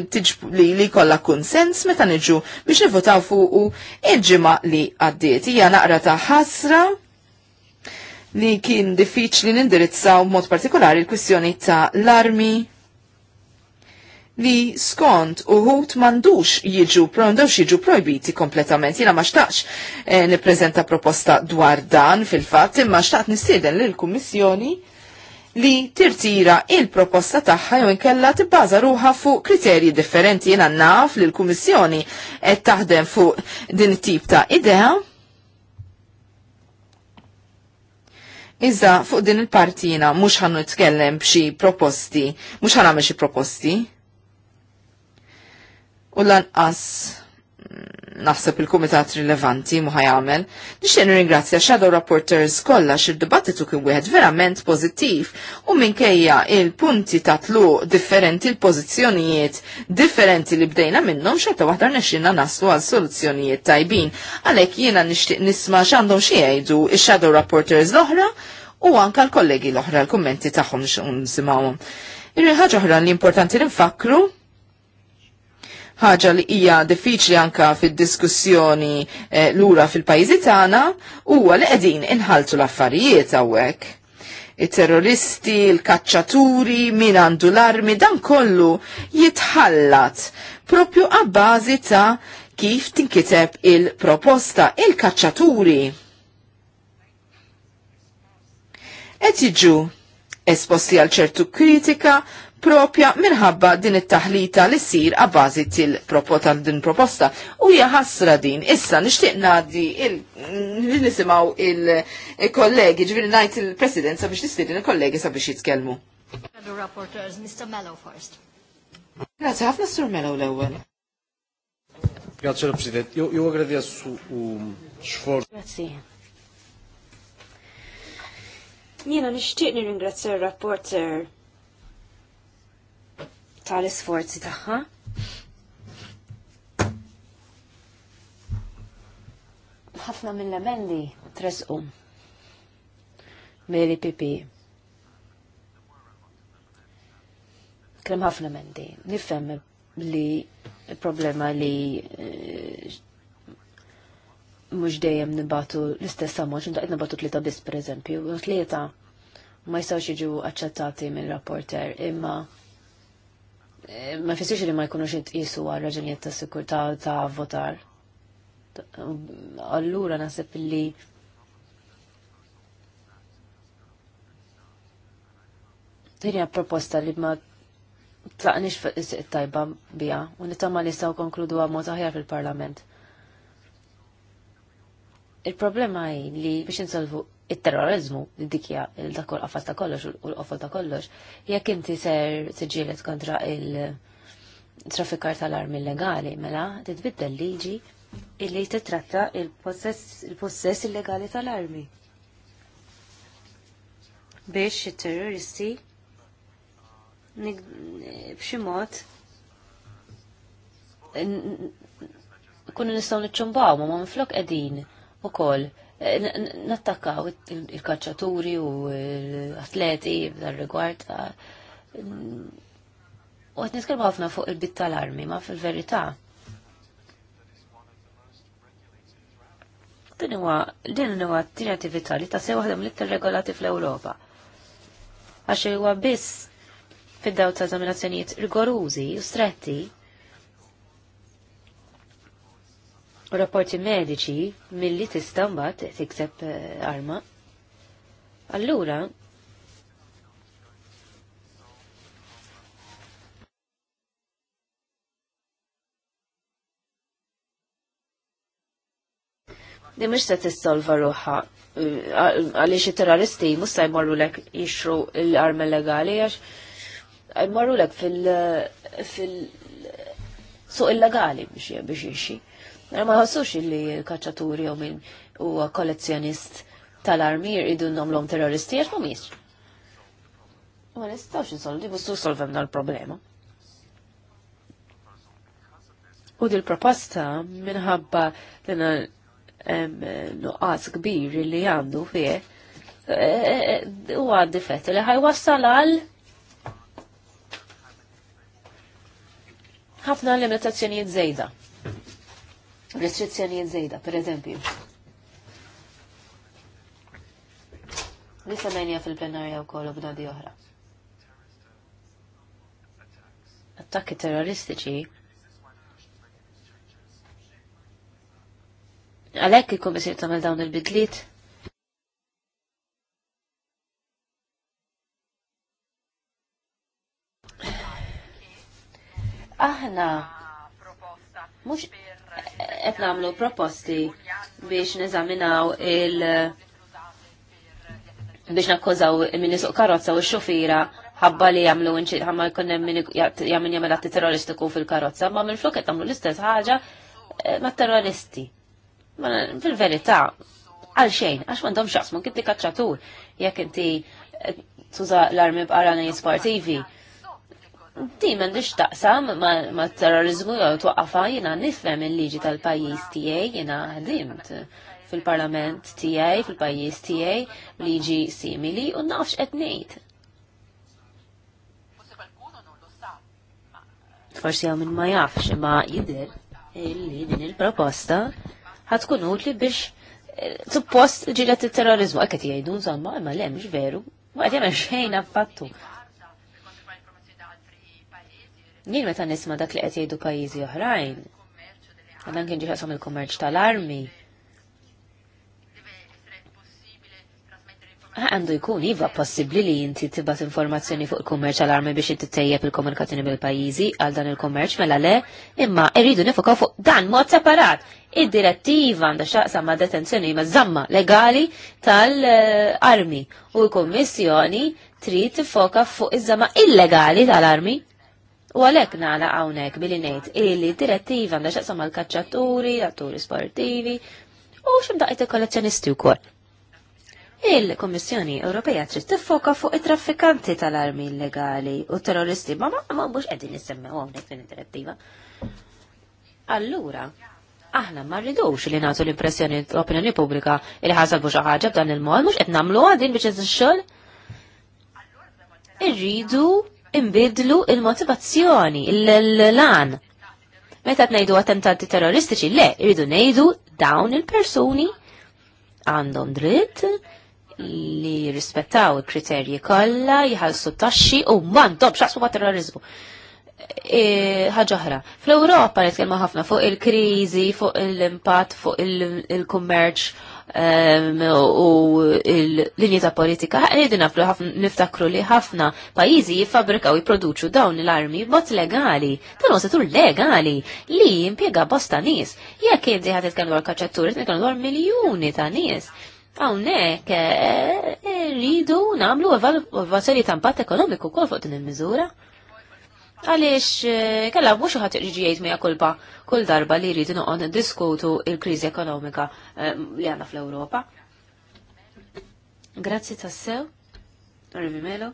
li li kolla konsens meta niġu biex nifvutaw fuq il-ġima li għaddiet. Ija naqra ta' ħasra li kien diffiċli nindirizzaw mod partikolari l kwissjoni ta' l-armi li skont uħut mandux jiġu, mandux jiġu projbiti kompletament. Jina ma e, niprezenta proposta dwar dan fil-fat, imma xtaqt nistieden l-Kummissjoni li tirtira il-proposta tagħha jew inkella tibbaża ruħa fuq kriterji differenti jiena naf li l-Kummissjoni qed taħdem fuq din it-tip ta' idea. Iżda fuq din il-partina mhux ħannu nitkellem b'xi proposti, mhux ħanagħmel xi proposti u lanqas mm, naħseb il-Kumitat Rilevanti muħaj għamel, nixtieq ringrazzja Shadow Rapporters kollha xid-dibattitu kien wieħed verament pożittiv u minkejja il-punti ta' tluq differenti l-pożizzjonijiet differenti li bdejna minnhom xorta waħda nexxinna naslu għal soluzzjonijiet tajbin. Għalhekk jiena nixtieq nisma' x'għandhom xi jgħidu ix-Shadow Rapporters l-oħra u anka l-kollegi l-oħra l-kummenti tagħhom nixqu nisimgħuhom. Irri ħaġa oħra li importanti nfakru ħaġa li hija diffiċli anka fid-diskussjoni eh, lura fil-pajjiżi tagħna huwa li qegħdin inħaltu l-affarijiet hawnhekk. it terroristi l kacċaturi min għandu l-armi, dan kollu jitħallat propju għabbażi ta' kif tinkiteb il-proposta il-kacċaturi. Et jiġu esposti għal ċertu kritika propja minħabba din it-taħlita li sir għabazi til-proposta din proposta. U hija din, issa nixtieq ngħaddi nisimaw il-kollegi, ġifieri ngħid il-President sabiex nistidin il-kollegi sabiex jitkellmu. Grazie ħafna Sur Mellow l-ewwel. Grazie President. Jo gradjasu xfor. Grazie. Jiena nixtieq nirringrazzja il rapporter tal-isforzi tagħha. ħafna mill-emendi tresqu mill-IPP. Krem ħafna emendi. Nifhem li problema li eh, mux dejjem nibatu l-istess ammont, xintaqt nibatu tlieta biss per eżempju, tlieta ma jistgħux jiġu aċċettati mill-rapporter, imma ma jfissirx li ma jkunux jitqisu għal raġunijiet ta' sikurtà ta' votar. Allura naħseb li Dinja proposta li ma tlaqnix fuq is tajba bija u tamma li saw konkludu għamot aħjar fil-parlament. Il-problema hi li biex insolvu il-terrorizmu, dikja il-dakol qafas ta' kollox u l-qofol ta' kollox, jekk inti ser tiġielet kontra il-traffikar tal-armi illegali, mela titbiddel liġi illi titratta il-possess illegali tal-armi. Biex il-terroristi bximot kunu nistaw niċċumbaw ma ma minflok edin ukoll eh, nattakkaw il-kaċċaturi u l-atleti dal rigward mm, u għet niskelmu ħafna fuq il-bit tal-armi, ma fil-verità. Din huwa din huwa t-tieni attività li ta' sew waħda mill-iktar regolati fl-Ewropa. Għax huwa biss fid-daw ta' rigorużi u stretti rapporti mediċi milli tista' mbagħad tikseb eh, arma. Allura Di mhux se tissolva ruħha eh, għaliex it-terroristi mhux se jmorru lek jixru l-arma legali għax eh, jmorru lek fil- fil- suq illegali biex biex jixi. Eh, ma ħassux li kaċċaturi u minn u kollezzjonist tal-armir l-om terroristi għax mumiex. Ma nistawx insoldi bustu solvemna l-problema. U dil-proposta minħabba l-na nuqqas kbir li għandu fie eh, eh, u għaddi fett li ħajwassal għal ħafna limitazzjonijiet zejda restrizzjonijiet zejda, per eżempju. Nisa najnija fil-plenarja u koll b'nadi oħra. Attakki terroristiċi għalek il-Komissir tamel dawn il bidlit aħna mux qed nagħmlu proposti biex neżaminaw il- biex nakkużaw min isuq karozza u x-xufira ħabba li jagħmlu ħamma jkun hemm min jagħmel atti terroristiku fil-karozza, ma minn flok qed tagħmlu l-istess ħaġa eh, mat terroristi. Fil-verità, għal xejn, għax m'għandhom xaqsmu kif kaċċatur jekk inti eh, tuża l-armi b'qarani sportivi Ti m'għandix taqsam ma' terrorizmu jew twaqqafa jiena nifhem il-liġi tal-pajjiż tiegħi jiena ħdimt fil-parlament tiegħi, fil-pajjiż tiegħi, liġi simili u nafx qed ngħid. Forsi hawn minn ma jafx imma jidher illi din il-proposta ħatkun utli biex eh, suppost ġilet il-terrorizmu, għek għet jgħidu, insomma, imma le, mux veru, ma għet jgħamil xejn fattu, Jien meta nisma' dak li qed jgħidu pajjiżi oħrajn, Dan kien ġiħasom il-kummerċ tal-armi. Għandu jkun iva possibli li jinti tibat informazzjoni fuq il-kummerċ tal-armi biex inti tejjeb il-komunikazzjoni bil-pajjiżi għal dan il-kummerċ mela le, imma irridu nifokaw fuq dan mod separat. Id-direttiva għandha xaqsa ma' detenzjoni ma' zamma legali tal-armi u l-Kommissjoni trid tifoka fuq iż-żama illegali tal-armi U għalek naħla għawnek billi nejt illi direttiva għanda xaqsam għal kacċaturi, għatturi sportivi u ximdaqit il-kollezzjonisti u kol. Il-Kommissjoni Ewropeja trid tiffoka fuq it-traffikanti tal-armi illegali u terroristi ma ma mhux qegħdin nissemmew hawnhekk din id-direttiva. Allura, aħna ma rridux li nagħtu l-impressjoni l-opinjoni pubblika li ħasalbu xi ħaġa b'dan il-mod mhux qed nagħmlu għadin biex iż Irridu imbidlu il-motivazzjoni, l-lan. Meta t-nejdu attentati terroristiċi, le, iridu nejdu dawn il-persuni għandhom dritt li rispettaw il-kriterji kollha, jħallsu taxxi u m'għandhom xaqsu ma' terrorizmu. E, Ħaġoħra, fl-Ewropa nitkellmu ħafna fuq il-kriżi, fuq l-impatt, fuq il-kummerċ u l-linji ta' politika, għedin naflu niftakru li ħafna pajizi jiffabrikaw jiproduċu dawn l-armi bot legali, dan setur legali li jimpiega bosta nis. Jek inti ħad itkellmu dwar kaċċatturi, itkellmu dwar miljuni ta' nis. Hawnhekk eh, rridu nagħmlu evalwazzjoni ta' impatt ekonomiku kol fuq din il-miżura. Għaliex eh, kalla mhux ħadd irġijiet mija kulba kull darba li jridu noqon diskutu il-kriżi ekonomika eh, li għandna fl-Ewropa. Grazzi tassew. Arrivi Melo.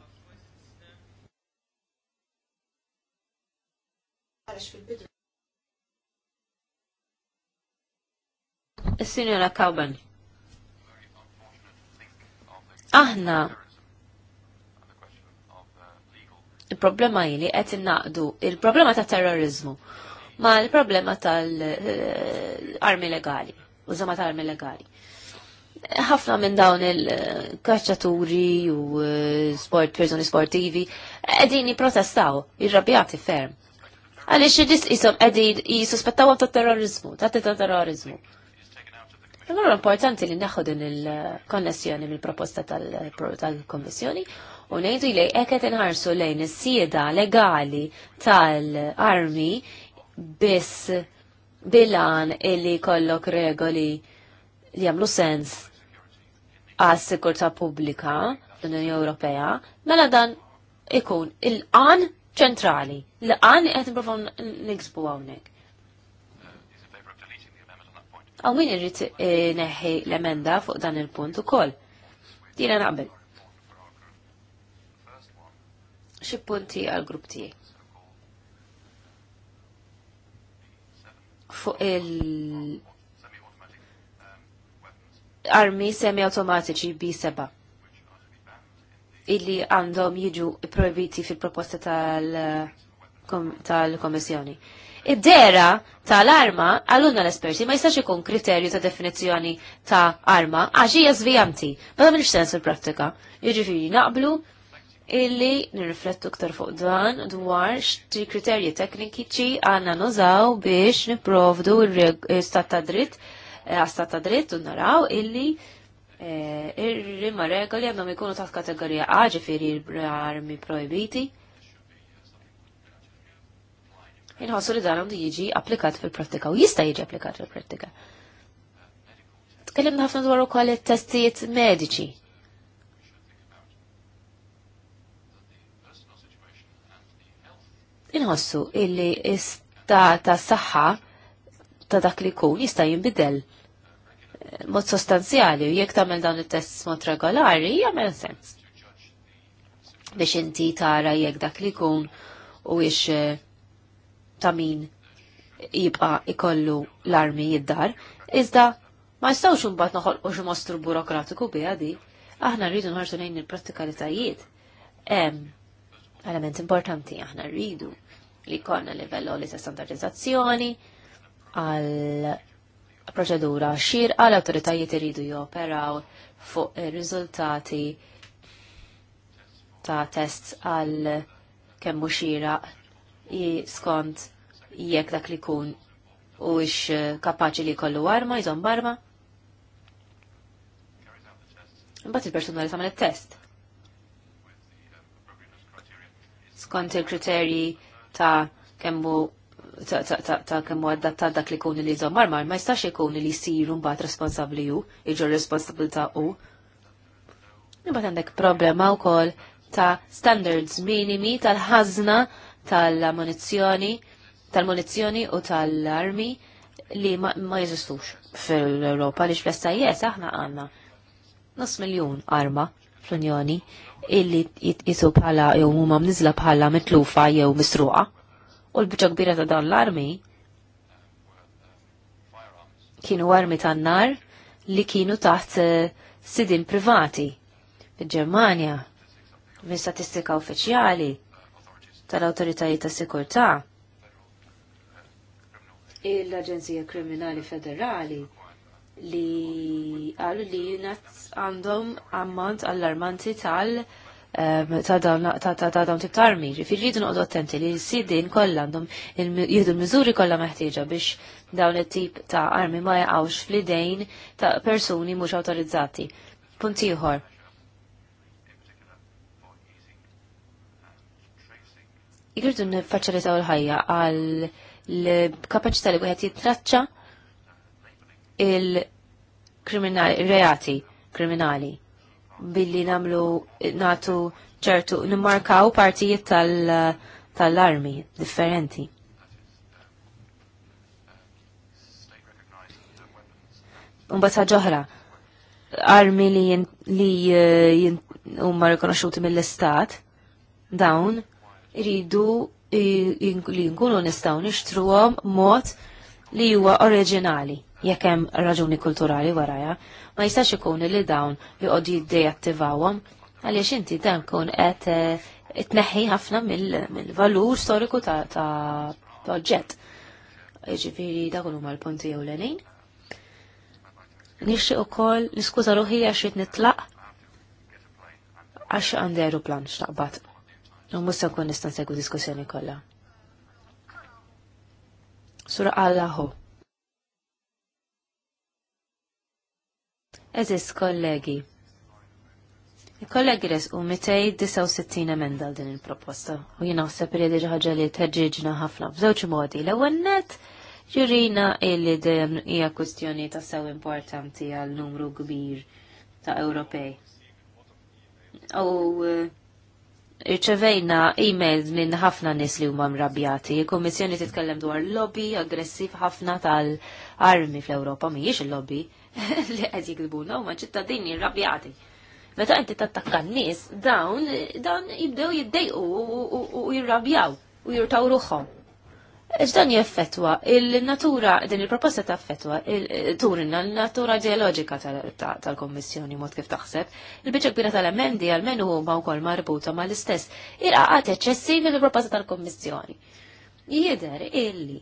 Is-Sinjora Cowben. Aħna Il-problema jili qed innaqdu il-problema ta' terrorizmu ma' il-problema tal-armi eh, legali, u użama tal-armi legali. Ħafna minn dawn il-kaċċaturi u eh, sport, personi sportivi qegħdin jipprotestaw, irrabjati ferm. Għaliex ġis jisom qegħdin jisuspettawhom ta' terrorizmu, ta' ta' terrorizmu. Għallu importanti li naħħu din il-konnessjoni mill-proposta tal-Kommissjoni u ngħidu li eket qed inħarsu lejn is-sieda legali tal-armi biss bilan illi kollok regoli li jagħmlu sens għas sikurta pubblika l-Unjoni Ewropea, mela dan ikun il-qan ċentrali, l-qan qed nipprovaw niksbu hawnhekk. Għaw min irrit eh, neħi l-emenda fuq dan il-punt u koll. Dina naqbel xi punti għal grupp tiegħi. Fuq il armi semi-automatiċi B7 illi għandhom jiġu proibiti fil-proposta tal-Komissjoni. Tal komissjoni id tal-arma għallunna l-esperti ma jistax ikun kriterju ta' definizjoni ta' arma għax hija bada ma ta' sens il prattika Jiġifieri naqblu illi nirriflettu ktar fuq dan dwar xti kriterji teknikiċi għanna nużaw biex niprovdu stat ta' dritt eh, għastat ta' dritt u naraw illi eh, ir-rima regoli għandhom ikunu taħt kategorija A ġifiri armi projbiti. Inħossu li dan għandu jiġi applikat fil-prattika u jista' jiġi applikat fil-prattika. Tkellimna ħafna dwar ukoll it-testijiet mediċi Inħossu illi ista ta' saħħa ta' dak li kun jista' jinbidel eh, mod sostanzjali u jekk tagħmel dawn it-tests mod regolari jagħmel sens. Biex inti tara jekk dak li kun u biex eh, ta' min jibqa' ikollu l-armi jiddar, iżda ma jistgħux imbagħad noħolqu xi mostru burokratiku biha di. Aħna rridu nħarsu lejn il-prattikalitajiet. Element importanti aħna rridu li konna livello li standardizzazzjoni għal proċedura xir għal autoritajiet iridu joperaw fuq ir-riżultati ta' tests għal kemmu xira skont jekk dak li kun u ix kapaċi li kollu arma, jizom barma. Mbagħad il-persuna li tagħmel it-test. Skont il-kriterji ta' kemmu ta' kemmu għaddattat dak li kun li jżom marmar, ma jistax ikun li siru mbagħad responsabbli ju, jiġu ta' u. Imbagħad għandek problema wkoll ta' standards minimi tal ħazna tal munizjoni tal-munizzjoni u tal-armi li ma jeżistux fil-Europa li fl-SIS aħna għanna nus miljon arma fl-Unjoni illi jisu bħala jew huma mniżla bħala mitlufa jew misruqa. U l-biċċa kbira ta' dawn l-armi kienu armi tan-nar li kienu taħt eh, sidin privati fil-Ġermanja minn statistika uffiċjali tal-awtoritajiet ta' sikurtà il aġenzija Kriminali Federali li għallu li UNET għandhom ammont allarmanti tal ehm, ta' dawn tip ta' armi. Ġifiri jidun noqdu attenti li s-sidin kollha għandhom jihdu l-miżuri kollha meħtieġa biex dawn it-tip ta' armi ma jgħawx fl-idejn ta' persuni mhux awtorizzati. Punt ieħor. Jgħidu nifaċilitaw l-ħajja għal l-kapaċità li wieħed jitraċċa il-reati kriminali billi namlu natu ċertu nimmarkaw partijiet tal-armi tal differenti. Unbata ġohra, armi li li eh, huma rikonoxxuti mill-istat dawn iridu li nkunu nistgħu nixtruhom mod li huwa oriġinali jekk hemm raġuni kulturali waraja, ma jistax ikun li dawn joqogħdu jiddejattivawhom għaliex inti dan kun qed eh, tneħħi ħafna mill-valur storiku ta' oġġett. Jiġifieri dak huma l-punti ewlenin. Nixtieq ukoll niskuża ruħi għax qed nitlaq għax għandi aeroplan xtaqbad. U musta nkun nista' nsegwu diskussjoni kollha. Sura għallahu. Eżis kollegi. Il-kollegi resqu 269 emenda għal din il-proposta u jina għsab li diġa ħagġa li terġiġna ħafna b'żewġ modi. L-ewwel net ġurina illi dejjem hija kwistjoni ta' sew importanti għal numru kbir ta' Ewropej. U e, irċevejna e-mails minn ħafna nis li huma mrabjati. il kummissjoni titkellem dwar lobby aggressiv ħafna tal-armi fl-Ewropa, mhijiex il-lobby <laughs> li qed jikdbuna huma ċittadini rabjati. Meta inti tattakka n-nies dawn dawn jibdew jiddejqu u jirrabjaw u jirtaw ruħhom. X'dan jeffettwa il-natura din il-proposta ta' fetwa turinna l-natura ġeoloġika tal-Kommissjoni mod kif taħseb, il bieċa kbira tal-emendi għalmenu huma wkoll marbuta mal-istess irqaqat eċċessivi mill proposta tal-Kommissjoni. Jider illi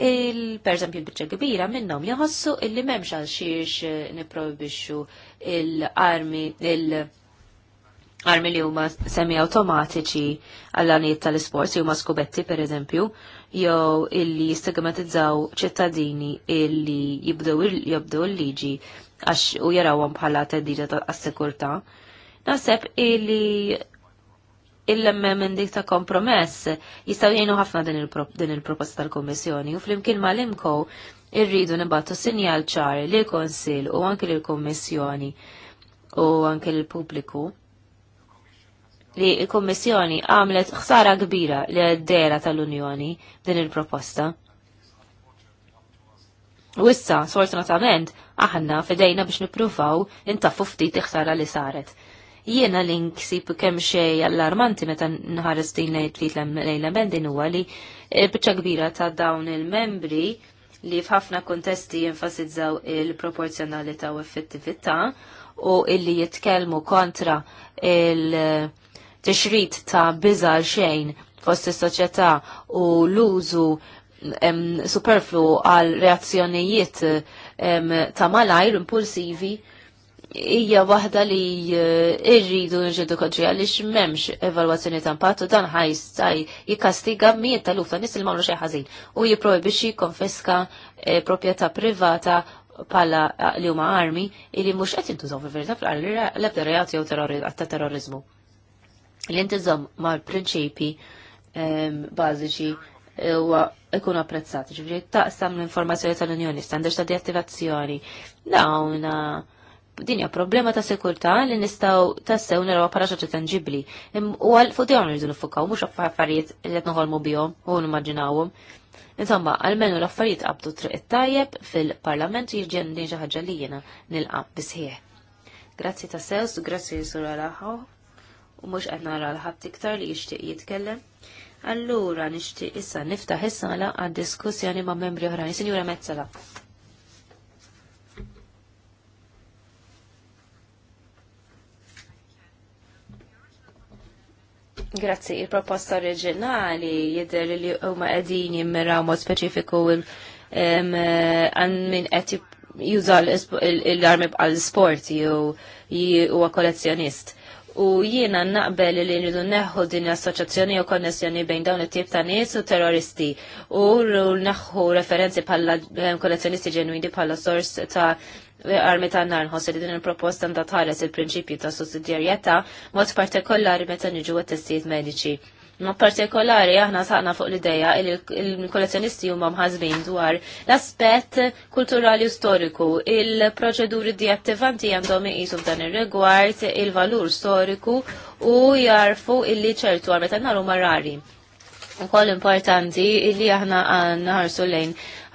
Per eżempju, bieċa kbira minnom jħossu illi memx għal xiex eh, niprobixxu il-armi il armi li huma semi automatiċi għall-għaniet tal-isports, huma skubetti per eżempju, jew illi jistigmatizzaw ċittadini illi jibdew jibdu l-liġi għax u jarawhom bħala teddida ta' sikurtà Naħseb illi il dik ta' kompromess jistaw jgħinu ħafna din il-proposta tal-Kommissjoni u flimkien ma' l-imko irridu nibattu sinjal ċar li konsil u anke l kommissjoni u anke l-pubbliku li l-Kommissjoni għamlet ħsara kbira li d-dera tal-Unjoni din il-proposta. U issa, sfortunatament, aħna fidejna biex niprufaw intaffu ftit iħsara li saret jiena li nksib kemm xej allarmanti meta nħares din lejla bendin huwa li eh, biċċa kbira ta' dawn il-membri li f'ħafna kontesti jenfasizzaw il-proporzjonalità u effettività u illi jitkellmu kontra il-tixrid ta' biża xejn fost is-soċjetà u l-użu superflu għal reazzjonijiet ta' malajr impulsivi hija waħda li eh, irridu nġeddu kontri għaliex m'hemmx evalwazzjoni ta' impatt u dan ħajstaj jikkastiga miet tal-uf ta' nies li xi ħażin u jipprojbixxi konfiska eh, proprjetà privata pala eh, li huma armi li mhux qed jintużaw fil-verità fl-ebda reati jew ta' terrorizmu. Li intiżom mal-prinċipi ehm, bażiċi huwa ikun apprezzat. Ġifieri taqsam l-informazzjoni tal-Unjoni, standards ta' deattivazzjoni, dawn dinja problema ta' sekurta li nistaw tassew naraw para ta' tangibli. U għal fuq dawn irridu nifukaw, mux affarijiet li qed nħolmu bihom u nimmaġinawhom. Insomma, għalmenu l-affarijiet għabdu triq tajjeb fil-parlament jirġen din xi ħaġa jena nil nilqa' bisħieħ. Grazzi ta' sews, grazzi sur għalaħħu, u mux qed nara l-ħadd iktar li jixtieq jitkellem. Allura nixtieq issa niftaħ issa għal għad-diskussjoni ma' membri oħrajn. Sinjura Mezzala. Grazzi, il-proposta oriġinali jidher li huma qegħdin jimmiraw mod speċifiku għan min qed juża l-armi bħal sport jew huwa kollezzjonist. U jiena naqbel li nridu neħħu din l-assoċjazzjoni u konnessjoni bejn dawn it-tip ta' nies u terroristi u neħħu referenzi bħala kollezzjonisti ġenwini bħala sors ta' armi ta' nar nħossi li din il-proposta nda tħares il-prinċipju ta' sussidjarjetà mod partikolari meta niġu għat-testijiet mediċi. Mod partikolari aħna saqna fuq l-ideja il kollezjonisti huma mħazmin dwar l-aspett kulturali u storiku, il-proċeduri deattivanti għandhom iqisu f'dan ir-rigward il-valur storiku u jarfu illi ċertu għarmi meta nar huma rari ukoll importanti illi aħna naħarsu lejn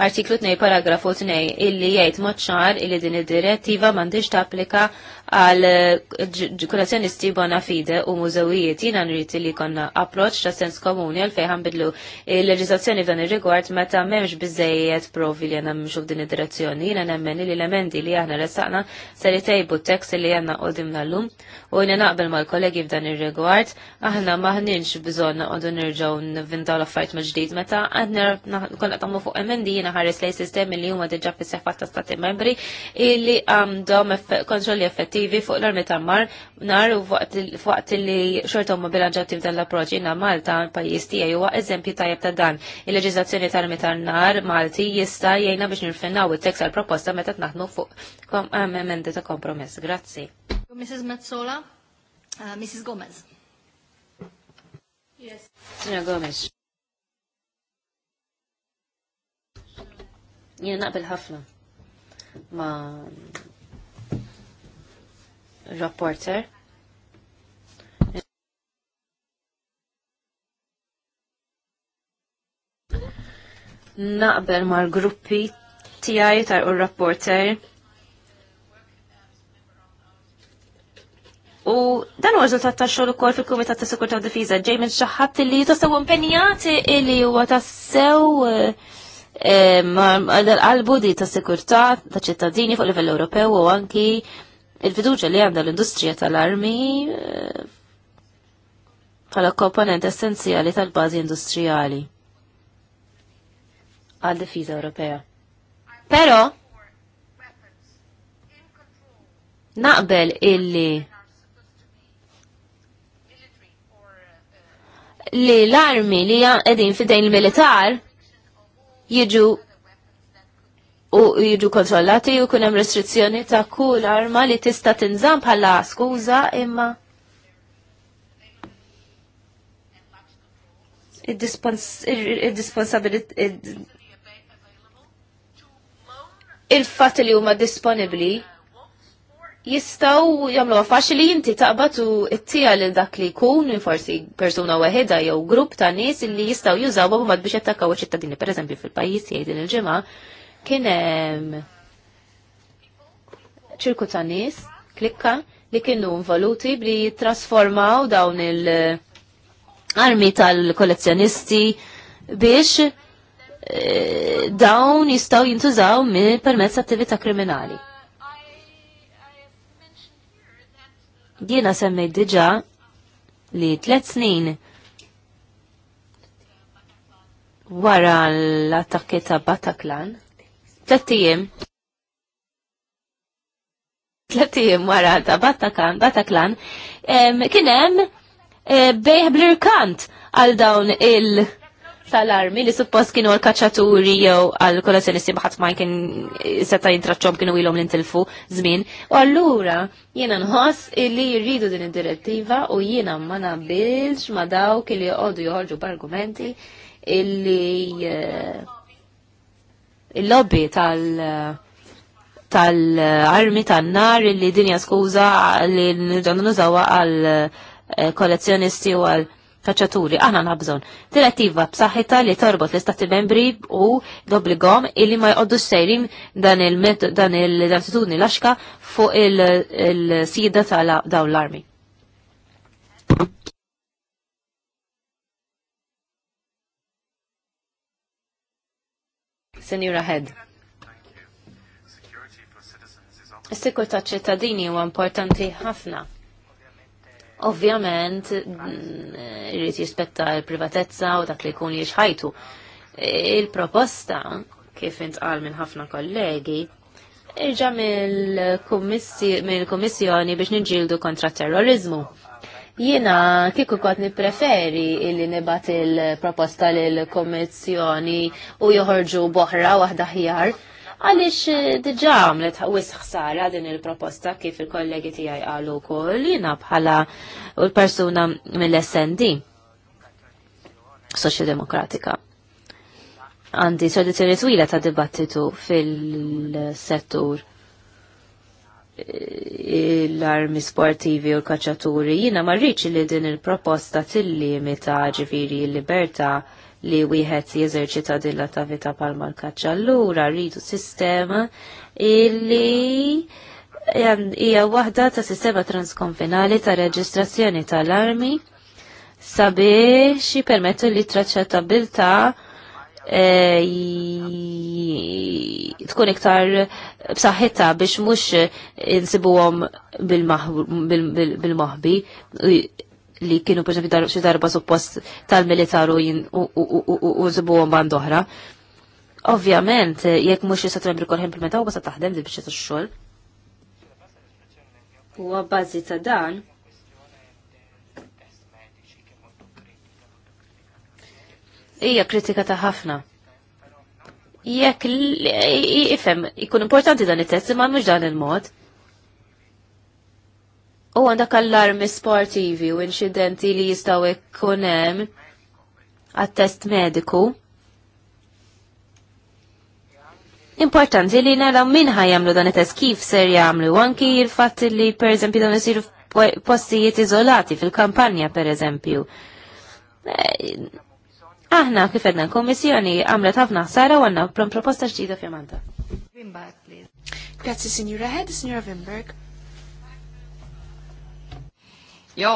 artiklu 2 paragrafu 2 illi jgħid mod ċar illi din id-direttiva ta' applika għal eh, kollezzjonisti bona fide u mużewijiet jina nrid li konna approċ ta' sens komuni għal fejħan bidlu il-leġizazzjoni eh, f'dan ir-rigward meta m'hemmx biżejjed provi li għandna mxu f'din id-direzzjoni. Jina nemmen li l emendi li aħna ressaqna ser li tejbu t-tekst li għandna qodimna llum u jina naqbel mal-kollegi f'dan ir-rigward aħna maħninx bżonn għodu nirġaw nvindaw l-affarijiet mill-ġdid meta għadna konna tagħmlu fuq emendi jiena ħares lej sistemi li huma diġà fis-seħħat ta' stati membri illi għandhom kontrolli effetti attivi fuq l-armi ta' mar nar u waqt li xorta huma bilanġattiv dan tal approċ inna Malta pajjiż tiegħi huwa eżempju tajjeb ta' dan. il leġizazzjoni ta' armi ta' nar Malti jista' jajna biex nirfinaw it-tekst għall-proposta meta t-naħnu fuq emendi ta' kompromess. Grazzi. Mrs. Metzola, uh, Mrs. Gomez. Yes. Signora Gomez. Jien naqbel ħafna ma rapporter. Naqbel mal-gruppi tijaj tar u rapporter. U dan u rizultat ta' xogħol ukoll fil-Kumitat ta' Sikurtà Difiża ġej minn xi ħadd li tassew impenjati li huwa tassew eh, l qalbu di ta' sikurtà ta' ċittadini fuq livell Ewropew u anki il-fiduċa li għandha l-industrija tal-armi eh, bħala komponent essenzjali tal-bażi industrijali għal difiza Ewropea. Però naqbel illi li l-armi li għedin fidejn il-militar jiġu u jiġu kontrollati u kunem restrizzjoni ta' kull arma li tista' tinżam bħala skuża imma il-fat li huma disponibli jistaw jamlu faċli inti taqbatu it-tija li dak li kun forsi persuna waħeda jew grupp ta' nies li jistaw jużaw għabumad biex jattakaw ċittadini, per eżempju fil-pajis jgħidin il ġimgħa kien hemm ċirku ta' nies, klikka, li kienu involuti li jittrasformaw dawn il-armi tal-kollezzjonisti biex eh, dawn jistaw jintużaw minn permezz attività kriminali. Jiena semmej diġa li tlet snin wara l-attakki ta' Bataklan. Tlettijiem. Tlettijiem wara ta' Battakan, Battaklan, kienem e, bejħ blirkant għal dawn il- tal-armi li suppost kienu għal-kacċaturi jew għal-kolazzjonisti bħat ma kien seta jintraċċom kienu ilhom l-intilfu żmien. U allura jiena nħoss li jridu din id-direttiva u jiena ma nabilx ma dawk li jqogħdu joħorġu b'argumenti illi e, il-lobby tal- tal-armi tan-nar li dinja skuża li nirġan nużawa għal eh, kollezzjonisti u għal kaċċaturi. Aħna nabżon direttiva b'saħħitha li torbot l-istati membri u dobbligom illi ma jqoddu sejrim dan il-attitudni laxka fuq il-sida tal dawn l-armi. Senjura Head. Is-sikurtà ċittadini huwa importanti ħafna. Ovvjament, mm, irrid jispetta l-privatezza u dak li jkun li Il-proposta, kif intqal minn ħafna kollegi, irġa mill-Kummissjoni biex nġildu kontra terrorizmu. Jiena kieku kot nipreferi illi nibat il-proposta l-Kommissjoni u joħorġu boħra waħda ħjar. Għalix eh, diġa li tħawis ħsara din il-proposta kif il-kollegi tijaj għalu kol jiena bħala u l-persuna mill-SND. Soċja Demokratika. Għandi tradizjoni twila ta' dibattitu fil-settur l-armi sportivi u l-kacċaturi. Jina marriċ li din il-proposta meta ġifiri l-liberta li wieħed jeżerċita din l-attività palma l-kaċċa. Allura rridu sistema illi hija waħda ta' sistema transkonfinali ta' reġistrazzjoni tal-armi sabiex jipermettu li traċċattabilta' E, tkun iktar b'saħħitha biex mhux insibuhom bil-maħbi li kienu per xi darba suppost tal-militaru u nsibuhom band oħra. Ovvjament, jekk mhux jista' membri kol implementaw basta taħdem di biex xogħol. Huwa bażi ta' dan, hija kritika ta' ħafna. Jekk ifem, ikun importanti dan it-test imma mhux dan il-mod. U għandak allarmi sportivi u inċidenti li jistaw ikunem għat-test mediku. Importanti li naraw minn jamlu dan it-test kif ser jamlu, anki il-fatt li per eżempju dan isiru postijiet izolati fil-kampanja per eżempju. Eh, Aħna kif edna l-Kommissjoni għamlet ħafna ħsara u għanna għandna proposta ġdida fi Malta. Grazie, Signora Head, Signora Wimberg. Ja,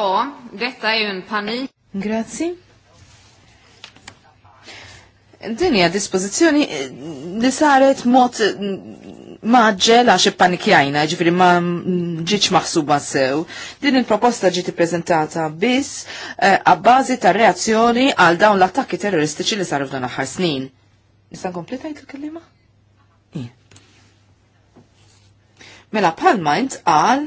detta är ju en panik. Grazie. Din hija dispożizzjoni eh, li saret mod maġġel għax ippanikjajna, ġifiri ma ġiċ maħsuba sew. Din il-proposta ġiet ippreżentata biss għabbażi eh, ta' reazzjoni għal dawn l-attakki terroristiċi li saru f'dan aħħar snin. Nistan kompletajt il-kellima? Mela palma għal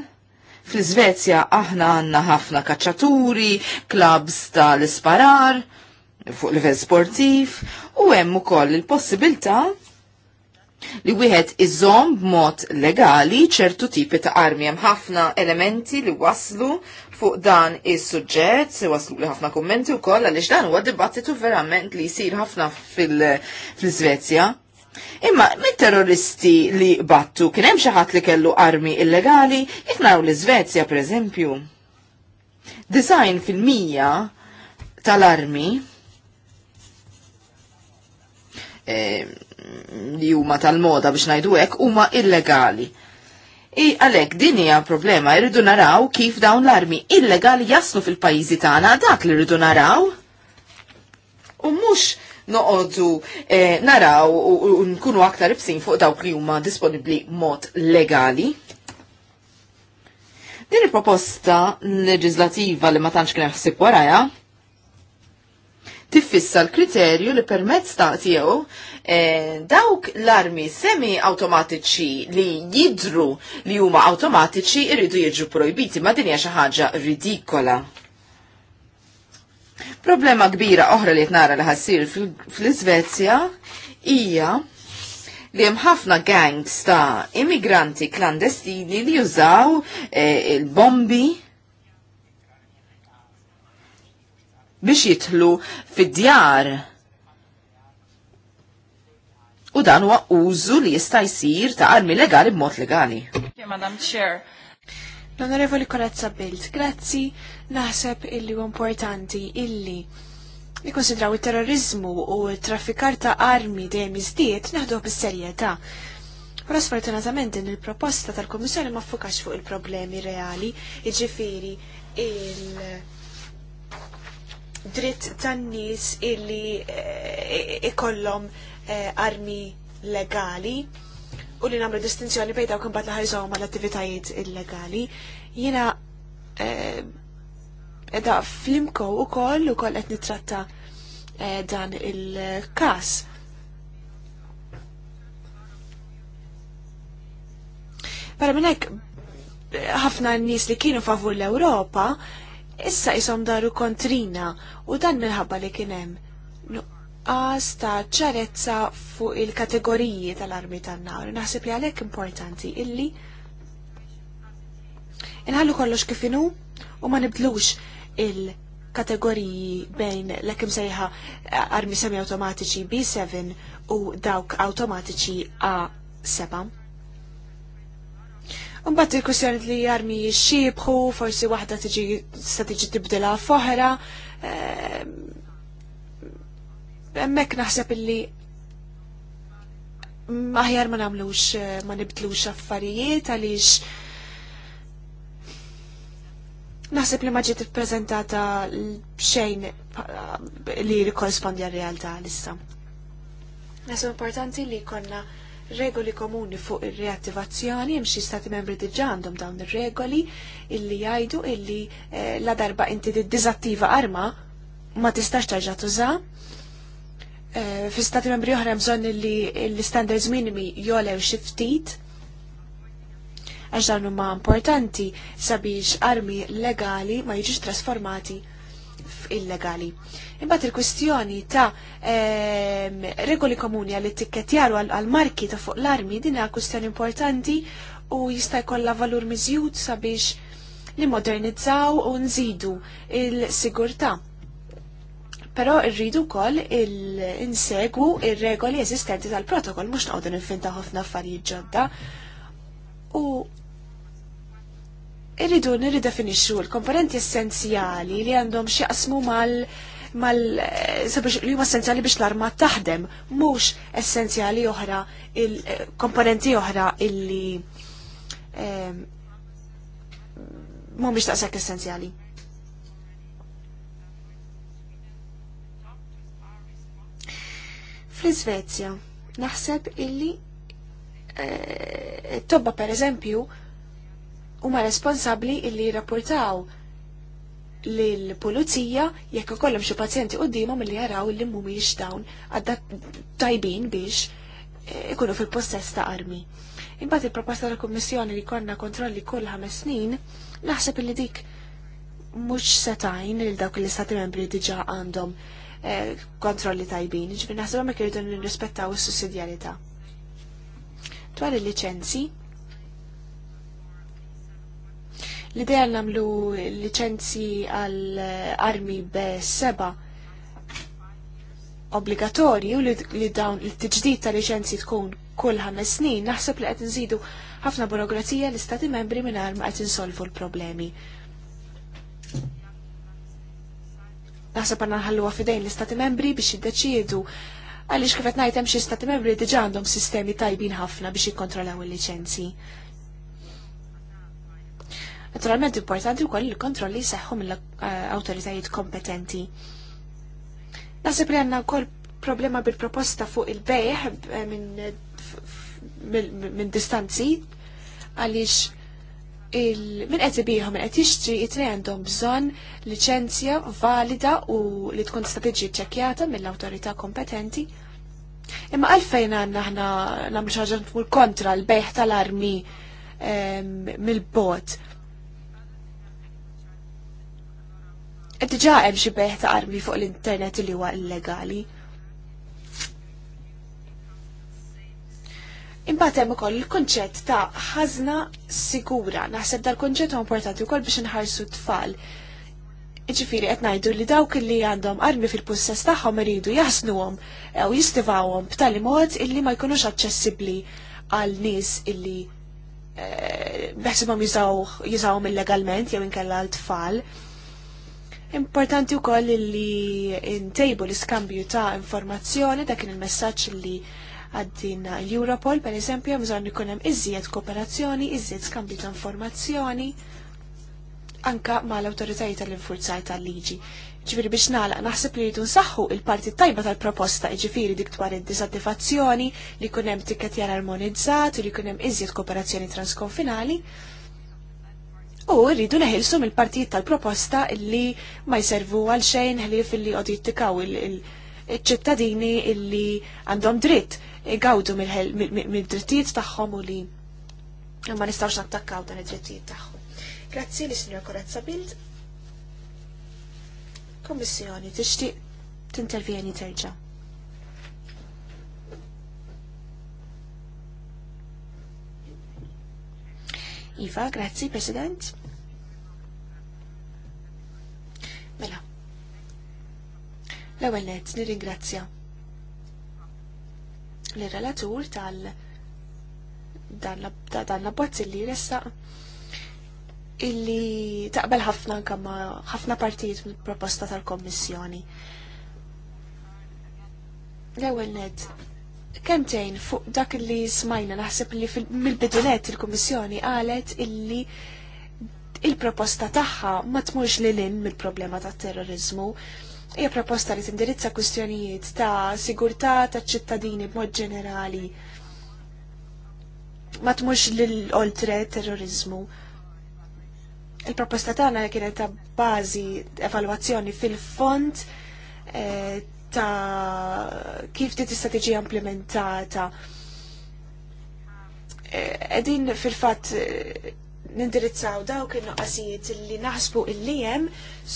fl-Svezja aħna għanna ħafna kaċċaturi, klabs tal-isparar, fuq livell sportiv, u hemm ukoll il-possibilità li wieħed iżomm b'mod legali ċertu tipi ta' armi hemm ħafna elementi li waslu fuq dan is-suġġett, se waslu li ħafna kummenti wkoll għaliex dan huwa dibattitu verament li jsir ħafna fil-Svezja. Imma mit terroristi li battu kien hemm xi ħadd li kellu armi illegali jekk naraw l-Iżvezja pereżempju. Design fil-mija tal-armi eh, li huma tal-moda biex ngħidu hekk huma illegali. I għalek din hija problema irridu naraw kif dawn l-armi illegali jaslu fil-pajjiżi tagħna dak li rridu naraw. U mhux noqogħdu eh, naraw u nkunu aktar ibsin fuq dawk li huma disponibbli mod legali. Din il-proposta leġislativa li ma tantx kien ħsib warajha tiffissa l-kriterju li permezz ta' tiegħu e, dawk l-armi semi automatiċi li jidru li huma automatiċi irridu jiġu projbiti ma' dinja xi ħaġa ridikola. Problema kbira oħra li tnara li ħassir fl-Iżvezja hija li hemm ħafna gangs ta' immigranti klandestini li jużaw e, il-bombi biex jitlu fid-djar. U dan huwa użu li jista' jsir ta' armi legali b'mod legali. Madam Chair. L-Onorevoli Korezza Bilt, grazzi, naħseb illi u importanti illi nikkonsidraw il-terrorizmu u traffikar ta' armi dejjem iżdied naħduh bis-serjetà. Però sfortunatament din il-proposta tal-Kommissjoni ma fukax fuq il-problemi reali, jiġifieri il-, -problemi il dritt tan-nies illi eh, ikollhom eh, armi legali u li nagħmlu distinzjoni bejn u kumbat laħarżhom għal attivitajiet illegali. Jiena eh, edha flimko u ukoll qed tratta dan il-każ. Para minn hekk ħafna nies li kienu favur l-Ewropa issa jisom daru kontrina u dan minħabba li kienem nuqqas ta' ċarezza fuq il-kategoriji tal-armi tan-nar. Naħseb li għalhekk importanti illi inħallu kollox kifinu u ma nibdlux il-kategoriji bejn l-ekim sejħa armi semi-automatiċi B7 u dawk automatiċi A7. Mbagħad il-kwistjoni li jarmi jixxiebħu, forsi waħda tiġi statiġi tiġi f'oħra. Ehm, hemmhekk naħseb li aħjar ma nagħmlux eh, ma nibdlux affarijiet għaliex naħseb li ma ġiet ippreżentata xejn li jikkorrespondi għal-realtà l-issa. Nasu importanti li konna regoli komuni fuq ir-reattivazzjoni, hemm xi stati membri diġà għandhom dawn ir-regoli illi jgħidu illi eh, la darba inti diżattiva arma ma tistax tarġa' tuża. Eh, fi stati membri oħra bżonn illi l-standards minimi jolew xi ftit għax dawn huma importanti sabiex armi legali ma jiġux trasformati illegali. Imbagħad il-kwistjoni ta' ehm, regoli komuni għall tikketjaru għal-marki ta' fuq l-armi din hija kwistjoni importanti u jista' jkollha valur miżjud sabiex li modernizzaw u nżidu il-sigurtà. Però rridu wkoll insegwu ir-regoli eżistenti tal-protokoll mhux noqogħdu nifinta ħafna affarijiet ġodda u irridu nirridefinixxu l-komponenti essenzjali li għandhom xi qasmu mal mal eh, li huma essenzjali biex l-arma taħdem, mhux essenzjali oħra il-komponenti eh, oħra illi eh, mhumiex taqsek essenzjali. Fl-Iżvezja naħseb illi tobba per eżempju huma responsabbli illi rapportaw lill-pulizija jekk ikollhom xi pazjenti qudiemhom milli jaraw li mhumiex dawn għadda tajbin biex eh, ikunu fil-possess ta' armi. Imbagħad il-proposta tal-Kummissjoni li konna kontrolli kull ħames snin, naħseb illi dik mhux setajn lil dawk li stati membri diġà għandhom eh, kontrolli tajbin, ġifieri naħseb ma irridu nirrispettaw is-sussidjarità. Dwar il-liċenzi, L-ideja namlu licenzi għal eh, armi B7 u li dawn il-tġdid ta' licenzi tkun kull ħames snin, naħseb li qed nżidu ħafna burokrazija l-istati membri mingħajr ma qed insolvu l-problemi. Naħseb għandna nħalluha fidejn l-istati membri biex jiddeċiedu għaliex kif qed ngħid hemm xi stati membri diġà għandhom sistemi tajbin ħafna biex jikkontrollaw il-liċenzji. Naturalment importanti wkoll il-kontrolli seħħu mill-awtoritajiet eh, kompetenti. Nasib li għandna wkoll problema bil-proposta fuq il-bejħ eh, minn distanzi għaliex minn qed ibiħu minn qed jixtri jitri għandhom bżonn liċenzja valida u li tkun tista' tiġi ċċekkjata mill-awtorità kompetenti. Imma għalfejn għandna aħna nagħmlu xi ħaġa kontra l-bejħ tal-armi eh, mill-bot. Diġà hemm xi beħ ta' armi fuq l-internet li huwa illegali. Imbagħad hemm ukoll il-kunċett ta' ħażna sigura. Naħseb dal-kunċett huwa importanti wkoll biex inħarsu t-tfal. Iġifieri qed ngħidu li dawk li għandhom armi fil-pussess tagħhom iridu jaħsnuhom jew jistivawhom b'tali mod illi ma jkunux aċċessibbli għal nies illi beħsibhom eh, jużawhom illegalment jew inkella l-tfal. Importanti wkoll li ntejbu l-iskambju ta' informazzjoni dakin il-messaġġ li għaddina l-Europol, per eżempju, bżonn ikun hemm iżjed kooperazzjoni, iżjed skambju ta' informazzjoni anka mal-awtoritajiet tal-infurzaj tal-liġi. Ġifiri biex nalaq naħseb li rridu nsaħħu il-parti tajba tal-proposta, ġifiri dik dwar id-disattivazzjoni li kunem hemm tikketjar armonizzat u li kunem hemm iżjed kooperazzjoni transkonfinali U rridu neħilsu mill-partijiet tal-proposta illi ma jservu għal xejn li fil-li jittikaw il-ċittadini illi għandhom dritt igawdu eh, mill-drittijiet tagħhom u li ma nistgħux nattakkaw dan id-drittijiet tagħhom. Grazzi li Sinjor Korazza Bild. Kommissjoni tixtieq tintervjeni terġa'. Iva, grazzi, President. Mela. L-ewwel nett nirringrazzja l-relatur tal dan la li ressa illi taqbel ħafna kamma ħafna partijiet mill-proposta tal-Kommissjoni. L-ewwel nett kemtejn fuq dak li smajna naħseb li mill-bidunet il-Kummissjoni qalet illi il-proposta tagħha ma tmux li lin mill-problema ta' terrorizmu. Hija proposta li tindirizza kwistjonijiet ta' sigurtà taċ ċittadini b'mod ġenerali. Ma tmux l oltre terrorizmu. Il-proposta tagħna kienet ta' bażi evalwazzjoni fil-fond eh, ta' kif ti tista' tiġi implementata. E, edin fil-fatt e, nindirizzaw dawk il nuqqasijiet li naħsbu illi hemm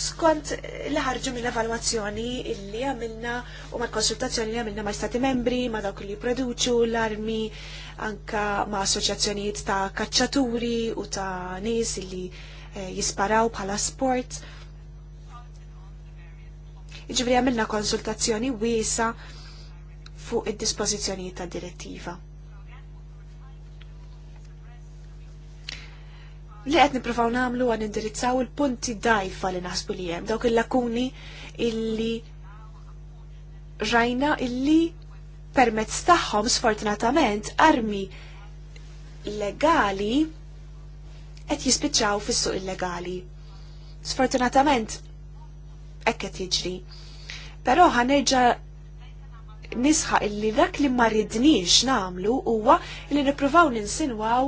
skont li ħarġu mill-evalwazzjoni illi għamilna u mal-konsultazzjoni li għamilna ma' stati membri, ma' dawk li jipproduċu l-armi, anka ma' assoċjazzjonijiet ta' kaċċaturi u ta' nies illi e, jisparaw bħala sport Iġveri għamilna konsultazzjoni wiesa fuq id-dispozizjoni ta' direttiva. Li għed niprofaw namlu għan indirizzaw il-punti dajfa li naħsbu li jem, dawk il-lakuni illi rajna illi permezz tagħhom sfortunatament armi legali qed jispiċċaw fis-suq illegali. Sfortunatament ekket jiġri. Pero ħanerġa nisħa illi dak li ma ridniex namlu huwa li nipruvaw ninsinwaw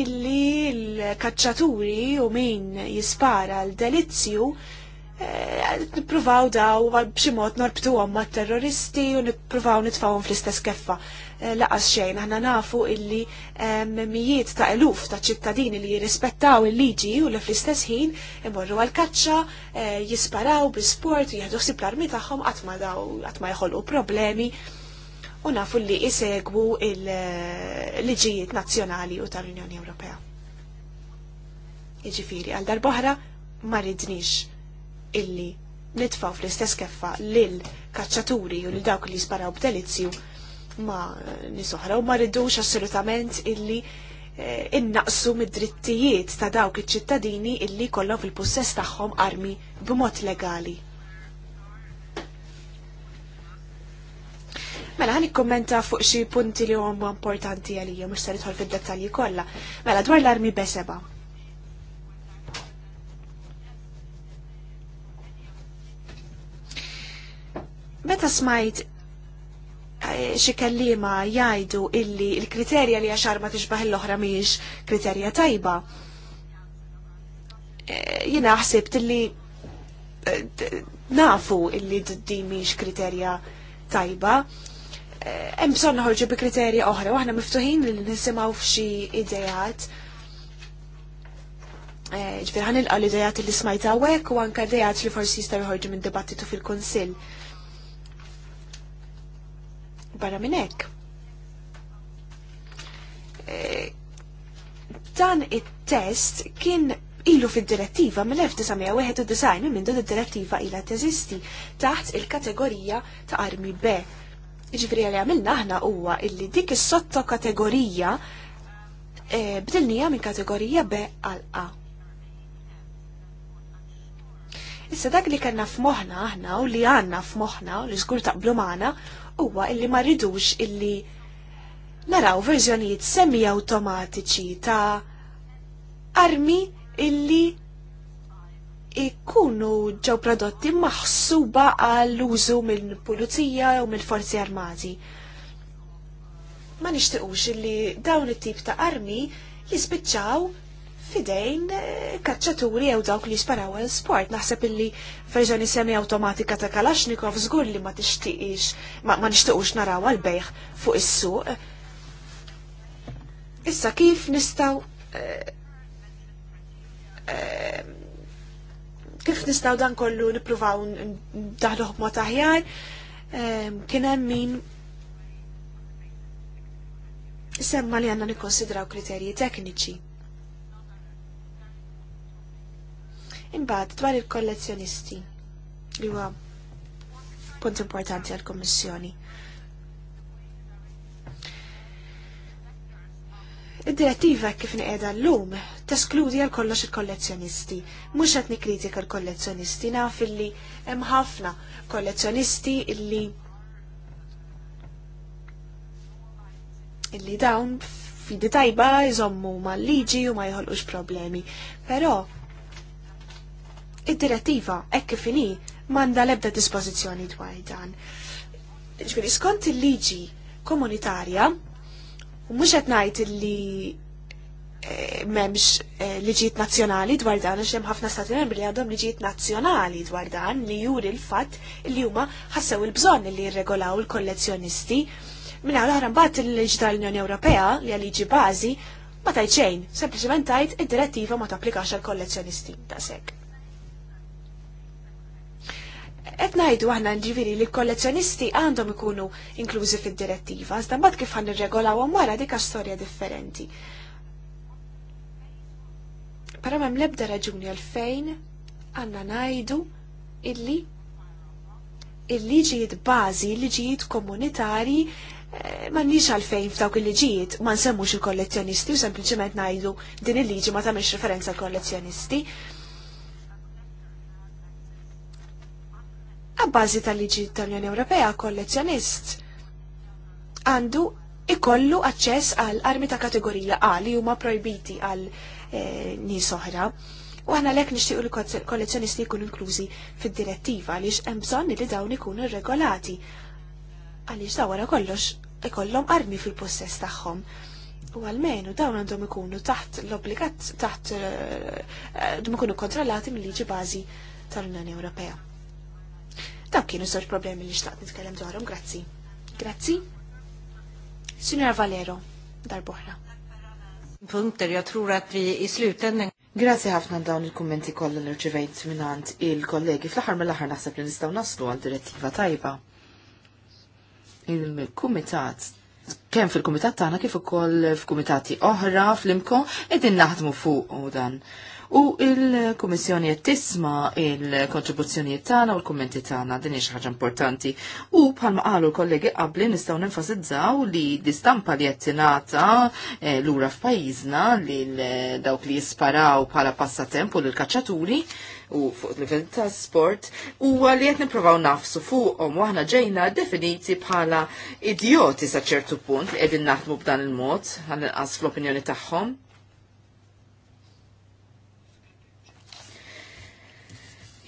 illi l-kacċaturi u min jispara l-delizzju eh, nipruvaw daw b'xi mod norbtuhom ma' terroristi u nippruvaw nitfawhom fl-istess keffa. Eh, laqas xejn. Aħna nafu illi mijiet ta' eluf ta' ċittadini li jirrispettaw il-liġi u li fl-istess ħin imorru għal-kaċċa, eh, jisparaw bi-sport, jieħdu ħsib l-armi tagħhom qatt ma jħolqu problemi u nafu li jisegwu il-liġijiet nazzjonali u tal-Unjoni Ewropea. Iġifiri, għal darboħra ma ridniex illi nitfaw fl-istess keffa lil kaċċaturi u lil dawk li jisparaw b'delizzju ma' nisoħra u ma' ridux assolutament illi eh, innaqsu mid-drittijiet ta' dawk iċ-ċittadini illi kollhom fil-possess tagħhom armi b'mod legali. Mela għan ikkommenta fuq xi punti li huma importanti għalija mhux se għol fid-dettalji kollha. Mela dwar l-armi beseba. Meta smajt Eh, xi kellima jgħidu illi l-kriterja li għaxar ma tixbaħ l-oħra miex kriterja tajba. Eh, Jina ħsibt illi eh, nafu illi di miex kriterja tajba. Hemm bżonn noħorġu bi kriterja oħra, waħna miftuħin li nisimgħu f'xi idejat. Ġifier ħanilqa' l-idejat li smajta hawnhekk u anke idejat li forsi jistgħu jħorġu minn dibattitu fil-Kunsill Barra minn hekk. E, dan it-test kien ilu fil-direttiva mill-1991 minn mindu il direttiva ila teżisti taħt il-kategorija ta' armi B. Ġifri għalli għamilna aħna huwa illi dik is-sotto kategorija e, bdilnija minn kategorija B għal A. Issa dak li kanna f'moħna aħna u li għanna f'moħna u li żgur taqblu magħna huwa illi ma ridux illi naraw verżjonijiet semi automatiċi ta' armi illi ikunu ġew prodotti maħsuba għall użu minn pulizija u minn forzi armati. Ma nixtiqux illi dawn it-tip ta' armi jispiċċaw fidejn eh, kaċċaturi jew dawk li sparaw l-sport. Naħseb illi verżjoni semi automatika ta' Kalashnikov żgur li ma tixtiqix, ma, ma nixtiqux naraw għal-bejħ fuq is-suq. Issa kif nistaw eh, eh, kif nistaw dan kollu nipruvaw daħluħ b'mod aħjar, kien hemm min semma li għandna nikkonsidraw kriterji tekniċi. Imbagħad dwar il-kollezzjonisti li huwa punt importanti għall-Kummissjoni. Id-direttiva kif nqiegħda llum teskludi għal kollox il-kollezzjonisti. Mhux qed nikkritika l-kollezzjonisti naf illi hemm ħafna kollezzjonisti illi illi dawn fidi tajba jżommu ma' liġi u ma jħolqux problemi. Però id-direttiva hekk kif inhi m'għandha l-ebda dispożizzjoni dwar dan. Ġifieri skont il-liġi komunitarja u mhux qed ngħid li eh, memx eh, liġijiet nazzjonali dwar dan, għax hemm ħafna stati membri li għadhom liġijiet nazzjonali dwar dan li juri l-fatt li huma ħassew il-bżonn li jirregolaw il-kollezzjonisti. Minna l-ħra mbagħad il-liġi l-Unjoni Ewropea li għal liġi bażi ma tajċejn, xejn, sempliċement tajt id-direttiva ma tapplikax għal kollezzjonisti ta' sekk. Qed ngħidu aħna ġifieri li l-kollezzjonisti għandhom ikunu inklużi fid-direttiva, iżda mbagħad kif ħan għom wara dika storja differenti. Però m'hemm l-ebda raġuni għalfejn għandna ngħidu illi il-liġijiet bażi, il-liġijiet komunitari eh, ma nix għalfejn f'dawk il-liġijiet ma nsemmux il-kollezzjonisti u sempliciment najdu din il-liġi ma tamiex referenza l-kollezzjonisti. għabbażi tal-liġi tal-Unjoni Ewropea kollezzjonist għandu ikollu aċċess għal armi ta' kategorija A li huma projbiti għal eh, nies oħra. U għana lek nishtiqu l-kollezzjonisti jkunu inklużi fid-direttiva għaliex hemm bżonn li dawn ikunu regolati għaliex daw wara kollox ikollhom armi fil-possess tagħhom. U għalmenu dawn għandhom ikunu taħt l-obbligat taħt eh, eh, għandhom ikunu kontrollati mill-liġi bażi tal-Unjoni Ewropea. Daw kienu żewġ problemi li xtaqt nitkellem dwarhom, grazzi. Grazzi. Signora Valero, darbohra. Punkter, jag tror att vi i slutändan Grazie ħafna dawn il-kummenti kollha li rċivejt minant il-kollegi fl-aħħar mill-aħħar naħseb li nistgħu naslu għal direttiva tajba. Il-kumitat kemm fil-kumitat tagħna kif ukoll f'kumitati oħra fl-imkom qegħdin naħdmu fuq u dan u il komissjoni qed tisma' il-kontribuzzjonijiet tagħna u l-kummenti tagħna din hija ħaġa importanti. U bħalma qalu l-kollegi qabli nistgħu nenfasizzaw li distampa li qed tingħata eh, lura f'pajjiżna lil dawk li jisparaw bħala passatemp u lill-kaċċaturi u fuq livell ta' sport u li qed nippruvaw nafsu fuqhom u aħna ġejna definiti bħala idjoti sa' ċertu punt li qegħdin naħdmu b'dan il-mod għal inqas fl-opinjoni tagħhom.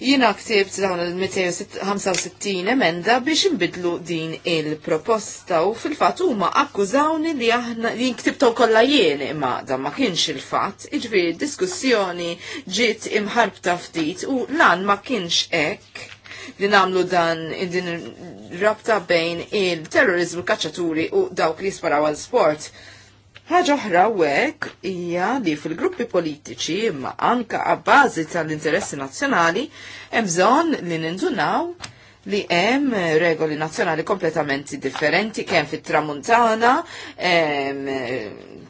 Jina ktibt dawn il-265 emenda biex imbidlu din il-proposta u fil-fat huma akkużawni li aħna li ktibtaw kollha jien imma dan ma kienx il-fatt, iġbir diskussjoni ġiet imħarbta ftit u lan ma kienx hekk li namlu dan din rabta bejn il-terrorizmu kaċċaturi u dawk li jisparaw għal sport. Ħaġa oħra wek hija li fil-gruppi politiċi imma anka għabbażi tal-interessi nazzjonali hemm bżonn li nindunaw li hemm regoli nazzjonali kompletament differenti kemm fit-tramuntana eh,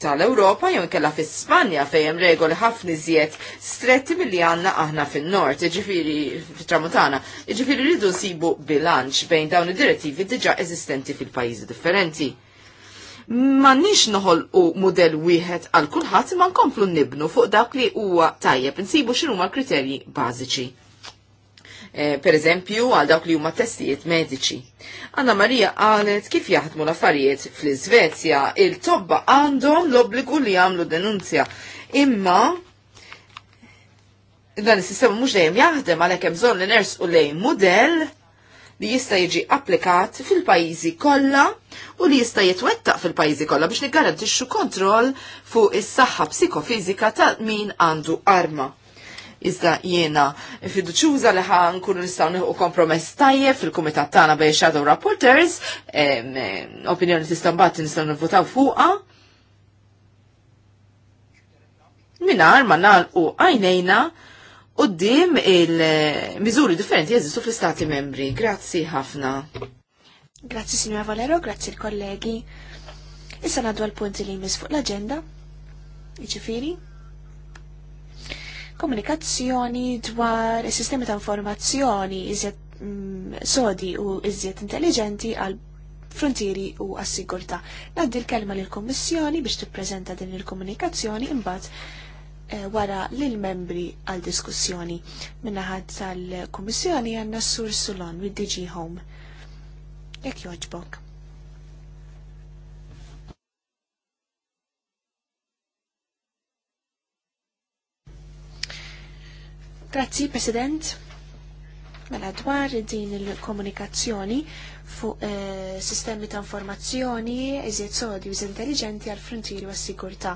tal-Ewropa jew kella fis-Spanja fejn hemm regoli ħafna iżjed stretti milli għandna aħna fin-nord, jiġifieri fit-tramuntana. Jiġifieri rridu nsibu bilanċ bejn dawn id-direttivi diġà eżistenti fil-pajjiżi differenti ma nix noħol u model wieħed għal kulħadd ma nkomplu nibnu fuq dak li huwa tajjeb insibu x'inhu ma kriterji bażiċi. E, per eżempju għal dawk li huma testijiet mediċi. Anna Marija qalet kif jaħdmu l-affarijiet fl-Iżvezja il-tobba għandhom l-obbligu li jagħmlu denunzja. Imma dan is-sistema mhux dejjem jaħdem għalhekk hemm bżonn li nersqu lejn mudell li jista' jiġi applikat fil-pajjiżi kollha u li jista' jitwettaq fil-pajjiżi kollha biex niggarantixxu kontroll fuq is-saħħa psikofizika ta' min għandu arma. Iżda jiena fiduċuża li ħan nkunu nistgħu nieħu kompromess tajjeb fil-kumitat tagħna bejn shadow rapporters, opinjoni tista' mbagħad nistgħu nivvutaw fuqha. Minar ma nagħlqu għajnejna Uddim il-miżuri differenti jeżistu fl-istati membri. Grazzi ħafna. Grazzi Signora Valero, grazzi l-kollegi. Issa naddu għal-punti li jmiss fuq l-agenda. Iġifiri. Komunikazzjoni dwar is-sistemi ta' informazzjoni iżjed mm, sodi u iżjed intelligenti għal frontieri u għas-sigurta. Naddi l-kelma lill-Kommissjoni biex tippreżenta din il-komunikazzjoni imbagħad Eh, wara lill-membri għal diskussjoni minnaħad tal-Kummissjoni għanna Sur Sulon with DG Home. Jek joġbok. Grazzi, President. Mela dwar din il-komunikazzjoni fuq eh, sistemi ta' informazzjoni, eżiet sodi, uż intelligenti għal frontieri u s sigurta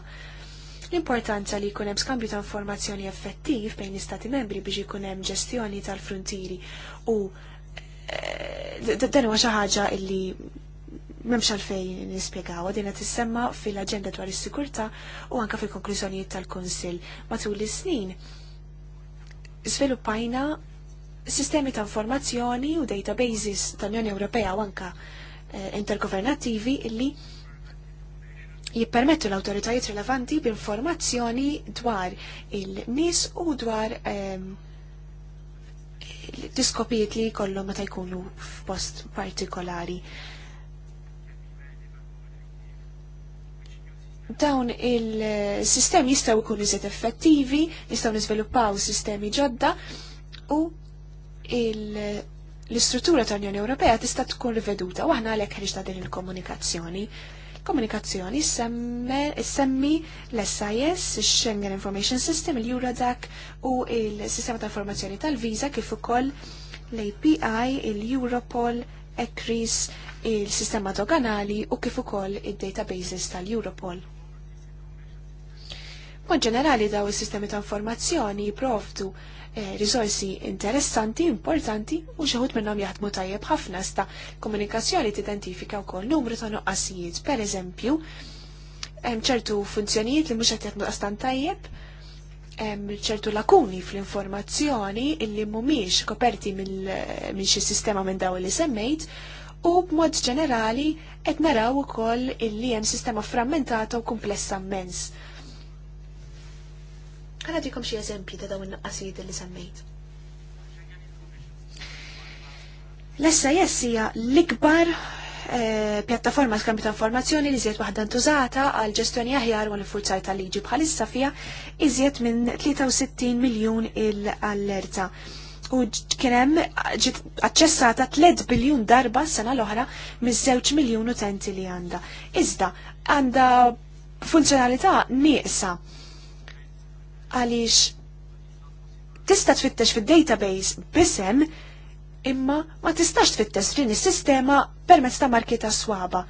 L-importanza li jkun hemm skambju ta' informazzjoni effettiv bejn l-Istati membri biex ikun hemm ġestjoni tal-frontieri u eh, dan huwa xi ħaġa illi memx għalfejn nispiegaw, għadina tissemma fil-agenda dwar is-sikurta u anka fil-konklużjonijiet tal-Konsil matul is-snin. Sviluppajna sistemi ta' informazzjoni u databases tal-Unjoni Ewropea u anka eh, intergovernattivi illi jippermettu l-autoritajiet rilevanti b'informazzjoni dwar il-nis u dwar ehm, diskopijiet li kollhom meta jkunu f'post partikolari. dawn il-sistemi jistaw ikun iżet effettivi, jistaw nizviluppaw sistemi ġodda u l-istruttura tal-Unjoni Ewropea tista' tkun riveduta u aħna għalhekk ħriġna din il-komunikazzjoni komunikazzjoni semmi l-SIS, Schengen Information System, il-Eurodac u il-Sistema ta' Informazzjoni tal-Visa kif ukoll l-API, il-Europol, ECRIS, il-Sistema Doganali u kif ukoll id-databases tal-Europol. Mod ġenerali daw is-sistemi ta' informazzjoni jiprovdu Eh, risorsi interessanti, importanti u xeħut minnom jaħdmu tajjeb ħafna sta komunikazzjoni t-identifika u kol numru ta' nuqqasijiet. Per eżempju, ċertu funzjonijiet li mux għat jaħdmu għastan tajjeb, ċertu lakuni fl-informazzjoni illi mumiex koperti minn xi sistema minn daw li semmejt u b'mod ġenerali qed naraw ukoll illi hemm sistema frammentata u komplessa mens. Għana dikom xie eżempji ta' dawn qasid li semmejt. L-essa jessija l-ikbar eh, pjattaforma skambju ta' informazzjoni li zjed waħda ntużata għal ġestjoni aħjar u l furzaj ta' liġi bħalissa fija iżjed minn 63 miljun il-allerta. U kienem ġiet aċċessata 3 biljun darba s-sena l-oħra miż-żewġ miljun utenti li għanda. Iżda għanda funzjonalità nieqsa għaliex tista' tfittex fid-database b'isem imma ma tistax tfittex din is-sistema permezz ta' marketa swaba.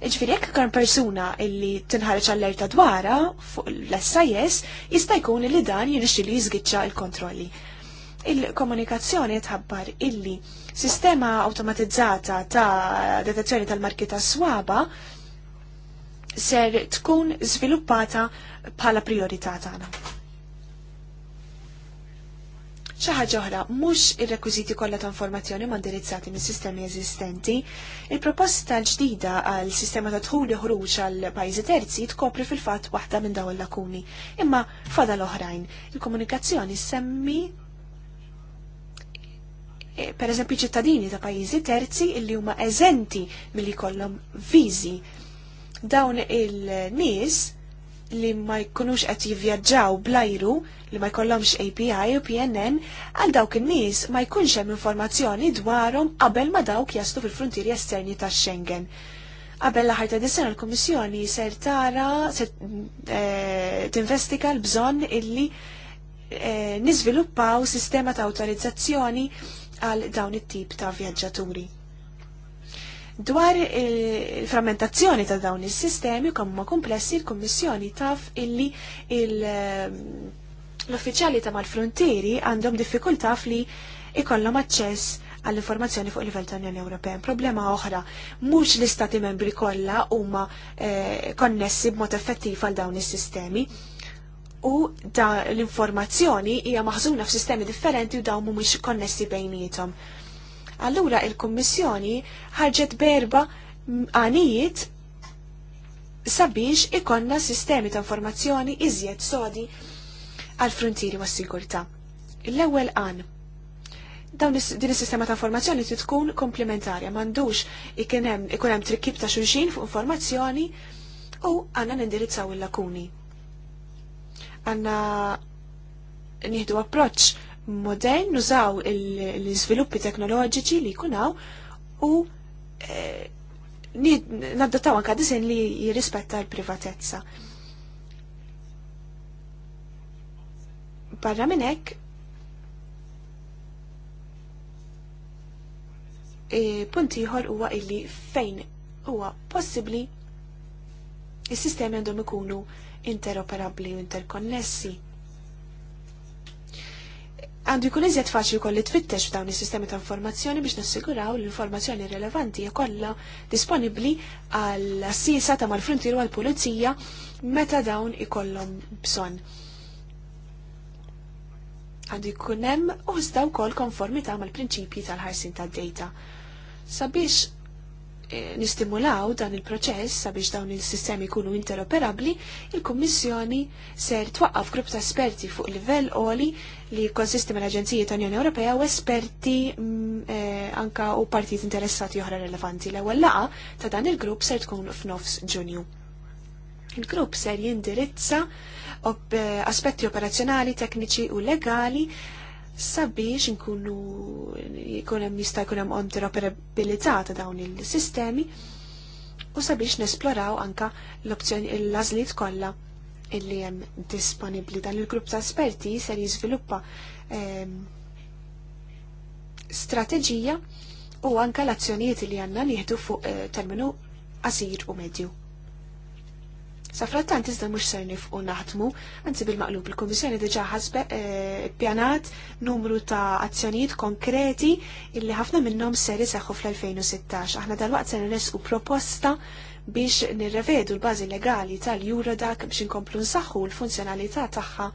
Ġifieri jekk kan persuna illi tinħareġ allerta dwara fuq l-SIS jista' jkun li dan jinixti li jiżgiċċa l-kontrolli. Il-komunikazzjoni tħabbar illi sistema automatizzata ta' detezzjoni tal marketa swaba ser tkun sviluppata bħala priorità tagħna. Xi ħaġa oħra, mhux ir-rekwiżiti kollha ta' informazzjoni ma' indirizzati mis-sistemi eżistenti, il-proposta l-ġdida għal sistema ta' dħul ħruġ għal pajjiżi terzi tkopri fil-fatt waħda minn dawn il-lakuni. Imma fadal oħrajn, il-komunikazzjoni semmi e, per eżempju ċittadini ta' pajjiżi terzi illi huma eżenti milli kollhom viżi dawn il-nies li ma jkunux qed jivvjaġġaw blajru li ma jkollhomx API u PNN għal dawk in-nies ma jkunx hemm informazzjoni dwarhom qabel ma dawk jaslu fil-frontieri esterni tax-Schengen. Qabel l-aħħar ta' dis-sena l-Kummissjoni ser tara ser eh, tinvestiga l-bżonn illi eh, niżviluppaw sistema ta' awtorizzazzjoni għal dawn it-tip ta' vjaġġaturi. Dwar il-frammentazzjoni ta' dawn is-sistemi kemm huma komplessi l-Kummissjoni taf illi ehm, l-uffiċjali ta' mal-frontieri għandhom diffikultà fli ikollhom aċċess għall-informazzjoni fuq livell ta' Unjoni Ewropea. Problema oħra, mhux l-istati membri kollha huma eh, konnessi b'mod effettiv għal dawn is-sistemi u da l-informazzjoni hija maħżuna f'sistemi differenti u dawn mhumiex konnessi bejniethom allura il-Kummissjoni ħarġet berba għanijiet sabiex ikonna sistemi ta' informazzjoni iżjed sodi għal-frontieri was sigurtà L-ewwel għan. Dawn din is-sistema ta' informazzjoni trid tkun komplementarja, m'għandux ikun hemm ikun hemm trikkib ta' xulxin fuq informazzjoni u għandna nindirizzaw il-lakuni. Għanna nieħdu approċċ modern, nużaw l-izviluppi teknoloġiċi li kunaw u eh, naddottaw anka disin li jirrispetta l-privatezza. Barra minnek, e, punti ieħor huwa illi fejn huwa possibbli il sistemi għandhom ikunu interoperabbli u interkonnessi għandu jkun iżjed faċli kolli tfittex f'dawn is-sistemi ta' informazzjoni biex nassiguraw l-informazzjoni rilevanti hija kollha disponibbli għal assisa ta' mal-frontier u għall-pulizija meta dawn ikollhom bżonn. Għandu jkun hemm użda wkoll konformità mal-prinċipji tal-ħarsin tad-data. Sabiex Eh, nistimulaw dan il-proċess sabiex dawn il-sistemi jkunu interoperabli, il-Kummissjoni ser twaqqaf grupp ta' esperti fuq livell oli li konsisti mal aġenziji ta' Unjoni Ewropea u esperti mm, eh, anka u partijiet interessati oħra relevanti. L-ewwel laqa ta' dan il-grupp ser tkun f'nofs Ġunju. Il-grupp ser jindirizza eh, aspetti operazzjonali, tekniċi u legali sabiex nkunu jkun hemm jista' jkun hemm interoperabilità ta' dawn il-sistemi u sabiex nesploraw anka l-opzjoni l-għażliet kollha illi hemm disponibbli dan il-grupp ta' esperti ser jiżviluppa ehm, strateġija u anka l-azzjonijiet li għandna nieħdu fuq eh, terminu qasir u medju. Safrattant iżda mhux ser nifqu naħdmu, anzi bil-maqlub il-Kummissjoni diġa' ħasbet eh, pjanat numru ta' azzjonijiet konkreti illi ħafna minnhom ser iseħħu fl-2016. Aħna waqt se nresqu proposta biex nirrevedu l-bażi legali tal-Eurodac biex inkomplu nsaħħu l-funzjonalità tagħha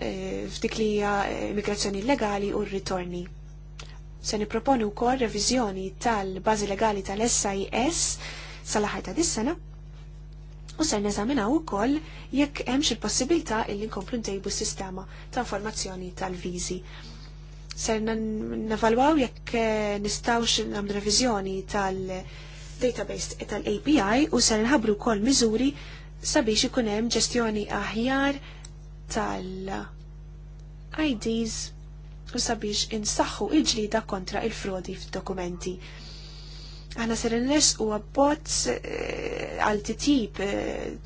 eh, f'dik li hija eh, immigrazzjoni legali u r-ritorni se niproponi wkoll reviżjoni tal-bażi legali tal-SIS sal-aħħar ta' dis-sena u se neżaminaw ukoll jekk hemm xi possibilità illi nkomplu ntejbu s-sistema ta' informazzjoni tal-viżi. Ser nevalwaw jekk eh, nistgħux nagħmlu reviżjoni tal-database e tal-API u se nħabru wkoll miżuri sabiex ikun hemm ġestjoni aħjar tal-IDs u sabiex insaħħu il-ġlida kontra il-frodi f'dokumenti. dokumenti Aħna ser nres u għabbots eh, għal tip eh,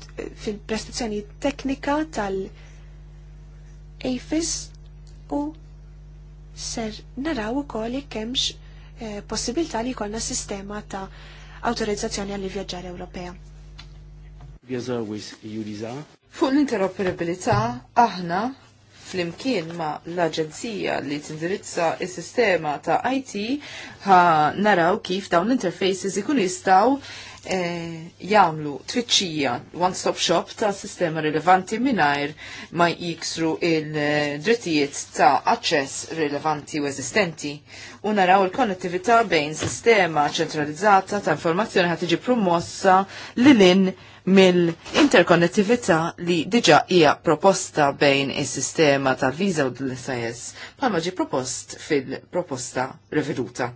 fil-prestazzjoni teknika tal-AFIS u ser naraw ukoll li kemx eh, possibilta li jkollna sistema ta' autorizzazzjoni għall vjaġġar Ewropea. Fuq l-interoperabilità aħna flimkien ma l-Aġenzija li tindirizza is-sistema ta' IT ħa naraw kif dawn l-interfaces ikun jistgħu E, jamlu tfittxija one-stop shop ta' sistema rilevanti minajr ma jiksru il-drittijiet ta' access rilevanti u eżistenti u naraw il-konnettività bejn sistema ċentralizzata ta' informazzjoni ħat tiġi promossa li lin mill-interkonnettività li diġa hija proposta bejn is-sistema tal-viża u l-SIS bħalma ġi propost fil-proposta reveduta.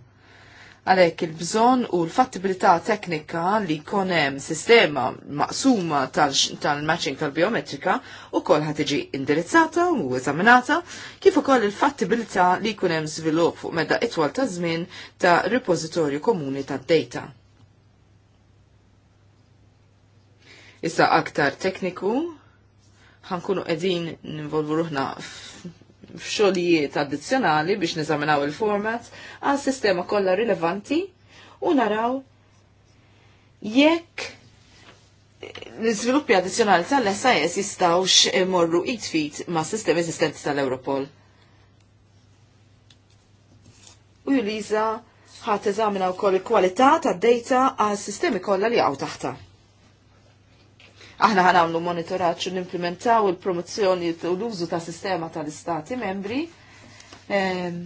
Għalhekk il-bżonn u l-fattibilità teknika li jkun hemm sistema maqsuma tal-matching tal tal-biometrika wkoll kol ħatiġi indirizzata u eżaminata kif ukoll il-fattibilità li jkun hemm żvilupp fuq medda itwal ta' żmien ta' ripożitorju komuni tad-data. Issa aktar tekniku ħankunu qegħdin ninvolvu ruħna f'xogħlijiet addizzjonali biex niżaminaw il-format għal sistema kollha rilevanti u naraw jekk l-izviluppi addizzjonali tal-SIS jistawx morru it-fit ma' sistemi eżistenti tal-Europol. U Julisa ħat eżamina wkoll il kwalità tad data għal sistemi kollha li għaw taħta. Aħna ħan għamlu monitoraċ u nimplementaw il-promozzjoni u l-użu ta' sistema tal-istati membri ehm,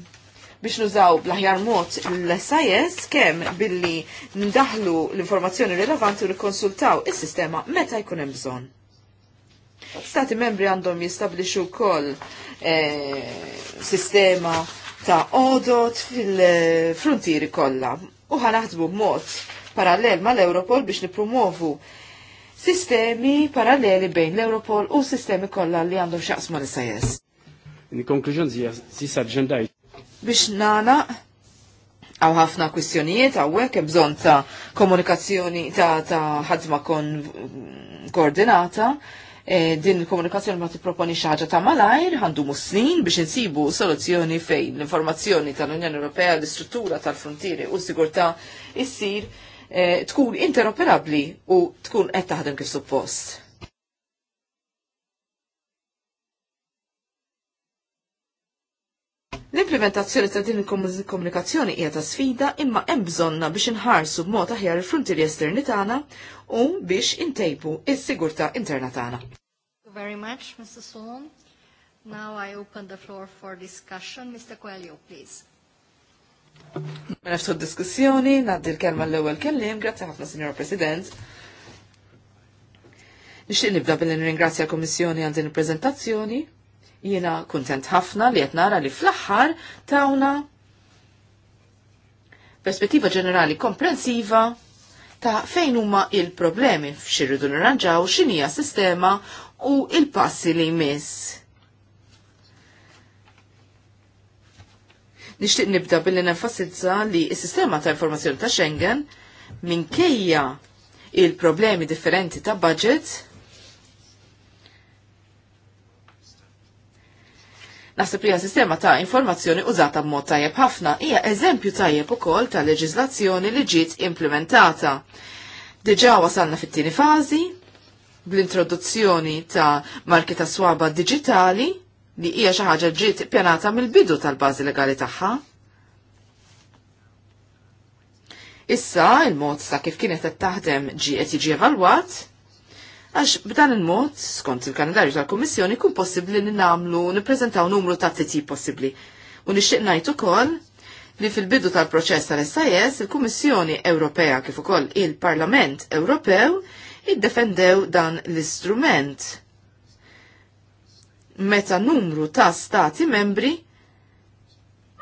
biex nużaw blaħjar mod l-SIS kem billi ndaħlu l-informazzjoni rilevanti u rikonsultaw il-sistema meta jkun hemm bżonn. Stati membri għandhom jistabliċu kol eh, sistema ta' odot fil frontiri kollha u ħanaħdmu b'mod parallel mal-Europol biex nipromovu sistemi paralleli bejn l-Europol u sistemi kollha li għandhom ma l-SIS. In conclusion, biex nana għaw ħafna kwistjonijiet għek bżon ta' komunikazzjoni ta' ta' ħadma kon koordinata. E, din il-komunikazzjoni ma t-proponi xaġa ta' malajr, għandu muslin biex insibu soluzzjoni fejn l-informazzjoni tal-Unjoni Ewropea, l-istruttura tal-frontieri u s-sigurtà issir Eh, tkun interoperabbli u tkun qed taħdem kif suppost. L-implementazzjoni ta' din il-komunikazzjoni hija ta' sfida imma hemm bżonna biex inħarsu b'mod aħjar il-frontieri esterni tagħna u biex intejpu is-sigurtà interna tagħna. Very much, Mr. Solon. Now I open the floor for discussion. Mr. Coelho, please. Ma naftu diskussjoni, naddi l-kelma l-ewel kellim, grazie ħafna, Signor President. Nixtieq nibda billi nirringrazzja l-Kommissjoni għal din il-preżentazzjoni. Jiena kuntent ħafna li qed nara li fl-aħħar tawna perspettiva ġenerali komprensiva ta' fejn huma il-problemi f'xirridu nirranġaw x'inhija sistema u il-passi li jmiss. Nixtieq nibda billi nenfasizza li s-sistema ta' informazzjoni ta' Schengen minkejja il-problemi differenti ta' budget Naħseb li sistema ta' informazzjoni użata b'mod tajjeb ħafna hija eżempju tajjeb ukoll ta' leġiżlazzjoni li ġiet implementata. Diġà wasalna fit-tieni fażi bl-introduzzjoni ta' marki ta' swaba diġitali li hija xi ħaġa ġiet pjanata mill-bidu tal-bażi legali tagħha. Issa il-mod sa kif kienet qed taħdem ġi qed jiġi evalwat, għax b'dan il-mod, skont il-kalendarju tal-Kummissjoni, kun possibbli li nagħmlu nippreżentaw numru ta' titji possibbli. U nixtieq ngħid ukoll li fil-bidu tal-proċess tal-SIS il-Kummissjoni Ewropea kif ukoll il-Parlament Ewropew iddefendew dan l-istrument meta numru ta' stati membri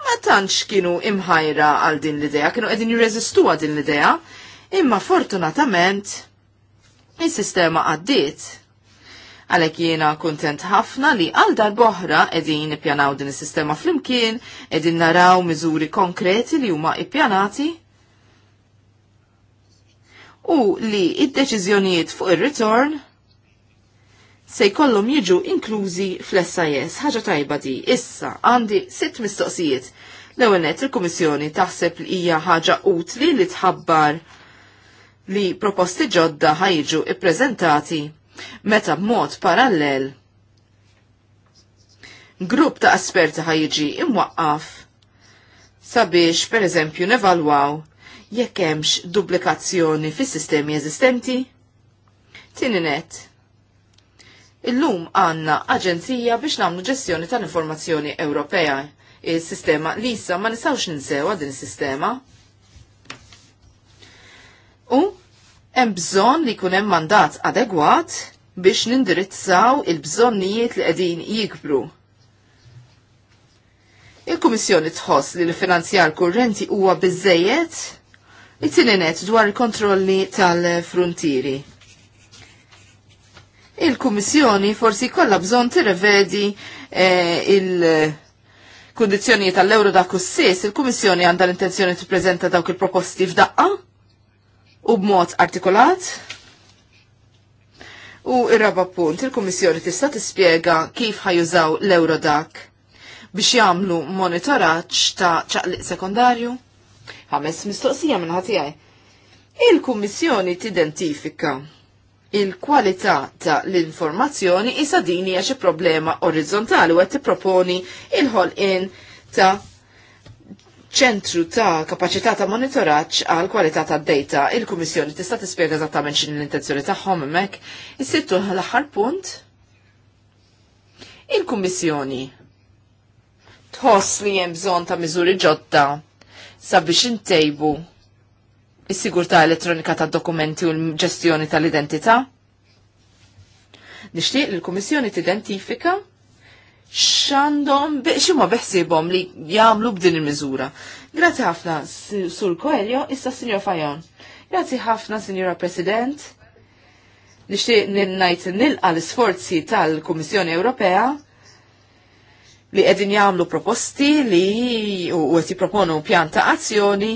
ma tantx kienu imħajra għal din l-idea, kienu qegħdin jirreżistu għal din l-idea, imma fortunatament il-sistema għaddiet. Għalhekk jiena kuntent ħafna li għal darboħra qegħdin ippjanaw din is-sistema flimkien, qegħdin naraw miżuri konkreti li huma ippjanati u li id-deċiżjonijiet fuq ir-return se jkollhom jiġu inklużi fl-SIS, ħaġa tajba di. Issa għandi sitt mistoqsijiet. L-ewwel il-Kummissjoni taħseb li hija ħaġa utli li tħabbar li proposti ġodda ħajġu ippreżentati meta b'mod parallel grupp ta' esperti ħajġi imwaqqaf sabiex per eżempju nevalwaw jekk hemmx duplikazzjoni fis-sistemi eżistenti. Tininet, Illum għanna aġenzija biex namlu ġestjoni tal-informazzjoni Ewropea. Il-sistema li issa ma nistawx ninsewa din is-sistema. U hemm bżonn li jkun hemm mandat adegwat biex nindirizzaw il-bżonnijiet li qegħdin jikbru. Il-Kummissjoni tħoss li l-finanzjar kurrenti huwa biżejjed it-tieni dwar il-kontrolli tal-frontieri il-Kummissjoni forsi kollha bżonn tirrevedi eh, il- kondizjoni tal-euro da kussis, il-Kummissjoni għandha l-intenzjoni tippreżenta dawk il-proposti f'daqqa u b'mod artikolat. U ir-raba punt, il-Kummissjoni tista' tispjega kif ħajużaw l-euro dak biex jagħmlu monitoraġġ ta' ċaqliq sekondarju. Ħames mistoqsija minn ħatijaj. Il-Kummissjoni tidentifika il-kwalità ta' l-informazzjoni isa din hija xi problema orizzontali u qed tipproponi il-ħolqien ta' ċentru ta' kapacità ta' monitoraġġ għal kwalità ta' data. Il-Kummissjoni tista' tispjega eżattament x'in l-intenzjoni tagħhom hemmhekk. Is-sittu l-aħħar punt. Il-Kummissjoni tħoss li hemm bżonn ta' miżuri ġodda sabiex intejbu is-sigurtà elettronika tad-dokumenti u l-ġestjoni tal-identità. Nixtieq li l-Kummissjoni tidentifika x'għandhom ma' beħsiebhom li jagħmlu b'din il-miżura. Grazzi ħafna Sur Coelho, issa Sinjor Fajon. Grazzi ħafna Sinjora President. Nixtieq ninnajt nilqa l-isforzi tal-Kummissjoni Ewropea li qegħdin jagħmlu proposti li u qed jipproponu pjan ta' azzjoni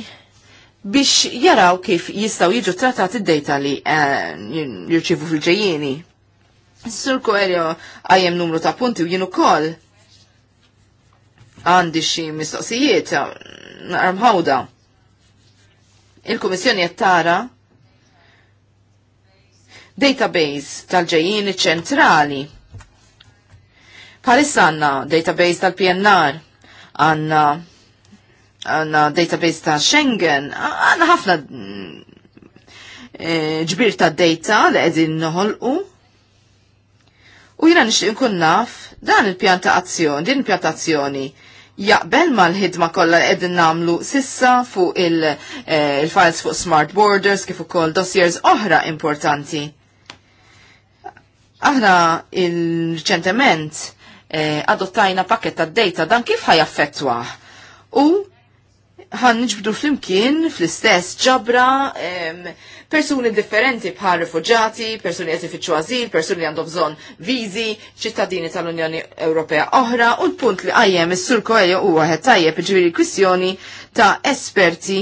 biex jaraw kif jistaw jiġu trattat id-data li eh, jirċivu fil-ġejjini. Sur Koelio għajem numru ta' punti u jienu kol għandi xi mistoqsijiet naqram il komissjoni qed tara database tal-ġejjini ċentrali. Palissanna database tal-PNR għanna għanna database ta' Schengen, għanna ħafna eh, ġbir ta' data li għedin noħolqu. U jina nixtieq nkun naf dan il-pjan ta' azzjoni, din il-pjan ta' azzjoni jaqbel ma l-ħidma kollha qegħdin namlu sissa fuq eh, il-files fuq smart borders kif ukoll dossiers oħra importanti. Aħna il-reċentement eh, adottajna pakket ta' data dan kif ħajaffettwah. U ħan nġbdu flimkien fl-istess ġabra persuni differenti bħal rifugġati, persuni qed ifittxu għazil, persuni li għandhom bżonn ċittadini tal-Unjoni Ewropea oħra u l-punt li għajem is-sur Koelho huwa għahet tajjeb iġifieri kwistjoni ta' esperti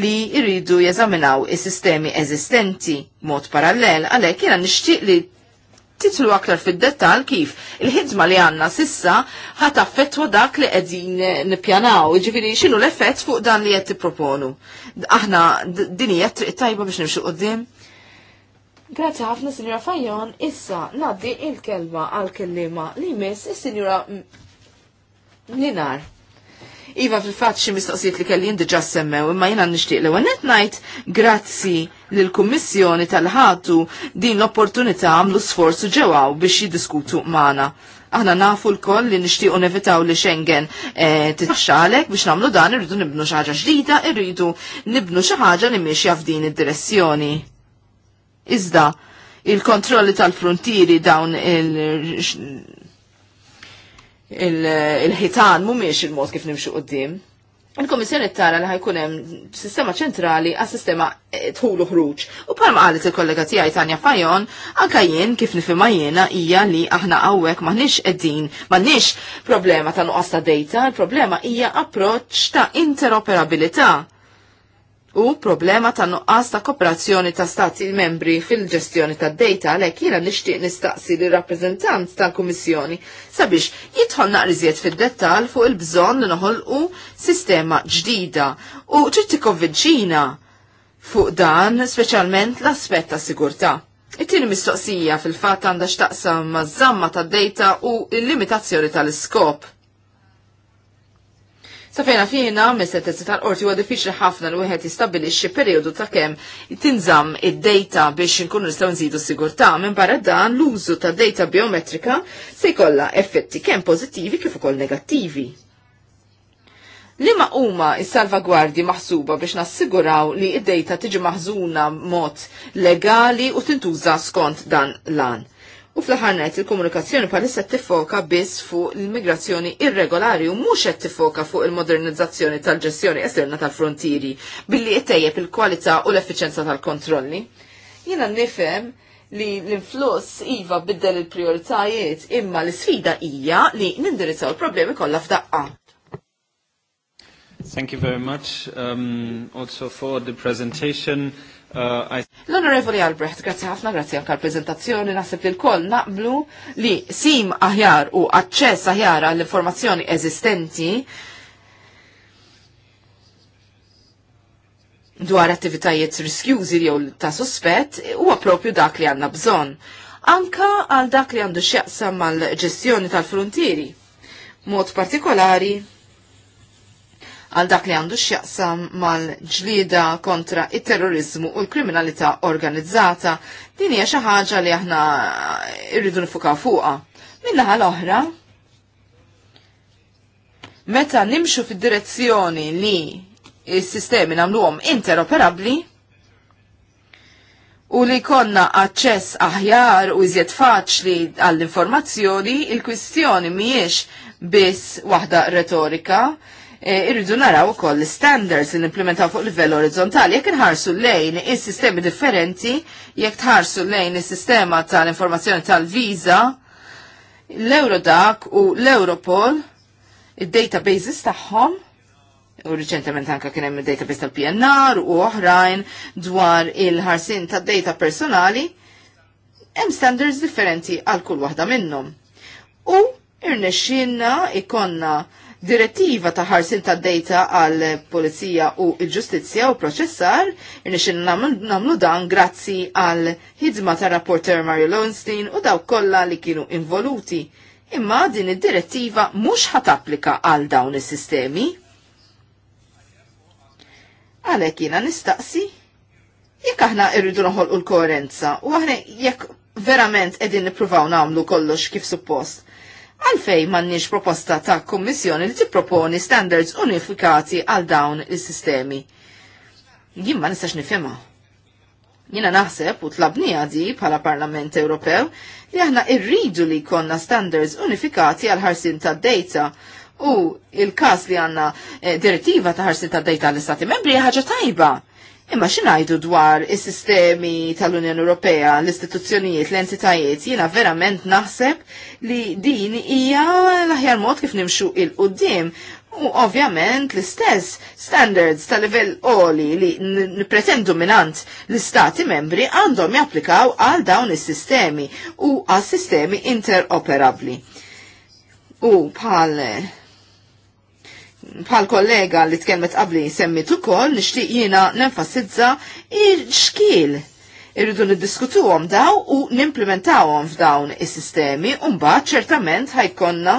li jridu jeżaminaw is-sistemi eżistenti mod parallel għalhekk jiena nixtieq li titlu aktar fid-dettal kif il-ħidma li għanna sissa ħat affettwa dak li qegħdin nippjanaw, jiġifieri x'inhu l-effett fuq dan li qed tipproponu. Aħna din hija triq tajba biex nimxu għoddim. Grazzi ħafna signora Fajon, issa naddi il-kelma għal-kellima li mis, is-Sinjura Linar. Iva fil-fat xi mistoqsijiet li kelli diġà semmew, imma jiena nixtieq li għanet ngħid grazzi lill-Kummissjoni tal-ħatu din l-opportunità għamlu sforzu ġewaw biex jiddiskutu magħna. Aħna nafu l-koll li nixtiequ nevitaw li Schengen eh, titxalek biex nagħmlu dan irridu nibnu xi ħaġa ġdida, irridu nibnu xi ħaġa li miex f'din id-direzzjoni. Iżda, il-kontrolli tal-frontieri dawn il il-ħitan mumiex il-mod kif nimxu qoddim. Il-Komissjoni tara li ħajkun hemm sistema ċentrali għas sistema eh, tħulu ħruġ. U palma qalet il-kollega tiegħi Tanja Fajon, anka jien kif nifhimha jiena hija li aħna hawnhekk m'aħniex qegħdin, m'għandniex problema ta' nuqqas ta' data, il-problema hija approċċ ta' interoperabilità u problema ta' nuqqas ta' kooperazzjoni ta' stati membri fil-ġestjoni ta' data għalhekk jiena nixtieq nistaqsi li rappreżentant tal-Kummissjoni sabiex jidħol naqriżiet fid-dettal fuq il-bżonn li noħolqu sistema ġdida u trid tikkonvinċina fuq dan speċjalment l-aspett ta' sigurtà. It-tieni mistoqsija fil-fatt għandha x'taqsam maż-żamma tad-data u l-limitazzjoni tal-iskop. Sa fejna fina, mis-sentenzi tal-qorti huwa diffiċli ħafna li wieħed jistabbilixxi perjodu ta' kemm tinżamm id-data biex inkunu nistgħu nżidu s-sigurtà minn barra dan l-użu ta' data biometrika se jkollha effetti kemm pożittivi kif ukoll negattivi. Lima huma s-salvagwardi maħsuba biex nassiguraw li id-dejta tiġi maħżuna mod legali u tintuża skont dan lan. U fl-ħarnet il-komunikazzjoni palissa tifoka biss fuq l-immigrazzjoni irregolari u mhux qed tifoka fuq il-modernizzazzjoni tal-ġestjoni esterna tal-frontieri billi ittejjeb il-kwalità u l-effiċenza tal-kontrolli. Jiena nifhem li l-influss iva biddel il-prioritajiet imma l-sfida hija li nindirizzaw il-problemi kollha f'daqqa. Thank you very much um, also for the presentation. Uh, L-Onorevoli Albrecht, grazie ħafna, grazie anka l-prezentazzjoni, nasib li l-koll naqblu li sim aħjar u aċċess aħjar għall-informazzjoni eżistenti dwar attivitajiet riskjużi jew ta' suspett huwa propju dak li għandna bżonn. Anka għal dak li għandu x'jaqsam mal-ġestjoni tal-frontieri. Mod partikolari għal dak li għandu x'jaqsam mal-ġlida kontra it-terrorizmu u l-kriminalità organizzata. Din hija xi ħaġa li aħna rridu nifukaw fuqha. Min-naħa l-oħra, meta nimxu fid-direzzjoni li s-sistemi nagħmluhom interoperabbli, u li konna aċċess aħjar u iżjed faċli għall-informazzjoni, il-kwistjoni miex biss waħda retorika, Eh, irridu naraw ukoll l-standards li implementaw fuq livell orizzontali jekk inħarsu lejn is-sistemi differenti, jekk tħarsu lejn is-sistema tal-informazzjoni tal viza l-Eurodac u l-Europol, id-databases tagħhom, u riċentement anka kien hemm database tal-PNR u oħrajn dwar il-ħarsin tad data personali, hemm standards differenti għal kull waħda minnhom. U irnexxinna ikonna direttiva ta' ħarsil ta' data għal polizija u il-ġustizja u proċessar, irnexin namlu dan grazzi għal ħidma ta' rapporter Mario Lonstein u daw kolla li kienu involuti. Imma din id-direttiva mux ħataplika għal dawn is-sistemi. Għalek jina nistaqsi, jekk aħna irridu noħolqu l-koerenza u aħna jekk verament edin niprufaw namlu kollox kif suppost Għalfej mannix proposta ta' kommissjoni li tipproponi standards unifikati għal dawn is-sistemi. Jien ma nistax nifhimha. Jina naħseb u tlabni għadi bħala Parlament Ewropew li aħna irridu li konna standards unifikati għal ħarsin ta' data u il-kas li għanna eh, direttiva ta' ħarsin ta' data għal istati membri ħaġa tajba Imma xinajdu dwar is sistemi tal-Unjoni Ewropea, l-istituzzjonijiet, l-entitajiet, jiena verament naħseb li din hija l-aħjar mod kif nimxu il-qoddim. U ovvjament l-istess standards tal livell oli li pretendu minant l-istati membri għandhom japplikaw għal dawn is-sistemi u għal sistemi interoperabli. U pal bħal kollega li tkellmet qabli semmit ukoll nixtieq jina nenfasizza il-xkiel irridu niddiskutuhom daw u nimplementawhom f'dawn is-sistemi u mbagħad ċertament ħajkonna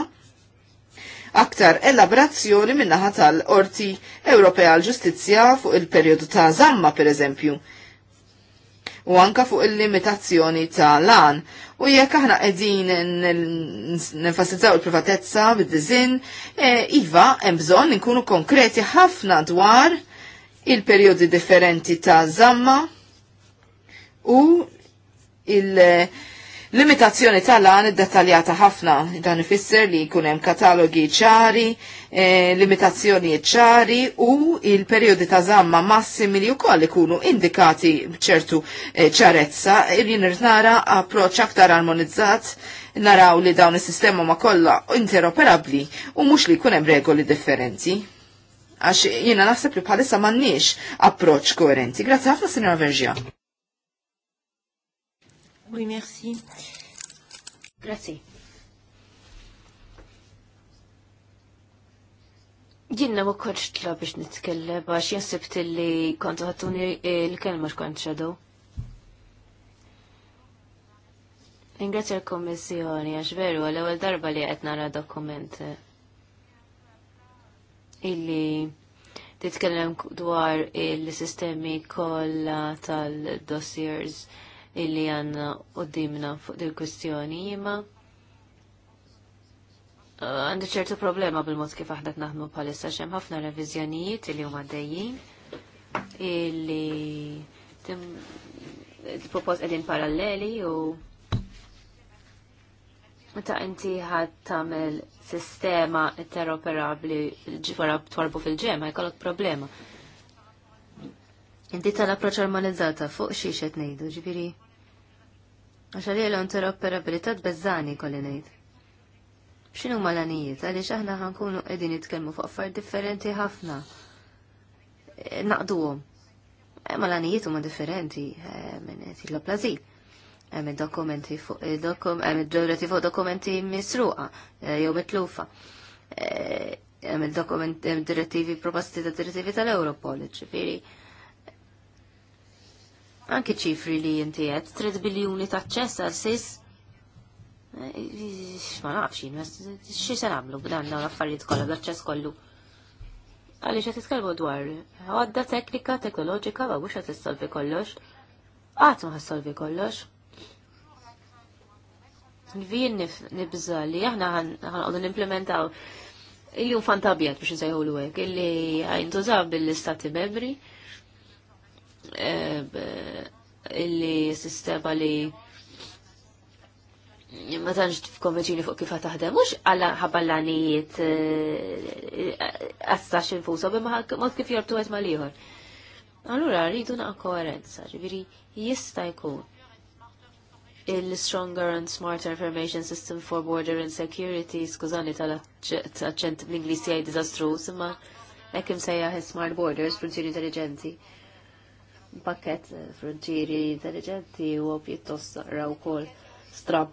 aktar elaborazzjoni minnaħa tal-Orti Ewropea l-Ġustizzja fuq il-perjodu ta' Zamma pereżempju. eżempju u anka fuq il-limitazzjoni ta' lan. U jekk aħna qegħdin nenfasizzaw il-privatezza bid-diżin, e, iva hemm bżonn inkunu konkreti ħafna dwar il-perjodi differenti ta' zamma u il- Limitazzjoni tal-għan id-detaljata ħafna, dan ifisser li jkun hemm katalogi ċari, e, limitazzjoni ċari u il-periodi ta' zamma massimi li wkoll ikunu indikati bċertu eh, ċarezza, e, irrin nara approċċ aktar armonizzat naraw li dawn is-sistema ma kollha interoperabbli u mhux li jkun hemm regoli differenti. Għax jiena naħseb li bħalissa m'għandniex approċċ koerenti. Grazzi ħafna, Sinjora Verġja. Oui, merci. Grazie. Jinnna ma konċ tla biex nitkellem għax jinsibt li kontu għattuni l-kelma x'kont xadu. Ingrazzja l-Kommissjoni għax veru l-ewwel darba li qed nara dokument eh, illi titkellem dwar il-sistemi kollha tal-dossiers. tal dossiers illi għanna qoddimna fuq dil kwistjoni imma uh, għandi ċertu problema bil-mod kif aħna naħdmu bħalissa xem ħafna reviżjonijiet illi huma dejjin illi il-propost qegħdin paralleli u Meta inti ħad tagħmel sistema interoperabbli ġifara twarbu fil-ġemma, jkollok problema. Inti tal-approċ armonizzata fuq xi xed ngħidu, ġifieri. Għaxa li l-interoperabilità bezzani kolli ngħid. X'inhu anijiet għaliex aħna ħankunu qegħdin jitkelmu fuq affarijiet differenti ħafna. E, Naqduwom. Imma e, l huma differenti e, minn qed jitloblażi. Hemm id-dokumenti fuq hemm id fuq dokumenti misruqa jew mitlufa. Hemm il-dokumenti direttivi proposti ta' direttivi tal-Europol, ġifieri Anki ċifri li jinti għed, 3 biljoni ta' ċess għal sis. Eh, ma nafx, xie se namlu b'dan dawn affarijiet kollha bl kollu. Għaliex qed titkellmu dwar għadda teknika, teknoloġika, ma mhux qed issolvi kollox. Qatt ma ħassolvi kollox. Vien nibża li aħna ħanqogħdu nimplementaw il-jum fantabjat biex nsejħu l-wek, illi ħajntużaw bil-istati membri Eh, illi sistema li ma tantx tifkonvenċini fuq kif taħdem, mhux għalla ħaballanijiet eh, eh, għassax infushom imma mod kif jortu qed mal Allura rridu naqqa koerenza, ġifieri jista' jkun il-Stronger and Smarter Information System for Border and Security, skużani tal-aċċent bl-Ingliż tiegħi diżastruż, imma hekk imsejjaħ Smart Borders, frontier intelligenti pakket eh, frontieri intelligenti u pjuttost raw wkoll strab.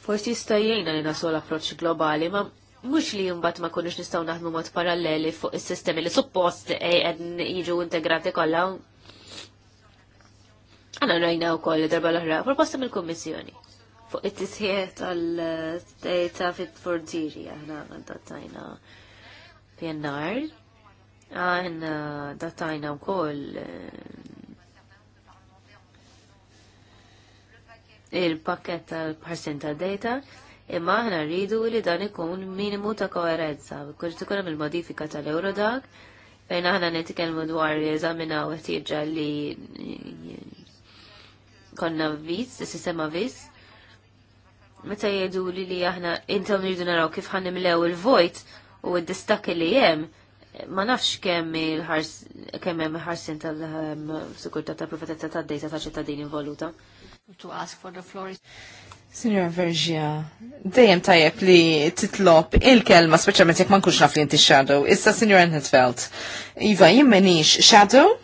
Forsi jista' li nasol approċ approċċ globali, ma mhux li mbagħad ma kunux nistgħu naħdmu mod paralleli fuq is-sistemi li suppost eh, qed jiġu integrati kollha. Għana rajna wkoll darba l-oħra proposta mill-Kummissjoni fuq it-tisħieħ tal-data eh, fit-fortiri aħna għandatajna PNR Għanna datajna u koll eh, il-pakket tal-parsin ta' data imma aħna rridu li dan ikun minimu ta' koerenza. Kull tikun il-modifika tal-Eurodag fejn aħna nitkellmu dwar jeżaminaw ħtieġa li konna viz, sistema viz. Meta jgħidu li li aħna intom rridu naraw kif lew il-vojt u d-distak li jem ma nafx kemm kemm hemm ħarsin tal-sikurtà tal privatezza tad-dejta ta' ċittadini involuta. To ask for the floor. Signora Vergia, dejjem tajjeb li titlob il-kelma speċjalment jekk ma nkunx naf li inti shadow. Issa Signora Enhetfeld. Iva, jimmenix shadow?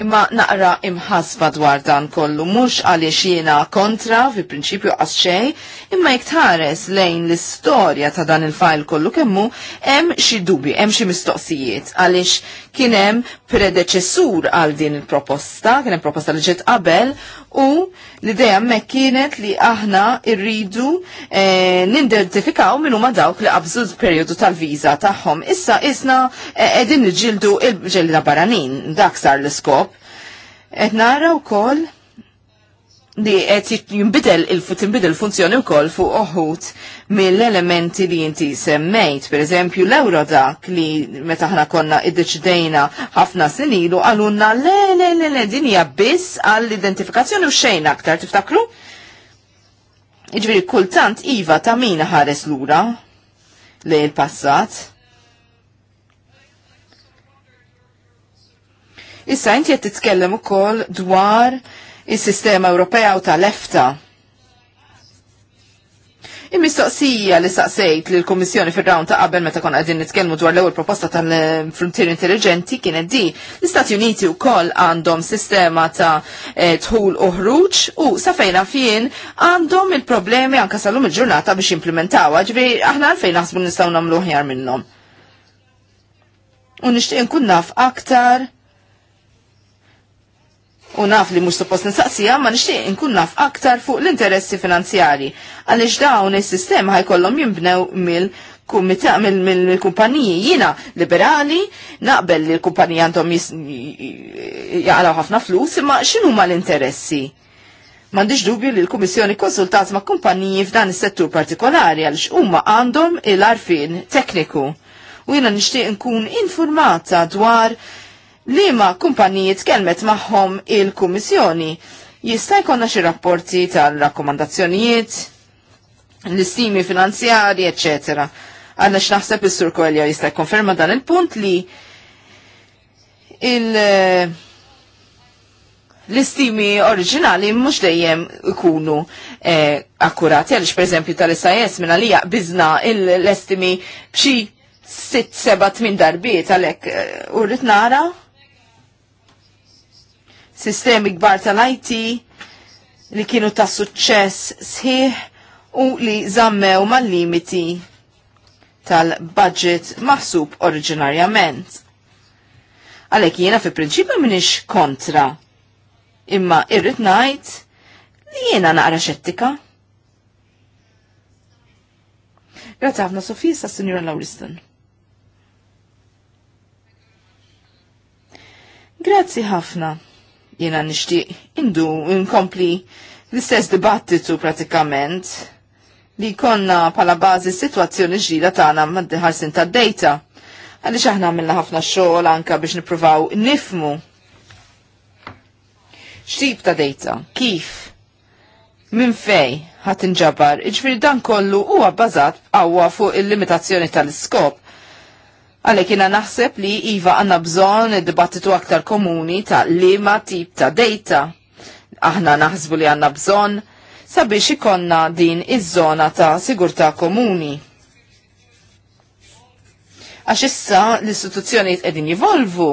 imma naqra imħasba dwar dan kollu, mux għaliex jiena kontra fi prinċipju għas xej, imma iktħares lejn l-istorja ta' dan il-fajl kollu kemmu, hemm xi dubi, hemm xi mistoqsijiet, għaliex kien hemm predeċessur għal din il-proposta, kien hemm proposta li ġiet qabel, U l-ideja mek kienet li aħna irridu e, eh, nindentifikaw minn huma dawk li qabżu periodu tal-viża tagħhom. Issa isna eh, qegħdin niġildu il-ġelda baranin dak sar l-iskop. Qed nara wkoll li qed jinbidel il-tinbidel funzjoni wkoll fuq oħut mill-elementi li inti semmejt. Per eżempju l-euro dak li meta ħna konna iddeċidejna ħafna sinilu għalunna le le le le din hija biss għall-identifikazzjoni u xejn aktar tiftakru? Iġviri kultant Iva ta' min ħares lura li l-passat. Issa inti qed titkellem ukoll dwar il-sistema Ewropea u tal-EFTA. Il-mistoqsija li saqsejt li l-Komissjoni fil-rawn ta' qabel meta kon għadin nitkellmu dwar l-ewwel proposta tal-Frontier Intelligenti kienet di l-Istati Uniti wkoll għandhom sistema ta' tħul eh, u ħruġ u sa fejna fien għandhom il-problemi anke salum il-ġurnata biex implementaw, ġifieri aħna għalfejn naħsbu nistaw nagħmlu ħjar minnhom. U nixtieq nkun naf aktar u naf li mux suppost nsaqsija ma nixtieq inkun naf aktar fuq l-interessi finanzjari għaliex dawn is-sistema ħajkollhom jinbnew mill kummita mill-kumpaniji jina liberali naqbel li l-kumpaniji għandhom jgħalaw ħafna flus imma xinu ma l-interessi? M'għandix dubju li l-Kummissjoni konsultat ma' kumpaniji f'dan is-settur partikolari għaliex huma għandhom il-arfin tekniku. U jiena nixtieq nkun informata dwar Liema kumpaniji kelmet magħhom il-Kummissjoni jista' jkollna xi rapporti tal-rakkomandazzjonijiet, l-istimi finanzjarji, ecc. Għanna naħseb is-Sur Koelja jista' jkonferma dan il-punt li il- l-istimi oriġinali mhux dejjem ikunu eh, akkurati għaliex pereżempju tal-SIS minna li jaqbizna l-estimi b'xi sitt seba' 8 darbiet għalhekk eh, urrit nara sistemi kbar tal-IT li kienu ta' suċċess sħiħ u li zammew mal-limiti tal-budget maħsub oriġinarjament. Għalek jiena fi prinċipju minix kontra, imma irrit najt li jiena naqra xettika. Grazie għafna Sofija sa' Signora Lauriston. Grazzi ħafna jena nishtiq indu inkompli l-istess dibattitu pratikament li konna pala bazi situazzjoni ġdida tagħna mad-ħarsin tad-data. Għaliex aħna għamilna ħafna xogħol anka biex nippruvaw nifmu x'tip ta' data, kif, minn fej ħadd inġabar, iġviri dan kollu huwa bbażat qawwa fuq il-limitazzjoni tal-iskop. Għalek jina naħseb li Iva għanna bżon id-dibattitu aktar komuni ta' lima tip ta' data. Aħna naħsbu li għanna bżon sabiex ikonna din iż-żona ta' sigurta komuni. Għax issa l-istituzzjonijiet edin jivolvu,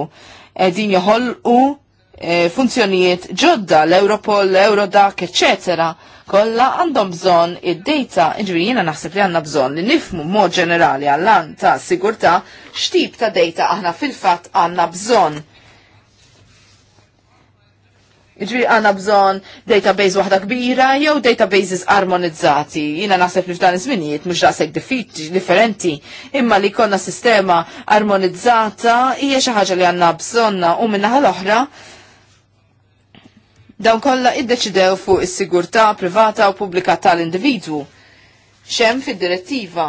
edin joħolqu eh, funzjonijiet ġodda l-Europol, l-Eurodac, eccetera kollha għandhom bżonn id-data, ġifieri jiena naħseb li għandna bżonn li nifmu mod ġenerali għall-an ta' sigurtà x'tip ta' data aħna fil-fatt għandna bżonn. Ġviri għanna bżon database wahda kbira jew databases armonizzati. Jina naħseb li f'dan iż-żminijiet mhux daqshekk differenti, imma li konna sistema armonizzata hija xi ħaġa li għandna bżonna u minnaħa l-oħra Dawn kollha iddeċidew fuq is-sigurtà privata u pubblika tal-individwu. xemm fid-direttiva.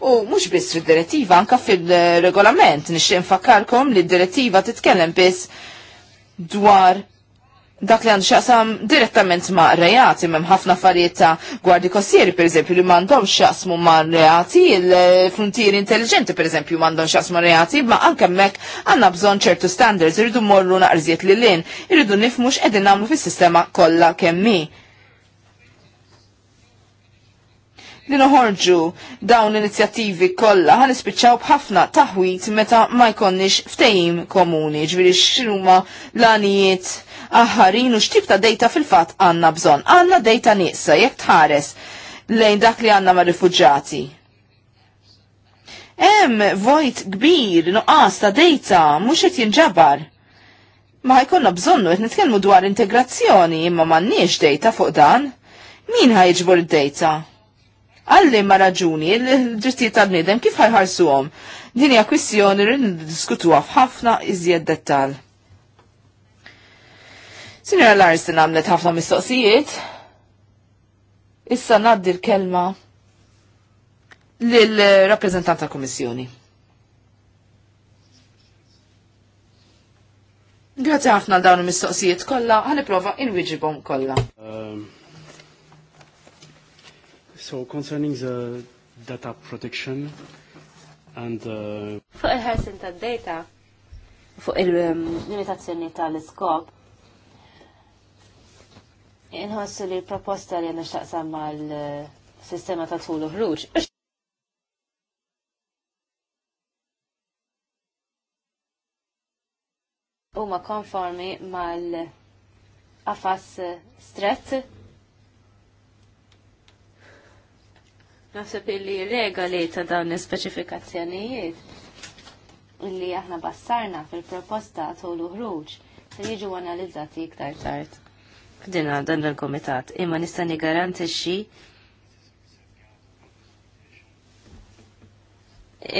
U mhux biss fid-direttiva, anka fil-regolament nixtieq nfakkarkom li d-direttiva titkellem biss dwar dak li għandu xaqsam direttament ma' reati, mem ħafna affarijiet ta' gwardi kossieri, per eżempju, li mandom xaqsmu ma' reati, il-frontieri intelligenti, per eżempju, mandom xaqsmu reati, ma' anke mek għanna bżon ċertu standards, irridu morru naqrżiet li l-in, irridu nifmux edin namlu fis sistema kolla kemmi. Li noħorġu dawn l-inizjattivi kolla ħan ispiċċaw bħafna taħwit meta ma jkonniex ftejim komuni, ġviri x'inhuma l-għanijiet aħħarin u x'tip ta' dejta fil-fatt għandna bżonn. Għandna dejta nieqsa jekk tħares lejn dak li għandna ma' rifuġġati. Hemm vojt kbir nuqqas ta' dejta mhux qed jinġabar. Ma jkollna bżonnu qed nitkellmu dwar integrazzjoni imma m'għandniex dejta fuq dan. Min ħajġbor id dejta Għalli ma raġuni l-drittijiet tal-bniedem kif ħajħarsuhom? Din hija kwissjoni li niddiskutuha f'ħafna iżjed dettal. Sinjora Larsen għamlet ħafna mistoqsijiet. Issa naddi l-kelma lill-rappresentant tal kummissjoni. Grazie ħafna dawn il-mistoqsijiet kollha, ħalli prova inwiġibhom kollha. Um, so concerning the data protection and uh, Fuq il-ħarsin tad-data, fuq il-limitazzjoni tal-iskop, Inħossu li proposta li għanna xtaqsam mal-sistema eh, ta' tullu ħruġ Huma konformi mal-qafas stret. Nasib li regali ta' dawn l-speċifikazzjonijiet li aħna bassarna fil-proposta tul uħruġ se jiġu analizzati iktar tard dina dan il-komitat, imma nista' xi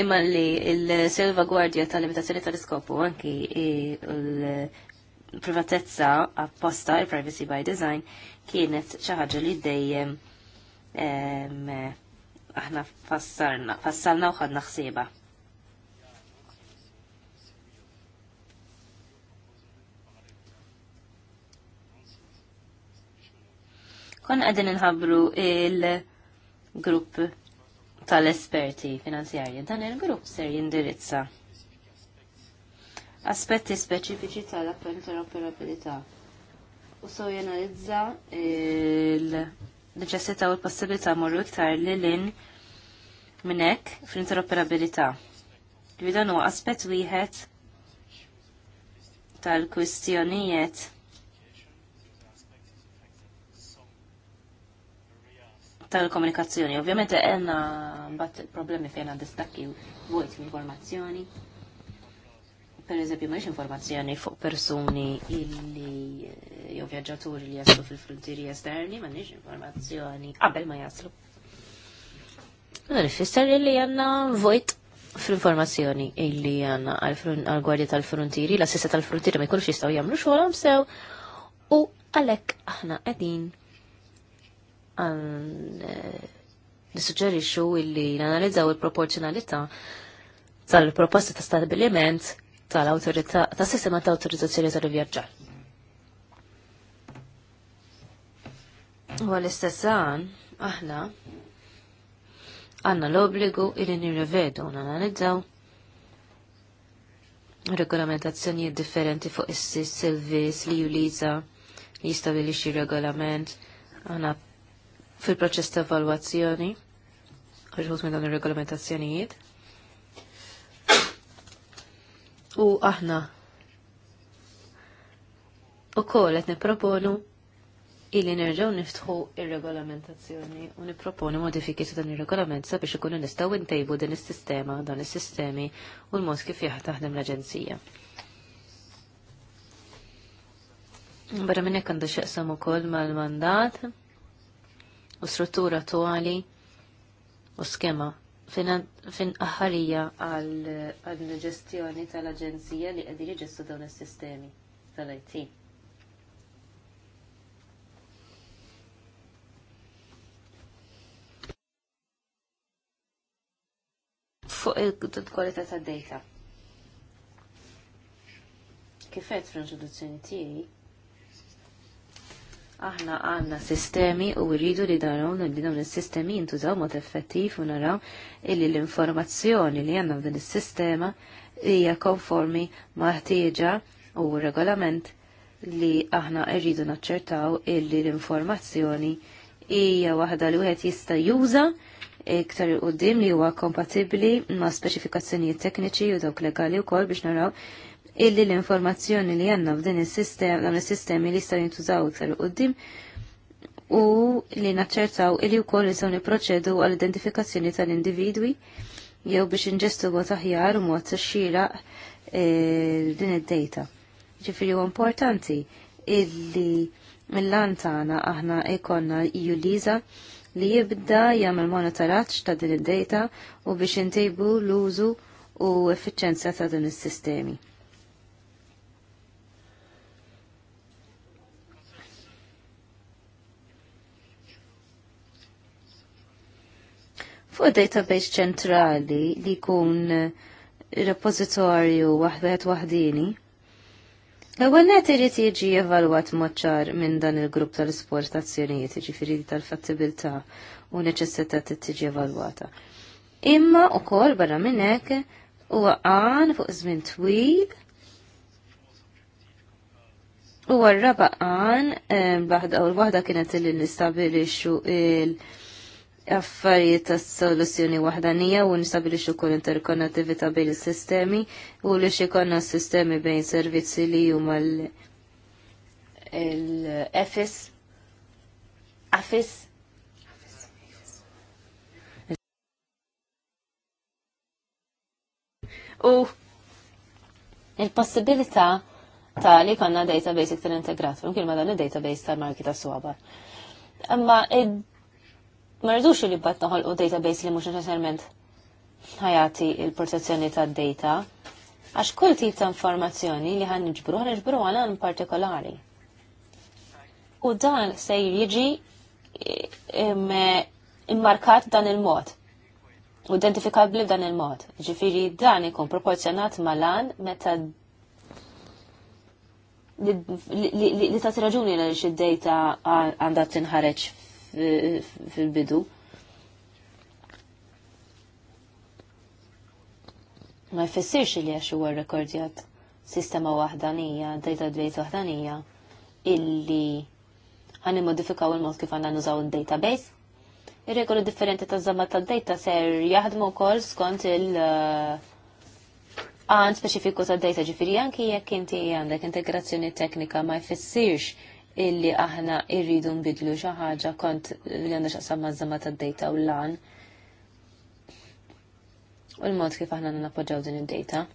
imma li il-selvagwardja tal-limitazzjoni tal-iskopu anki il-privatezza apposta il-privacy by design kienet xi ħaġa li dejjem aħna fassalna u ħadna kon għedin nħabru il-grupp tal-esperti finanzjarji. Dan il-grupp ser jindirizza aspetti speċifiċi tal-interoperabilità u so jenalizza il-neċessita u l-possibilità morru iktar li l-in minnek fl-interoperabilità. Għidan u aspet wieħed tal-kwistjonijiet tal-komunikazzjoni. Ovvjament għenna mbatt problemi fejn għandis distakki vojt informazzjoni. Per eżempju, mhux informazzjoni fuq persuni illi eh, jew vjaġġaturi li jaslu fil-frontieri esterni, m'għandniex informazzjoni qabel ma jaslu. Nifisser illi għandna vojt fl-informazzjoni illi għanna għal-gwardja tal-frontieri, l sissa tal-frontieri ma jkunux jistaw jamlu xogħolhom sew u għalhekk aħna qegħdin Eh, nissuġġerixxu illi nanalizzaw il-proporzjonalità tal-proposta ta' stabiliment tal awtorità ta' sistema ta' autorizzazzjoni tal-vjaġġar. U għal-istess aħna għanna l-obbligu illi nirrivedu nanalizzaw regolamentazzjonijiet differenti fuq is silvis, li juliza, li jistabilixi regolament, għana fil-proċess ta' evalwazzjoni ħarġut minn dawn ir-regolamentazzjonijiet. U aħna u koll qed nipproponu illi nerġgħu niftħu ir-regolamentazzjoni u nipproponu modifiki ta' dan ir-regolament sabiex ikunu nistgħu ntejbu din is-sistema dan is-sistemi u l-mod kif taħdem l-Aġenzija. Barra minn hekk għandu x'jaqsam ukoll mal-mandat u struttura attuali u skema fin aħħarija għal ġestjoni tal-Aġenzija li qed jiġġestu dawn is-sistemi tal-IT. Fuq il-kwalità tad-data. Kifet fl-introduzzjoni tiegħi Aħna għanna sistemi u rridu li dawn li dawn is-sistemi jintużaw mod effettiv u naraw illi l-informazzjoni li għanna f'din is-sistema hija konformi ma' ħtieġa u regolament li aħna rridu naċċertaw illi l-informazzjoni hija waħda li wieħed jista' juża iktar il li huwa kompatibbli ma' speċifikazzjonijiet tekniċi u dawk legali wkoll biex naraw illi l-informazzjoni li għanna f'din is-sistem, dan il sistemi li jistaw jintużaw iktar qudiem u li naċċertaw illi wkoll jistgħu niproċedu għall identifikazzjoni tal-individwi jew biex inġestu għu aħjar u t-xira e, din id-data. Ġifiri huwa importanti illi mill lantana tagħna aħna ikonna juliza liża li jibda jagħmel monitoraġġ ta' din id-data u biex intejbu l-użu u effiċenza ta' din is-sistemi. fuq database ċentrali li jkun eh, repozitorju waħdet waħdini. Ewwel net irid jiġi evalwat maċċar minn dan il-grupp tal-isportazzjonijiet, jiġifieri tal-fattibilità u neċessità tiġi evalwata. Imma wkoll barra minn hekk huwa qan fuq żmien twil u r-raba qan u eh, l-waħda kienet li nistabilixxu il-, il affarijiet ta' soluzzjoni waħdanija u nistabilixu kol interkonnettività bejn is-sistemi u li xikonna sistemi bejn servizzi li huma l-EFIS AFIS u il-possibilità ta' li konna database iktar integrat, mkien ma dan il-database tal-marki ta' suwabar. Amma Mardux li bat noħolqu database li mhux necessarment ħajati il-protezzjoni tad-data għax kull tip ta' informazzjoni li ħan nġbru ħan nġbru għal partikolari. U dan se jiġi eh, immarkat dan il-mod. U identifikabli dan il-mod. Ġifiri dan ikun proporzjonat malan meta li ta' raġuni li xid-data għandha tinħareġ fil-bidu. Ma jfessirx li għax huwa rekordjat sistema waħdanija, dwejt waħdanija illi għan modifikaw il-mod kif għanna nużaw il-database. Ir-regoli differenti ta' zamma ta' data ser jaħdmu kol skont il- uh, għan speċifiku ta' data ġifiri anki jekk inti għandek integrazzjoni teknika ma jfissirx illi aħna irridu nbidlu xi ħaġa kont li għandha x'aqsam mażama tad-dejta u l-lan. U l-mod kif aħna nappoġġaw din id-dejta.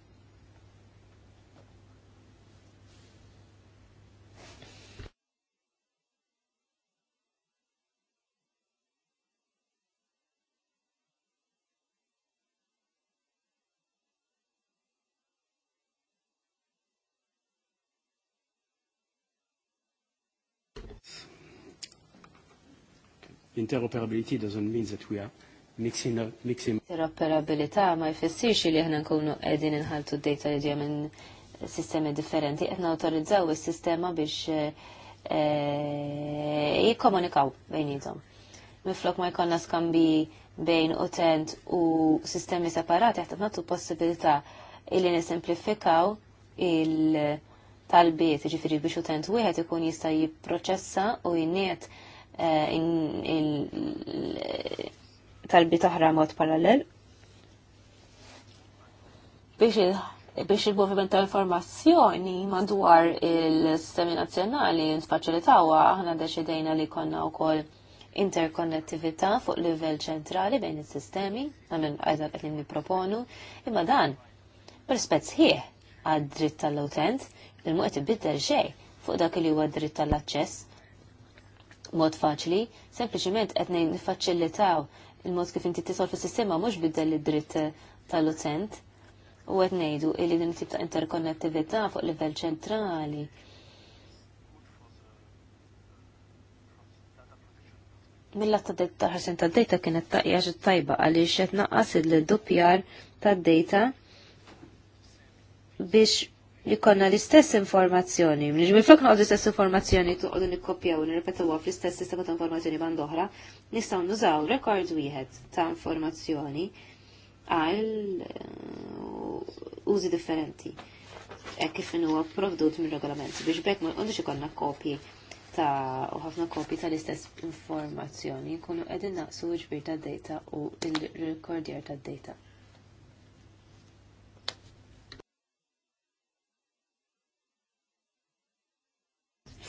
interoperability doesn't mean that we are mixing up, mixing Interoperabilità ma jfessirx li aħna nkunu qegħdin inħaltu d-data li ġej minn sistemi differenti, qed nawtorizzaw is-sistema biex eh, eh, jikkomunikaw bejnietom. Miflok ma jkollna skambi bejn utent u sistemi separati, qed nagħtu possibilità illi nisimplifikaw il-talbiet, ġifiri biex utent wieħed ikun jista' jipproċessa u jinniet Eh, talbi taħra mod parallel. Biex il-moviment ta' informazzjoni madwar il-sistemi nazzjonali nfaċilitawa, aħna deċidejna li konna u koll interkonnettività fuq livell ċentrali bejn is-sistemi, għamil għajda qed niproponu, imma dan perspet sħiħ għad-dritt tal-utent, il-muqet ibiddel ġej fuq dak li huwa dritt tal-aċċess mod faċli, sempliciment qed ngħid niffaċilitaw il-mod kif inti tisol fis-sistema mhux biddel id-dritt tal-utent u qed ngħidu li din tip ta' interkonnettività fuq livell ċentrali. Mill-latta ta' ħarsin ta' data kienet xi tajba għaliex qed naqqas il dupjar ta' data biex li konna l-istess informazzjoni. Ġimil flok naqdu l-istess informazzjoni tuqdu nikkopjaw nirrepetawha fl-istess sistema ta' informazzjoni band nistaw nistgħu nużaw rekord wieħed ta' informazzjoni għal uh, użi differenti. Ek kif huwa provdut mir-regolamenti biex bekk ma jqogħdux ikollna kopji ta' u ħafna kopji tal-istess informazzjoni jkunu qegħdin naqsu ġbir tad-data u l-rekordjar tad-data.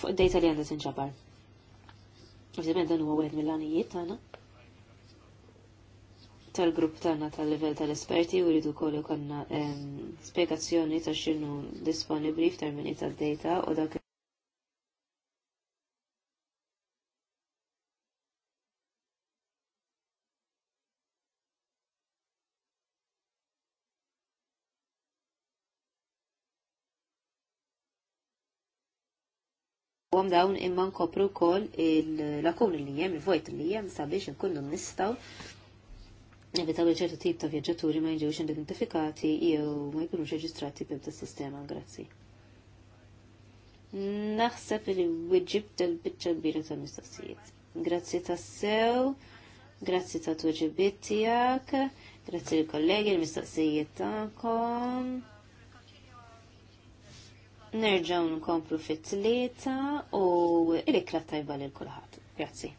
fuq id-dejta li għandha tinġabar. Ovvjament dan huwa wieħed mill-għanijiet tagħna tal-grupp tagħna tal-livell tal-esperti u rridu wkoll ikollna ehm, spjegazzjoni ta' x'inhu disponibbli f'termini tad dejta u dak għam dawn imma nkopru kol il-lakun li jem, il-vojt li jem, sabiex nkunnu nistaw Nibitaw li ċertu tip ta' vjaġġaturi ma jġewx identifikati jew ma jkunux reġistrati bib ta' sistema, grazzi. Naħseb li wieġib tal-bicċa kbira tal-mistoqsijiet. Grazzi ta' sew, grazzi ta' tuġibiet tijak, grazzi l-kollegi, l-mistoqsijiet kom nerġaw nkomplu fit-tlieta u il-ikra tajba lil kulħadd. Grazzi.